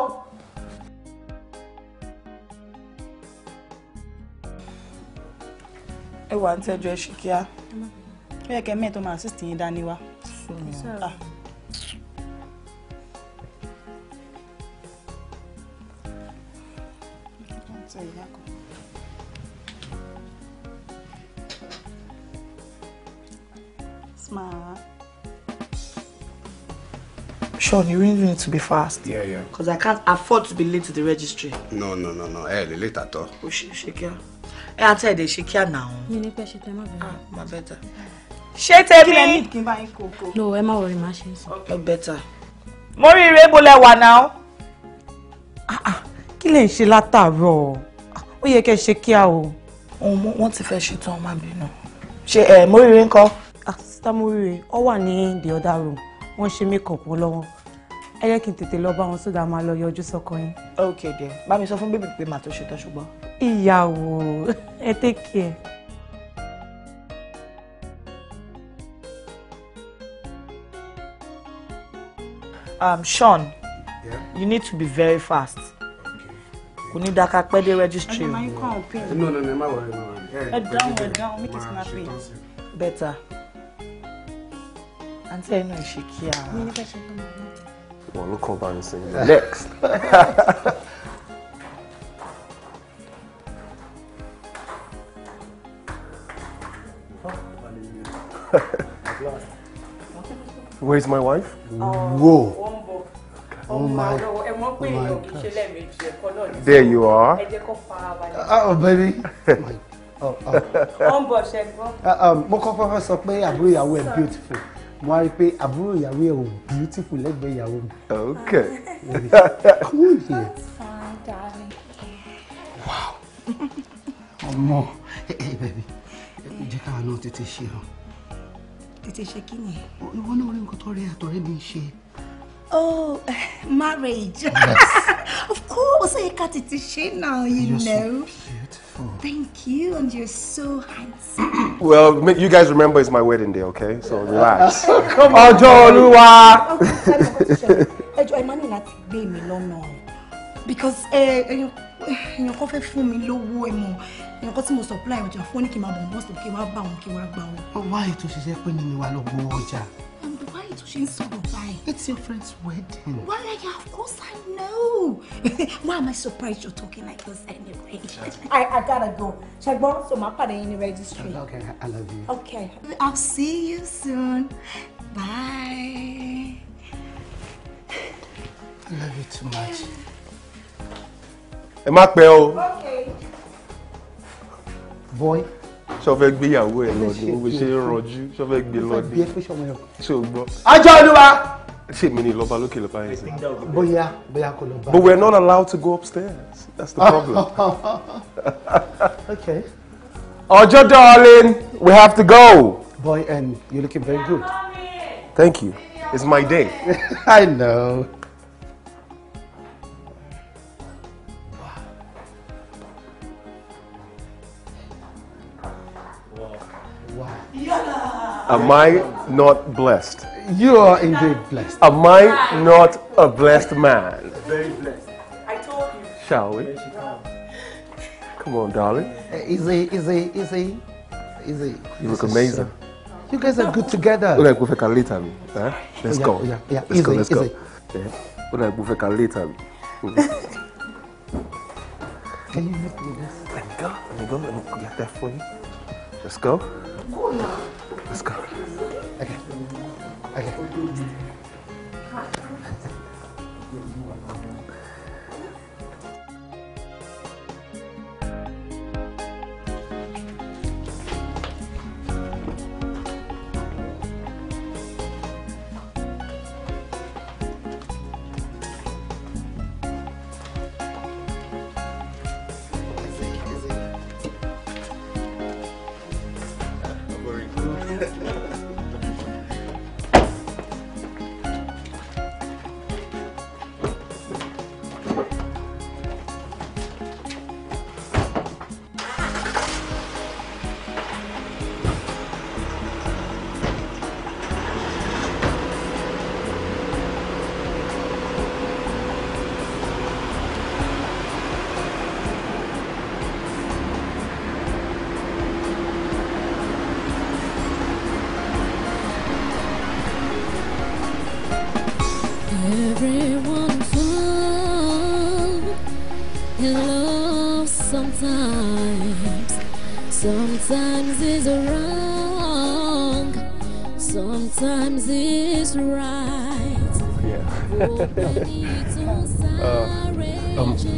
ẹ wà ń tẹ́jọ́ ẹ ṣe kíá ó ah. Smart. Sean, you really need to be fast. Yeah, yeah. Because I can't afford to be late to the registry. No, no, no, no. Hey, eh, late at all. Oh, she, she care. Hey, auntie, eh, they she care now. You need to she tell me. Ah, my better. She tell me. lẹ ní kí n bá yín kókó? No, ẹ má worry, má ṣe é sọ. Okay, better. Mo rí ire you lẹ wà náà. Ah, ah. Kí lẹ ń ṣe látàárọ̀? Ah, ó yẹ kẹ́ ṣe kíá o. Wọ́n ti fẹ́ ṣetán ọmọ àbínú. Ṣé Morire ń kọ́? one in the other room wọ́n ṣe makeup lọ́wọ́ ẹ jẹ́ kí n tètè lọ bá wọn sódà máa lọ yọjú sọ́kọ yín. ok dear bá mi sọ fún bébì pé màá tó ṣe ṣùgbọ́n. ìyàwó ẹ take care. um, Sean, yeah. you need to be very fast. kò ní dáká pẹ́ dé registry. ẹ máa no no no ẹ má wọlé ẹ má dáhùn ẹ dáhùn make it better àǹtí ẹ̀ náà ṣe kí a. mi ní ṣe lọ́mọ náà. wọ́n ló kọ́ bá mi sẹ́yìn next. Where is my wife? Um, Whoa. Oh my, oh my gosh. There you are. Oh, baby. oh, oh. Mo kọ́kọ́ fẹ́ sọ pé àbúrò ìyàwó ẹ̀ beautiful mo rí pé àbúrò ìyàwó ẹ̀ ò beautiful lẹ́gbẹ̀ẹ́ ìyàwó mi. okay. come on here. wow ọmọ ẹ ẹ bẹ̀bí jẹ́ káwọn náà tètè ṣe hàn. tètè ṣe kí ni. ìwọ náà rí nǹkan tó rẹ àtọ̀rẹ́ mi ṣe. Oh, marriage. of course, I got it to she now, you know. Thank you, and you're so handsome. well, you guys remember it's my wedding day, okay? So relax. Oh, come on, Ọjọ́ Olúwa. Ẹjọ́ ẹ máa ní láti gbé mi because eh, èèyàn kan fẹ́ fún mi lówó ẹ mọ̀ èèyàn kan tí mo supply ọjà fún ní kí n máa bọ̀ mọ́sọ̀ kí n wá bá wọn kí n wá gbà wọn. Wáyé tó ṣiṣẹ́ And why is she so bad? It's your friend's wedding. Why? yeah, of course I know. why am I surprised you're talking like this anyway? I, I gotta go. Shagbon, so my pad in the registry. Okay, I love you. Okay. I'll see you soon. Bye. I love you too much. Ẹ má pẹ́ Okay. Boy sọfẹ gbéyàwó ẹ lọ ni mo ṣe rọjú sọfẹ gbé lọ ni ṣé ajá olúwa. ṣé èmi ni lọ́ba lókè lọ́ba yẹn bóyá bóyá kò lọ́ba. but we are not allowed to go upstairs that's the problem. okay. ọjọ́ darling we have to go. boy and you looking very good. thank you it's my day. I know. Am I not blessed? You are indeed blessed. Am I not a blessed man? Very blessed. I told you. Shall we? Come on, darling. Uh, is easy, is a, is is You look amazing. You guys are good together. Eh? Let's go. Yeah, yeah. Let's go. Let's go. Can you make me this? Let me go. Let me go. Let me get that for you. Let's go. Let's go. Okay. Okay.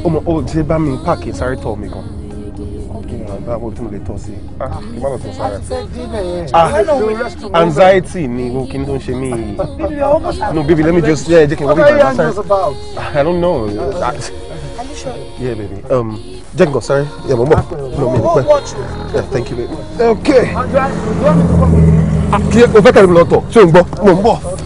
ọmọ ọ ṣe bá mi páàkì sáré tọ̀ mi gan. báwo tí mo lè tọ́ sí i ah, má lọ tọ́ sára. Ah, anxiety ni o kí n tó ń ṣe mí. no baby let me just yeah, jẹ́ kí n wọ́n bí bàbá sáré. I don't know. Are you sure? yeah baby. Um, Jengo, sorry. Yeah, Momo. No, me. Yeah, thank you, baby. Okay. Ah, kí o fẹ́ kẹ́rin lọ́tọ̀, ṣé o ń gbọ́? Mo ń bọ̀.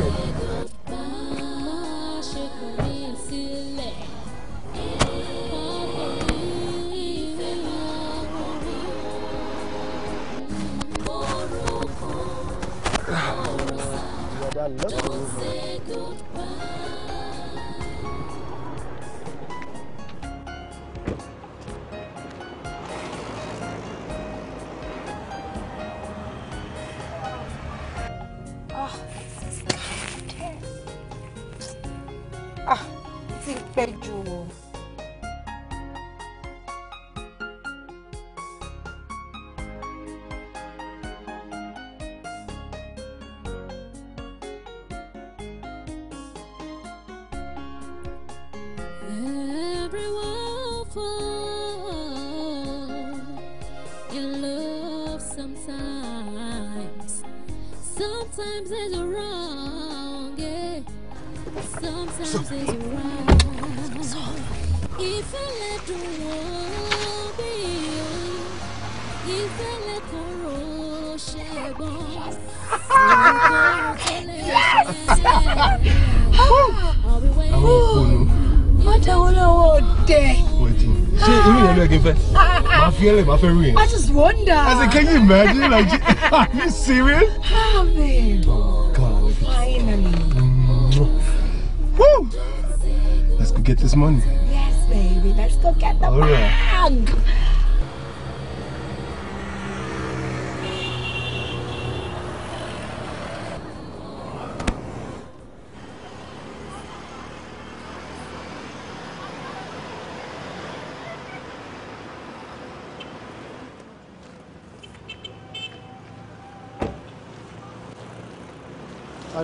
Are you serious?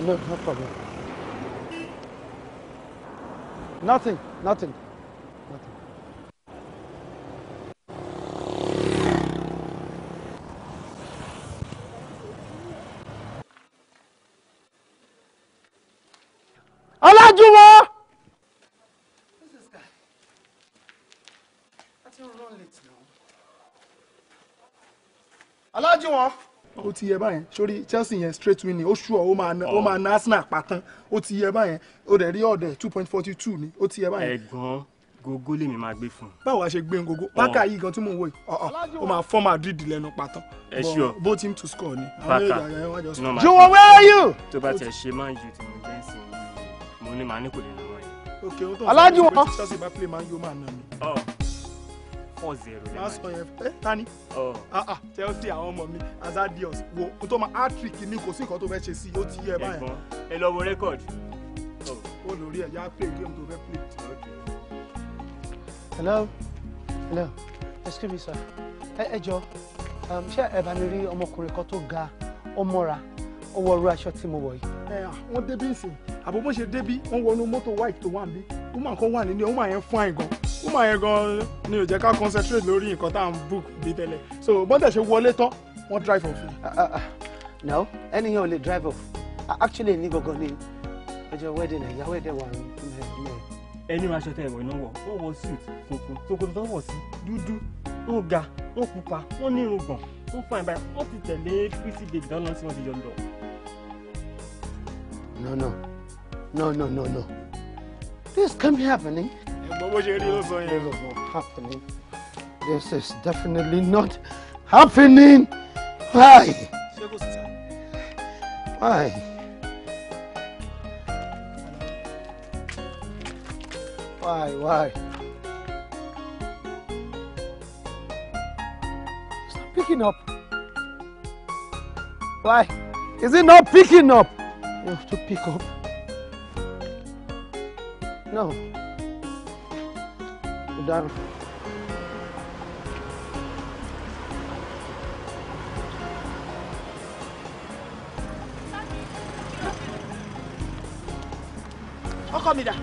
no, no problem. Nothing, nothing. ó ti yẹ báyẹn sórí Chelsea yẹn straight winning ó ṣùọ ó máa ó máa na oh. Arsenal pàtán ó ti yẹ báyẹn ó dẹ̀ rí ọ̀dẹ̀ two point forty two ni ó ti yẹ báyẹn. ẹ̀gbọ́n gogo lèmi máa gbé fún un. báwo a ṣe gbé gogo Baka oh. yìí gan tí mò ń wò yìí ó máa fọ́ Madrid lẹ́nu pàtán but both him to score ni. Baka Joe where are you. tó bá tiẹ̀ ṣe máa ń ju tìmọ̀ jẹ́sìn mo ní màá ní kò lè lọ́wọ́ yẹn. ok wọn. Chelsea bá play man u man náà ni four zero. má sọ yẹn ẹ tani. Chelsea oh. ah, ah, àwọn ọmọ mi Azadius wo kó tó hat-trick ni kò sí nǹkan tó fẹ́ ṣe sí i ó ti yẹ báyẹn. ẹ̀gbọ́n ẹ lọ wo rẹ́kọ̀dì. Oh. ó lórí ẹ̀ yá play game tó fẹ́ play. hello hello excuse me sir ẹ ẹ jọ um, ṣé ẹ bá mi rí ọmọkùnrin kan tó ga ó mọ́ra ó wọ irú aṣọ tí mo wọ̀ yìí. ẹ wọ́n débí ìsìn àbọ̀ bó ṣe débí wọ́n wọnú mọ́tò white tó wà níbí ó máa ń kọ́ wà nínú ẹ̀ ó máa yẹn fún àìgàn woman yẹn gan ni ò jẹ́ ká concentrate lórí nǹkan tá à ń book bí tẹ́lẹ̀ so bọ́dẹ̀ ṣe wọlé tán wọ́n drive off. Ah, ah, ah. no ẹnìyàn ò lè drive off actually ní gangan ni ọjọ́ wedding ẹ̀yàwó ẹ̀dẹ̀ wà ní ẹni máa ṣe tẹ̀wọ̀ iná wọ̀ ó wọ suit funfun ṣòkòtò tó wọ̀ sí dúdú ó ga ó pupa ó ní irùngbọ̀n ó fine báyìí ó ti tẹ̀lé pretty baby dáná tí wọ́n ti yọ lọ. no no no no no no. This can be happening. Happening. This is definitely not happening. Why? Why? Why, why? It's not picking up. Why? Is it not picking up? You have to pick up. No. We're done. ọkọ mi dà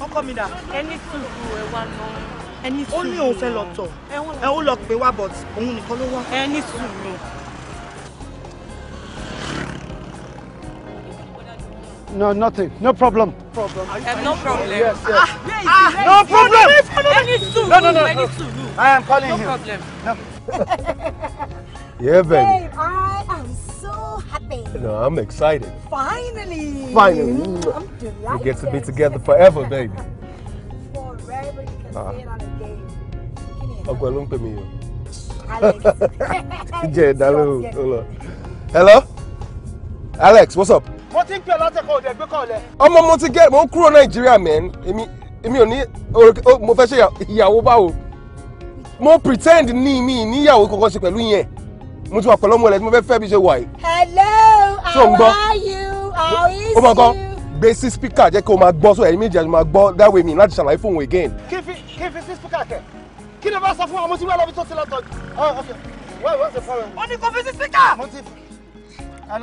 How come dà. ẹni sùúrù ẹ wá nà ẹni sùúrù. ó ní òun fẹ́ lọ tọ̀ ẹ ó lọ pé wá but òun nìkan ló wá. ẹni No, nothing. No problem. problem. I have eh, no problem. Yes, yes. Ah, yes, ah, No problem. I need to. No, no, no. I need to. No. I am calling no him. Problem. No problem. yeah, baby. Babe, I am so happy. No, I'm excited. Finally. Finally. I'm delighted. We get to be together forever, baby. Forever, you can ah. stay on a date. Ọgbẹ́ ló ń pè Hello. Alex what's up. mo ti ń pè látẹ̀kọ̀ òde ẹgbẹ́ kọ̀ọ̀lẹ̀. ọmọ mo ti gẹ́ mo ń kúrò Nàìjíríà mẹ́n èmi èmi ò ní mo fẹ́ ṣe ìyàwó báwo mo pretend ní mi níyàwó kankan ṣe pẹ̀lú yẹn mo ti wà pẹ̀lú ọmọ rẹ̀ tí mo fẹ́ fẹ́ bí ṣe wà yìí. hello how are you how is you. ó mọ̀ kan gbé sí speaker jẹ́ kí o máa gbọ́ so ẹ̀yin méjì àti máa gbọ́ that way mi láti ṣàlàyé fún òun again. kí n fi kí n fi sí speaker kẹ kí ni bá sọ fún wa mo ti wá lọ bí tó ti oh, speaker. mo I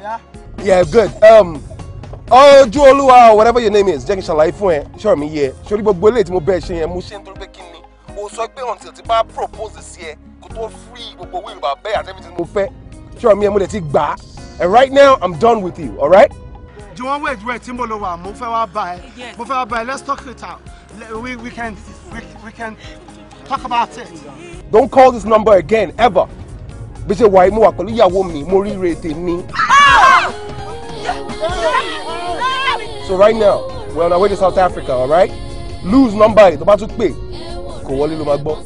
Yeah. Yeah, good. Um, oh, olúwa whatever your name is jẹ́ kí n ṣàlàyé fún ẹ ṣọ́ọ̀ mi yẹ ṣorí gbogbo eléyìí tí mo bẹ́ẹ̀ ṣe yẹn mo ṣe nítorí pé kí ni o sọ pé until ti bá propose this year. Kuto tó free gbogbo owó ìrùbá bẹ́ẹ̀ àti everything mo fẹ́ ṣọ́ọ̀ mi yẹn mo lè ti and right now I'm done with you All right? Do you want to wait? Wait. wà mo fẹ́ wá bá ẹ mo fẹ́ wá let's talk it out we we can we, we can talk about it. Don't call this number again ever bí ṣe wà mo wà pẹ̀lú ìyàwó mi mo rí ire tèmi. so right now we're on our way to South Africa All right, lose number yìí tó bá tún pè kò wọlé ló máa gbọ́.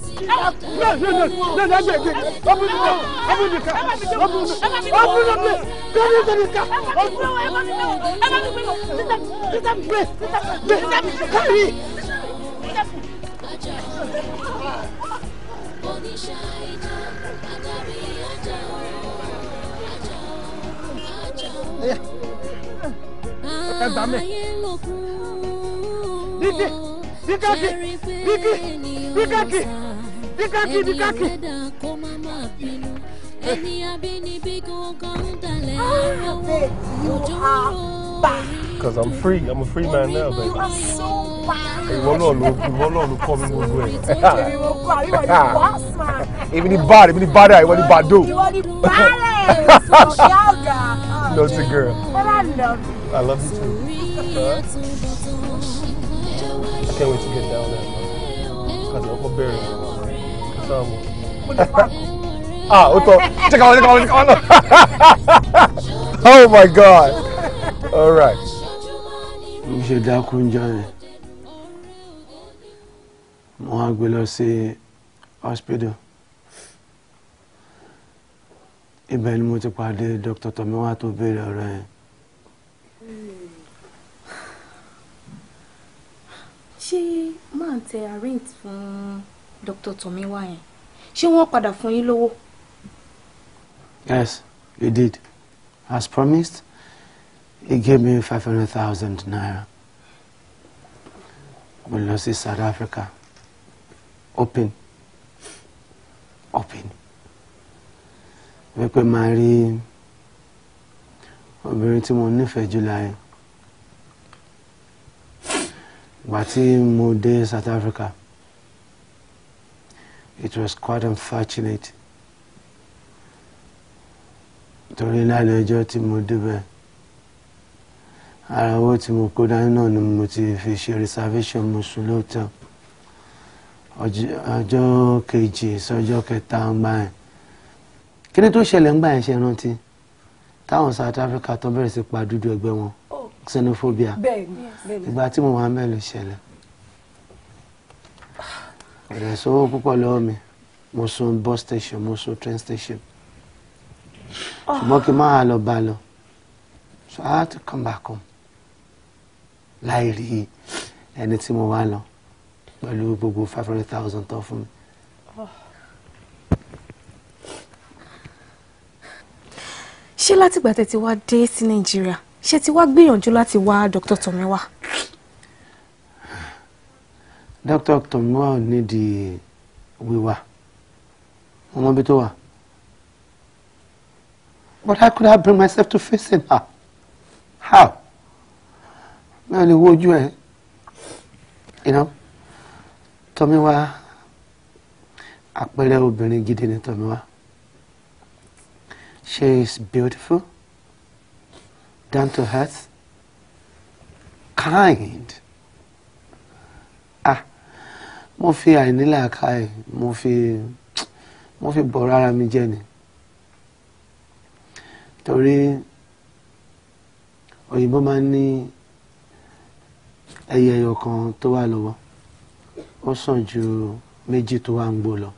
Thank you oníṣà iná àtàbí ajá ajá ajá ayé lókun ṣẹ́rí pé ènìyàn sá ẹni ẹ̀dá kó má má bínú ẹni abínibí kankan ń dalẹ̀ ara wọn òjò ń rò orí. Because I'm free. I'm a free man now, baby pa. ìwọ náà ló ìwọ náà ló kọ́ mi gbogbo ẹ̀. èmi ni bad èmi ni bad eye ìwọ ni bado. ìwọ ni balẹ̀ sọ̀rọ̀ yàgà. Naughty girl. But I love you. I love you too. I can't wait to get down there. Kàtí ọkọ bẹ̀rẹ̀ sáàmù. Ah, ó tọ́. Check out, check out, check Oh my God. All right. Mo ṣe dákú ń jáde wọ́n á gbé lọ sí hospital ibẹ̀ ni mo ti pàdé dr tomiwa tó béèrè ọ̀rọ̀ yẹn. ṣé máa ń tẹ arint fún dr tomiwa yẹn ṣé wọ́n padà fún yín lówó. yes he did as promised he gave me five hundred thousand naira mo lọ sí South Africa open open wípé máa rí obìnrin tí mo nífẹ̀ẹ́ jù láyé ìgbà tí mo dé South Africa it was quite unfortunate torí lálẹ́ ọjọ́ tí mo débẹ̀ ara owó tí mo kó dání náà ni mo ti fi ṣe reservation mo sùn lóòótọ́ ọjọ́ kejì sọjọ́ kẹta ń gbà yẹn kí ni tó ṣẹlẹ̀ ń gbà yẹn ṣe rántí táwọn South Africa tó bẹ̀rẹ̀ sí pa dúdú ẹgbẹ́ wọn oh. xenophobia ìgbà tí mo wà mẹ́rin ló ṣẹlẹ̀ rẹ̀ sówó púpọ̀ lọ́wọ́ mi mo sùn bus station mo sùn train station ah. ṣùgbọ́n kí n máa lọ bá lọ so I had to come back home láì rí ẹni tí mo wá lọ pẹ̀lú gbogbo five hundred thousand tán fún mi. ṣé látìgbà tẹ́ ti wá dé sí nàìjíríà ṣé ti wá gbìyànjú láti wá dr tomiwa. dr tomiwa ò ní di wíwá ọmọ bí tó wà. But how could I bring myself to face her? How? Now, the would you, you know? tọ́míwá àpẹẹrẹ obìnrin gidi ni tọ́míwá she is beautiful down to earth kind ah mo fi àìnílàákàyè mo fi mo fi bọ̀rọ̀ ara mi jẹ́ ni torí òyìnbó máa ń ní ẹyẹ ẹyọ kan tó wà lọ́wọ́ ó sàn ju méjì tó wà ń gbó lọ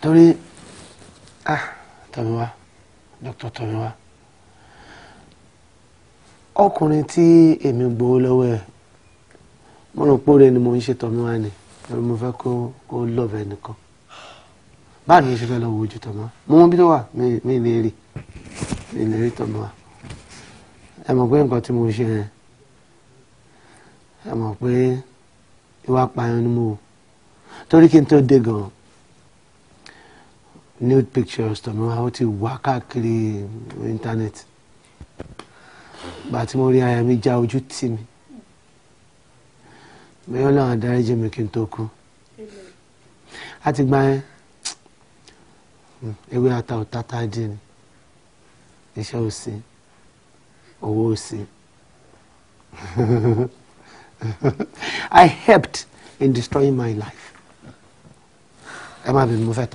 torí ah tọ́miwá dókítà tọ́miwá ọkùnrin tí èmi gbowó lọ́wọ́ ẹ̀ mo rò pé ni mo ń ṣe tọ́miwá ni ẹ̀rù mo fẹ́ kó kó lọ́ọ̀bẹ nìkan báà ní ṣe fẹ́ lọ wo ojú tọ́miwá mo mọ bí tó wà mí lè rí mi lè rí tọ́miwá ẹ mọ̀ pé nǹkan tí mo ṣe yẹn ẹ mọ̀ pé ìwà pààyàn ni mo wò torí kí n tó dé gan nude pictures tọ̀mí wa ó ti wá káàkiri internet gbà tí mo rí aya mi já ojú tì mí bẹ́ẹ̀ ó lọ́wọ́ adáríjì mi kí n tó kú láti gbà yẹn ewé ata òtátá dín ní iṣẹ́ òsì owó òsì. I helped in destroying my life. Ẹ má bínú mo fẹ́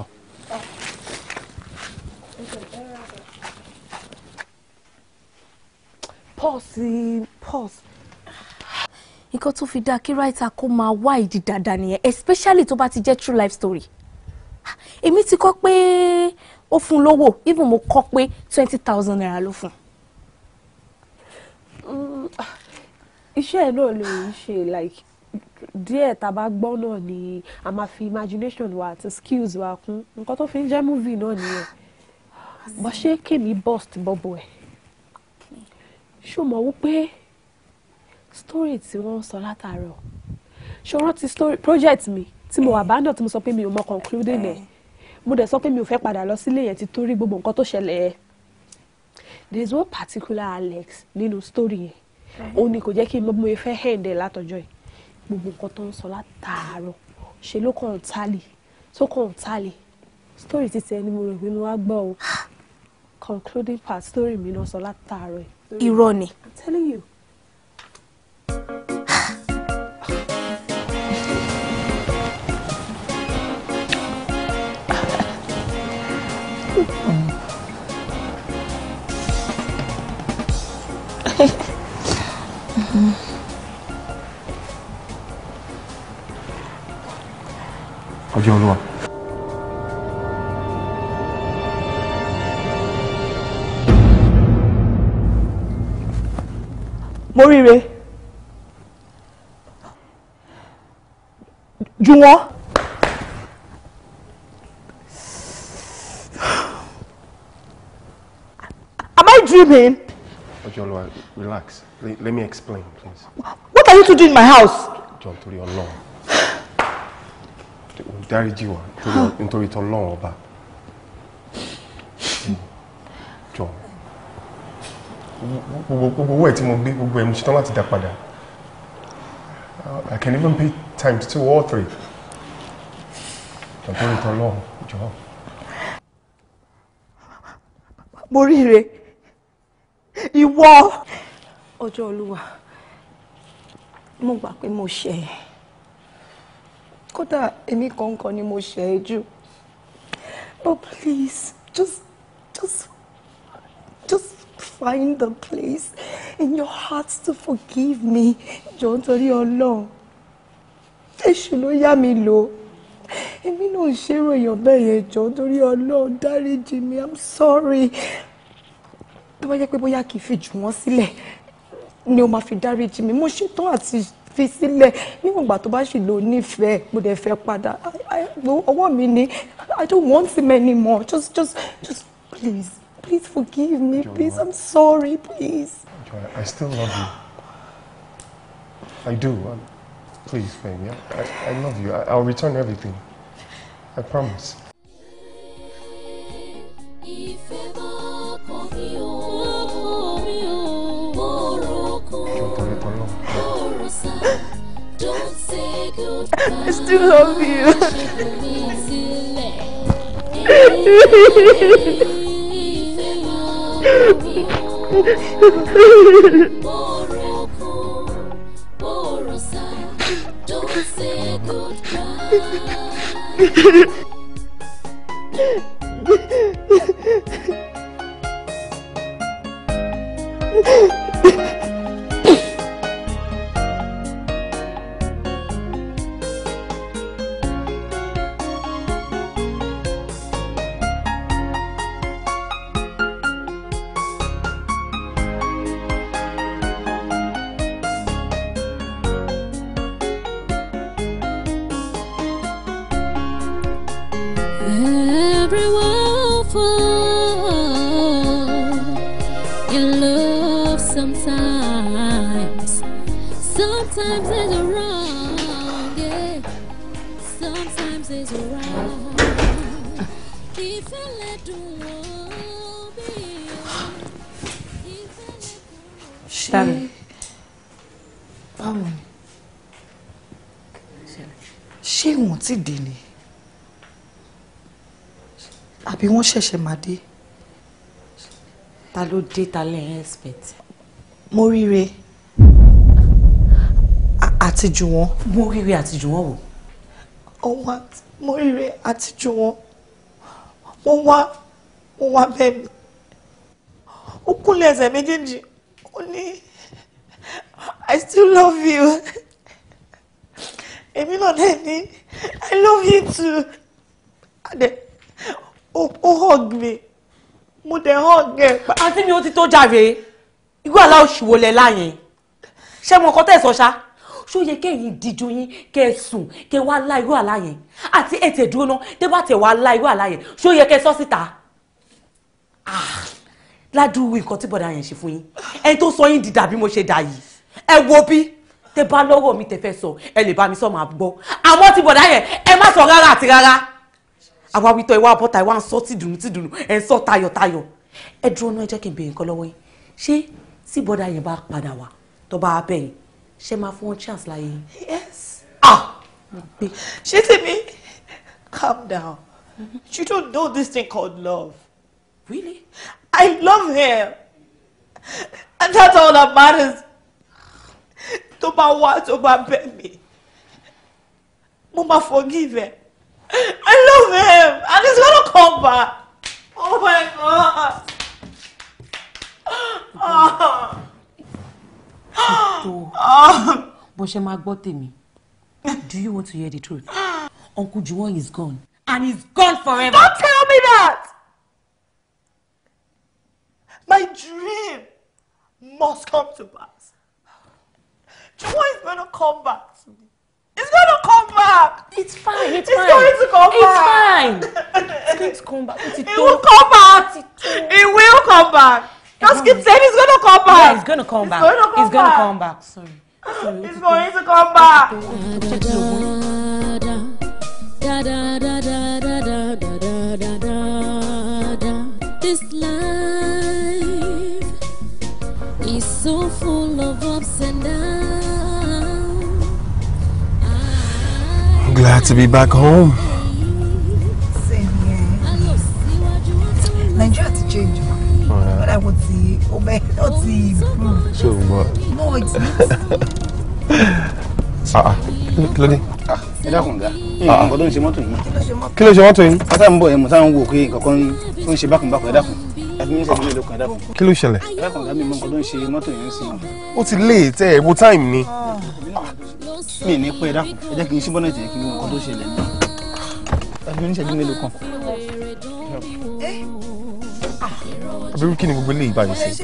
Pause pause. Nǹkan tó fi dáa kí writer kó máa wá ìdí dáadáa especially to about ti true life story. Èmi ti kọ́ pé ó fún lówó even more kọ́ pé twenty thousand naira ló Mm. Ah iṣẹ́ náà lè ṣe like díẹ̀ tá a bá gbọ́ náà ni a máa fi imagination wa àti skills wa kún nǹkan tó fi ń jẹ́ movie náà nìyẹn bó ṣe kèmí burst bọ́bọ̀ ẹ̀ ṣó mọ̀ wípé story tí wọ́n sọ látàárọ̀ ṣó rántí story project mi tí mo wà bá náà tí mo sọ pé mi ò mọ concluding ẹ̀ mo dẹ̀ sọ pé mi ò fẹ́ padà lọ sílé yẹn ti torí gbogbo nǹkan tó ṣẹlẹ̀ ẹ̀ there is one particular Alex nínú story yẹn òun ni kò jẹ́ kí n mọ bí mo fẹ́ hẹ̀ǹdẹ̀ látọjọ́ yìí gbogbo nǹkan tó ń sọ látàárọ̀ ṣe ló kàn ń tálè tó kàn ń tálè story ti tẹ ni mo rò pé mo wá gbọ́ o concluding part story mi náà sọ látàárọ̀ yìí. irọ́ ni. I'm telling you. ọjọ́ olúwa. moríire Am I dreaming? Ojolua, relax. Let, let me explain, please. What are you two doing in my house? John, to your law dáríjì wá nítorí tán lọ́wọ́ ọba jọ gbogbo owó ẹ̀ tí mo gbé gbogbo ẹ̀ mo ṣetán láti dá padà I can even pay times two or three nítorí tán lọ́wọ́ jọ. mo ríire ìwọ ọjọ́ olúwa mo gbà pé mo ṣe é kódà èmi kọ̀ọ̀kan ni mo ṣe é jù but please just just just find the place in your heart to forgive me jọ nítorí ọlọ́run èṣù ló yá mi lò èmi náà ṣèrò èèyàn bẹ́ẹ̀ yẹn jọ nítorí ọlọ́run dáríjì mi i'm sorry tó bá jẹ́ pé bóyá kì í fi jù wọ́n sílẹ̀ ni o máa fi dáríjì mi mo ṣetán àti fi sílẹ̀ níwọ̀n ìgbà tó bá sì lò nífẹ̀ẹ́ mo dẹ̀ fẹ́ padà ọwọ́ mi ni I don't want him anymore just just just please please forgive me Joanna, please I'm sorry please. Joanna, I still love you. I do. I'm, please, baby, I, I love you. I, I'll return everything. I promise. Ìfẹ́ bá kọ́ ní o. I still love you. always around. Ṣé báwo ni? Ṣé wọ́n ti dé ni? Àbí wọ́n ṣẹ̀ṣẹ̀ máa dé? Ta ló dé ta lẹ́yìn expect? Mo ríre àti jù Mo ríre àti jù wò ọ̀hún àti mórírẹ àtijọ́ wọn wọ́n wá wọ́n wá bẹ́ẹ̀ mi ó kúnlẹ̀ ẹsẹ̀ méjèèjì ó ní I still love you èmi náà dẹ̀ ní I love you too adẹ ó ó hug me mo dẹ̀ hug ẹ̀ pa. àǹtí mi ó ti tó jáde ìgbà aláwọ̀ ṣìwọlẹ̀ láàyè ṣé mo kọ́ tẹ̀ sọ ṣáá ṣó yẹ kẹ́yìn díjú yín kẹ́ sùn kẹ́ wá lá irú àlá yẹn àti ètè dúró náà tẹ́ bá tẹ̀ wá lá irú àlá yẹn ṣó yẹ kẹ́ sọ síta ah, ládùúgbò nǹkan tí bọ̀dá yẹn ṣe fún yín ẹni tó sọ yín di dàbí mo ṣe dà yìí ẹ wo bí tẹ bá lọ́wọ́ mi tẹ fẹ́ sọ ẹ lè bá mi sọ máa gbọ́ àmọ́ ti bọ̀dá yẹn ẹ má sọ rárá àti rárá àwa wítọ́ ìwà àbọ̀tà ìwà ń sọ tìdùnnú tìdùnnú ẹ̀ ń sọ tayọ̀tayọ̀ ẹ dúró náà ẹ jẹ́ kí n béèrè nǹkan lọ́wọ́ yín ṣé tí bọ̀dá yẹn bá padà wá tó bá bẹ̀yìn She máa fún chance láyé. yes ah She tell me, calm down mm you don't know this thing called love. really i love him and that's all that matters tó bá wá tó bá bẹ̀ mí mo máa forgive him i love him and he's gonna come back oh my god. Oh tó bó ṣe máa gbọ́ tèmi do you want to hear the truth uncle juwon is gone and he is gone forever. don't tell me that my dream must come to pass juwon is gonna come back to me. It's gonna come back. It's fine. It's, it's fine. going to come back. It's fine. It's going to come back. It, will come back. It, it will come back. Just keep saying he's gonna come back. Yeah, he's gonna come he's back. Gonna come he's gonna come back. Sorry. Sorry. He's going to come back. This life is so full of ups and downs. I'm glad to be back home. báyìí wọ́n ti ó bẹ́ ó ti improve. ṣé o gbọ́. no it's not. kí ló dé. Ah, ẹ dákun ga ah, ah. nǹkan tó ń ṣe mọ́tò yìí. kí ló ṣe mọ́tò yìí. pátá ń bọ̀ ẹ̀ mọ̀ táwọn wò pé nǹkan kan tó ń ṣe bákùnbákùn ẹ dákun kí ló ṣẹlẹ̀. ó ti lé e tẹ ẹ̀ wo time ni. mi ní pẹ́ dákun ẹ jẹ́ kí n ṣí bọ́nẹ̀tì kí n mọ nǹkan tó ṣẹlẹ̀ ní. ẹgbẹ́ oníṣẹ́jú mélòó kan. àbí kí ni gbogbo eléyìí bá mi sí.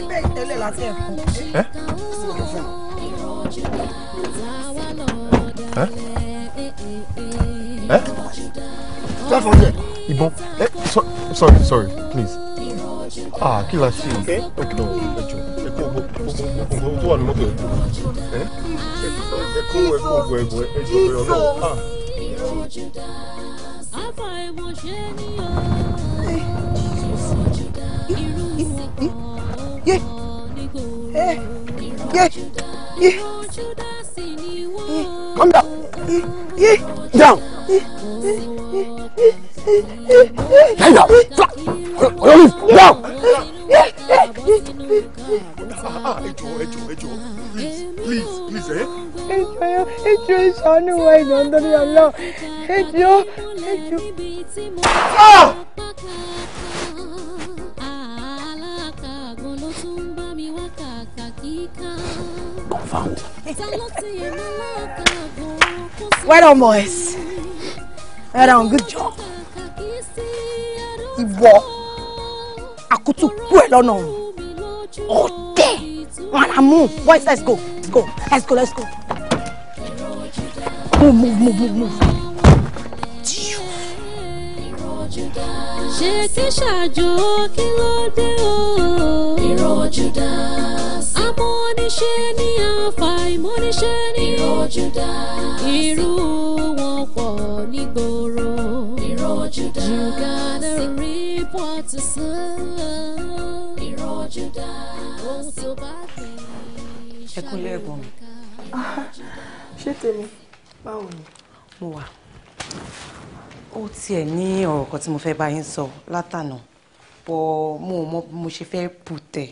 ìbọn ẹ sorry sorry please ah kí la ṣe ẹ ọkọ ẹjọ ẹkọ gbogbo tó wà ní mọ́tò ẹ ẹkọ ẹkọ ọgbọ ẹgbọ ẹjọ ẹjọ ọlọ́run ah yé yé yé yé come down yé yé down stand up flat olórí down. ẹjọ ẹjọ ẹjọ please please please ẹ. ẹjọ ẹjọ ìṣàánú wa ìjọ ń dọ́rí ọlọ́ ẹjọ ẹjọ. Confound. well done, boys. Well done, good job. Ìwọ akutu kú ẹ lọ́nà ọ̀tẹ̀ wọn à mú boys let's go let's go let's go let's go Move, move move move move ojú dá. ṣé kí ṣàjò kí ló dé o. irọ́ ojú dá. amọ́niṣe ní àfàìmọ́niṣe ní. irọ́ ojú dá. irú wọn pọ̀ nígboro. irọ́ ojú dá. you gotta report to serve. irọ́ ojú dá. ohun tó bá fi. ẹkúnlẹ̀ ẹ̀gbọ́n mi ṣé tèmi báwo ni mo wà ó tiẹ̀ ní ọ̀rọ̀ kan tí mo fẹ́ bá yín sọ látànà bọ́ mo mọ bí mo ṣe fẹ́ pùtẹ̀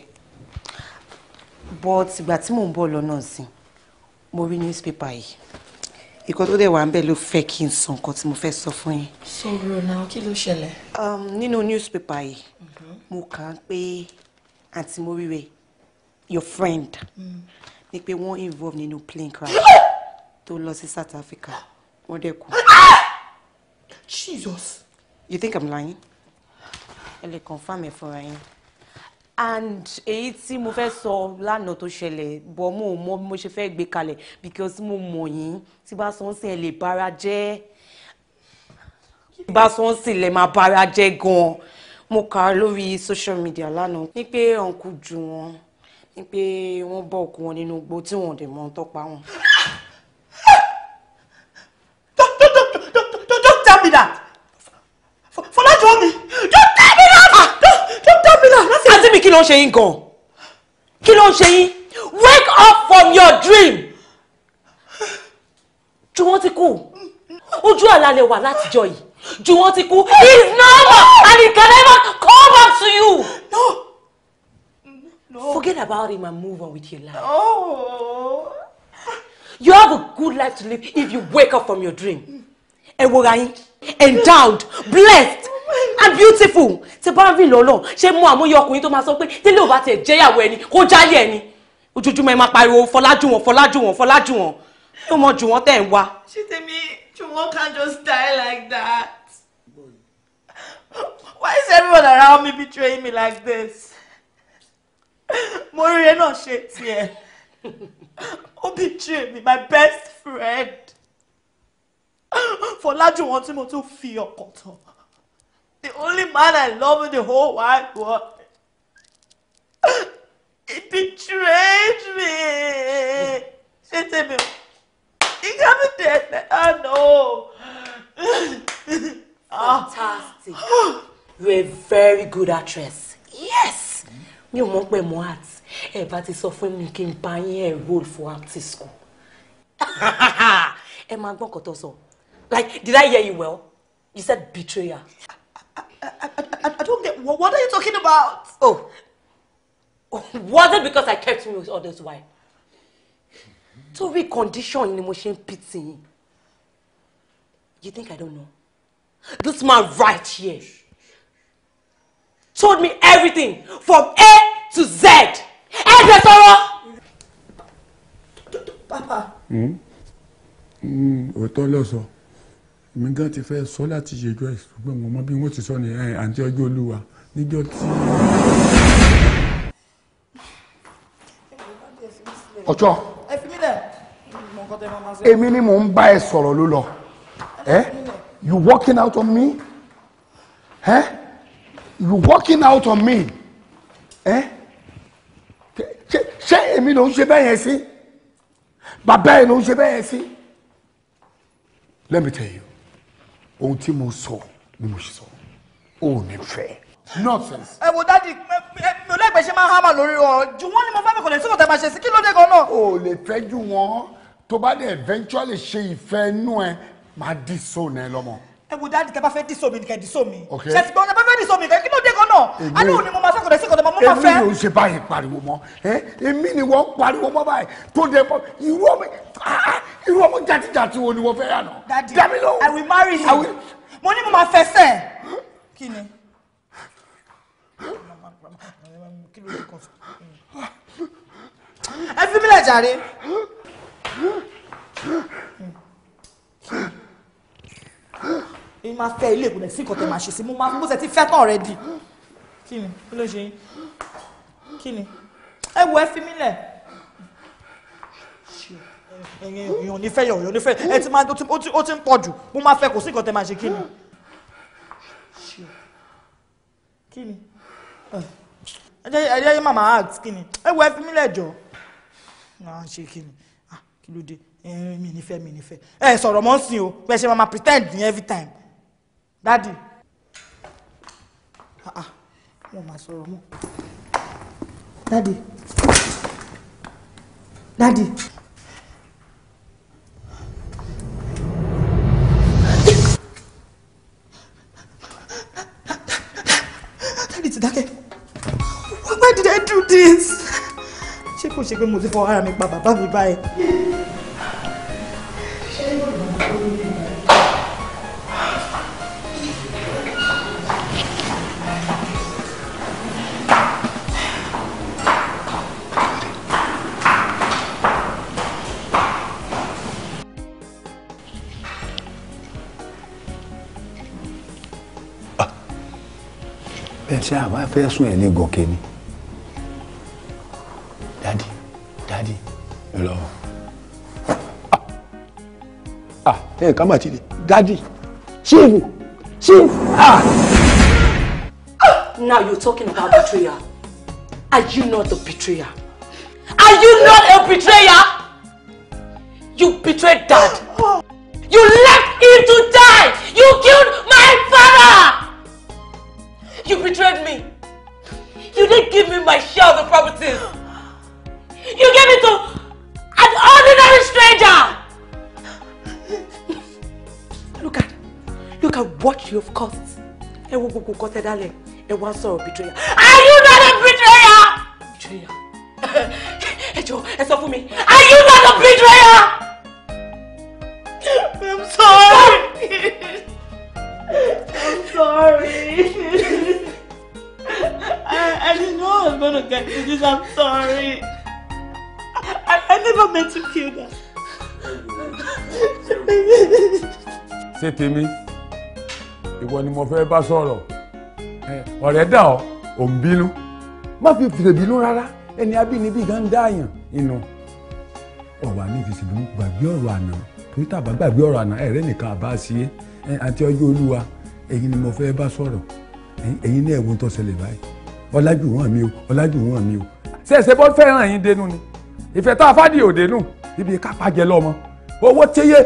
bọ́ tìgbà tí mò ń bọ̀ lọ́nà sí mo rí newspaper yìí ìkan tó dẹ̀ wà ń bẹ̀ ló fẹ́ kí n sọ nǹkan tí mo fẹ́ sọ fún yín. sọ̀rọ̀ náà kí ló ṣẹlẹ̀. Um, nínú newspaper yìí mm-hmm. mo kà á pé àǹtí moríire your friend mm. ni pé wọ́n involve nínú plane crash tó lọ sí South Africa wọ́n dẹ̀ kú. Ah! Jesus. You think I'm lying? Ẹ lè confirm ẹ fúnra yín. And èyí tí mo fẹ́ sọ lánàá tó ṣẹlẹ̀ bọ̀ mo mọ mo ṣe fẹ́ gbé kalẹ̀ because mo mọ̀ yín tí bá sọ ń sìn ẹ lè bára jẹ́ tí bá sọ ń sìn lè máa bára jẹ́ gan-an. Mo kà á lórí social media lánàá ní pé ọ̀nkú ju wọn ní pé wọ́n bọ̀ ọkùn wọn nínú igbó tí wọ́n dẹ̀ mọ́ tọ́pa wọn. kí ló ṣe yín gan kí ló ń ṣe yín wake up from your dream ju wọn ti kú ojú àlàlẹ̀ wà látijọ́ yìí ju wọn ti kú he is normal and he can never come back to you. No. No. Forget about him and move on with your life. Oh. You have a good life to live if you wake up from your dream. Ewora yín, endowed, blessed, I'm beautiful tí bá rí lọ́lọ́ ṣé mú àmúyẹ ọkùnrin tó máa sọ pé tẹ́lẹ̀ ò bá tiẹ̀ jẹ́yàwó ẹni kó jáyé ẹni ojoojúmọ́ ẹ máa pariwo Fọlájúwọ̀n Fọlájúwọ̀n Fọlájúwọ̀n yóò mọ jù wọ́n tẹ̀ ń wá. ṣé tèmi Juwon can just die like that? Why is everyone around me betraying me like this? mo rí ẹ náà ṣe tiẹ̀ ó betray me my best friend Fọlájúwọ̀n tí mo tún fi ọkàn tán the only man I love in the whole wide world. He betrayed me. She said me, he got me dead. I know. Fantastic. You're a very good actress. Yes. You ò mọ̀ pé mo act. Ẹ bá ti sọ fún mi kí n for acting school. ha. máa gbọ́ nǹkan tó sọ. Like, did I hear you well? You said betrayer. I, I, I don't get. What are you talking about? Oh. was it because I kept me with others? Why? Torí condition ni mo in ń pity You think I don't know? This man right here told me everything from A to Z. Ẹ jẹ́ sọ̀rọ̀. Papa. Hmm? Hmm, òótọ́ lọ sọ. So èmi gan ti fẹ́ sọ láti ṣèjọ ẹ̀ ṣùgbọ́n mo mọ bí wọ́n ti sọ ní àǹtí ọjọ́ olúwa níjọ́ tí. ọ̀tọ̀ èmi ni mò ń bá ẹ sọ̀rọ̀ ló lọ you walking out on me Eh, you walking out on me Eh. ṣé èmi ló ń ṣe bẹ́ẹ̀ yẹn sí bàbá ẹ̀ ló ń ṣe bẹ́ẹ̀ yẹn sí let me tell you ohun tí mo sọ ni mo sọ ò ní fẹ́ nonsense. ẹ wo dadi mi ò lẹ́gbẹ̀ẹ́ ṣe máa ń hámà lórí ọ̀rọ̀ ju wọ́n ní mo fẹ́ mi kò lè sí máa ṣe sí kí ló dé gan náà. o lè fẹ́ ju wọn tó bá dé eventually ṣe ìfẹ́ inú ẹ máa dì sóun ẹ lọ́mọ ẹ wo dáàdi tẹ bá fẹ́ dísò mi nìkan dísò mi ṣètì gbọ́n bá fẹ́ dísò mi nìkan kí ló dé gan-an alóhùn ni mo máa sọ́kọ̀dọ̀ sí kọ́dọ̀ mo máa fẹ́. èmi ni ò ṣe báyìí pariwo mọ́ èmi ni wọ́n pariwo mọ́ báyìí tó dé mọ́ irú ọmọ ah, ah, irú ọmọ jàtijàti wo ni wọ́n fẹ́ yànnà. dáàdi I will marry you mo ní mo máa fẹ́ sẹ́ kí ni. ẹ fi mí lẹ̀ jàre. Huh? èmi máa fẹ́ ilé ìkùnlẹ̀ sí ìkọ̀tẹ̀ máa ṣe sí mo máa mo ṣe ti fẹ́ tán already kí ni kí ló ṣe yín kí ni ẹ wo ẹ fi mí lẹ̀ èèyàn onífẹ́ yẹn èèyàn onífẹ́ ẹ ti máa ó ti ń pọ̀ jù mo máa fẹ́ kò sí ìkọ̀tẹ̀ máa ṣe kí ni kí ni ẹ jẹ́ ẹ jẹ́ màmá ask kí ni ẹ wo ẹ fi mí lẹ̀ jọ náà ṣe kí ni ah, kí ló dé mi nífẹ̀ẹ́ mi nífẹ̀ẹ́ ẹ sọ̀rọ̀ mọ́ sí o pé ṣe máa pretend ní every time Ah, wọn ah. máa sọ̀rọ̀ mọ́ dádì dádì. dádì ti dákẹ́ why did I do this ṣé kò ṣe pé mo ti fọ ara mi pa Baba mi báyìí. afẹ́sùn ẹ̀ lè gòkè ni dadi dadi lọ ah ah ẹ̀ ká mà ti di dadi chief chief ah. Now you're talking about betrayal. Are you not a betrayer? Are you not a betrayer? nǹkan tẹ́ dálẹ̀ ẹ wá sọ̀rọ̀ betrayal. are you not a betrayer. betrayer. ẹ jọ ẹ sọ fún are you not a betrayer. i'm sorry. i'm sorry. I, I didn't know I was going to get to this. I'm sorry. I, I never meant to kill that. Say, tèmi? Ìwọ ni mo fẹ́ bá sọ̀rọ̀ ọ̀rẹ́ dà ọ́ ò ń bínú má fi fìrè bínú rárá ẹni abínibí gan dá àyàn inú ọ̀wà ní ìfisì bínú gbàgbé ọ̀rọ̀ àná torí tàbá gbàgbé ọ̀rọ̀ àná ẹ̀rẹ́ nìkan àbá sí ẹ àti ọjọ́ olúwa ẹ̀yin ni mo fẹ́ bá sọ̀rọ̀ ẹ̀yin náà ẹ̀wọ̀n tó ṣẹlẹ̀ báyìí ọlájú wọn mi o ọlájú wọn mi o. ṣèṣe bọ́ fẹ́ràn yín dénú ni ìfẹ́ tá a fádìí ò dénú ibi kápájẹ lọ́mọ owó téye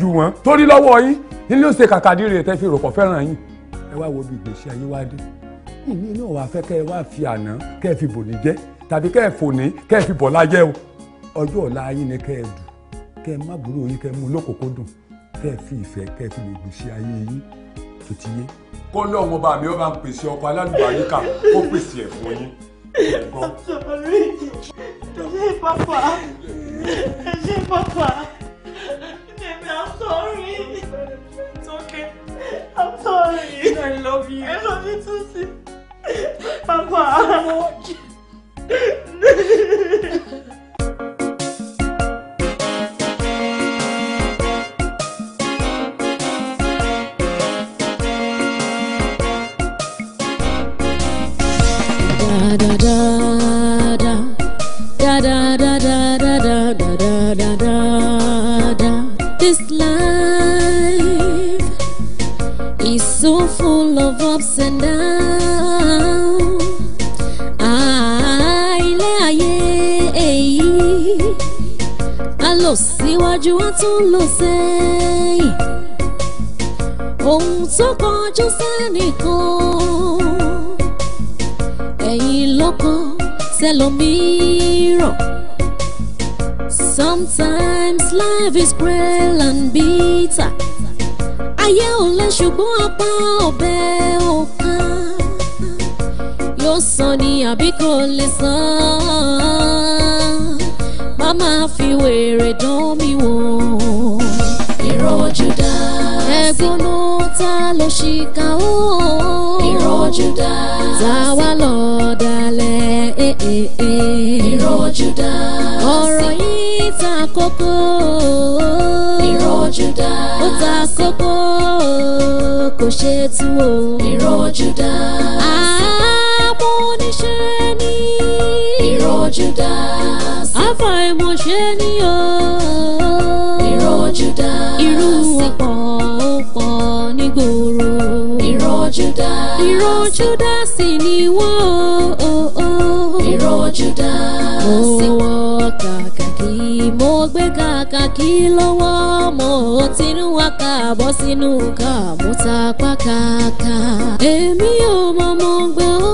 jù wọ́n torí lọ́wọ́ yín ilé òsè kàkàdí rè tẹ́ fi rò fẹ́ràn yín ẹ wá wo bí ìgbésí ayé wá dé ìní náà wàá fẹ́ kẹ́ ẹ wá fi àná kẹ́ ẹ fi bòní jẹ́ tàbí kẹ́ ẹ fòní kẹ́ ẹ fi bọ̀lá jẹ́ o ọjọ́ ọ̀la yín ni kẹ́ ẹ dù kẹ́ ẹ má burú yín kẹ́ ẹ mú lókòókòdùn kẹ́ ẹ fi ìfẹ́ kẹ́ ẹ fi lè gbèsè ayé yín tó ti yé. kó lọ́wọ́ bá mi ó bá ń pèsè ọkọ̀ alálùbáyé kà ó pèsè ẹ̀ fún yín. sọ̀rí ṣe pápá ṣe pápá ṣe mi à sọ̀rí. I'm sorry. I love you. I love you too, sis. Papa. So much. ṣẹ̀dá àìlé ayé èyí a lọ síwájú a tún lọ sẹ́yìn ohun tó kọjú sẹ́nìkan ẹ̀yìn lọ́kàn tẹlòmíràn. Sometimes life is cruel and bitter ayé ò lè ṣùgbọ́n apá ọ̀bẹ ò ká yóò san ni àbí kò lè san màmá fi wèrè dán mi wò. ìrọ̀ dá sí. ẹ̀gbọ́n ta ló ṣìkà ó. ìrọ̀ dá sí. táwa lọ dalẹ̀ ìró Júdà ọ̀rọ̀ yìí ta kókó ìró Júdà ó ta kókó kò ṣe tú o ìró ni ìró Júdà àfàìmọ̀ṣe ni o ìró Júdà irú ọ̀pọ̀ ọ̀pọ̀ nígboro ìró Júdà ìró Júdà sì ni wọ́n o ìró Júdà sí. mo wọ kàkàkí mo gbé kàkàkí lọ́wọ́ mo ti ń wá kàbọ̀ sínú kàmútà pàkàkà èmi ò mọ̀ mọ̀ gbọ́.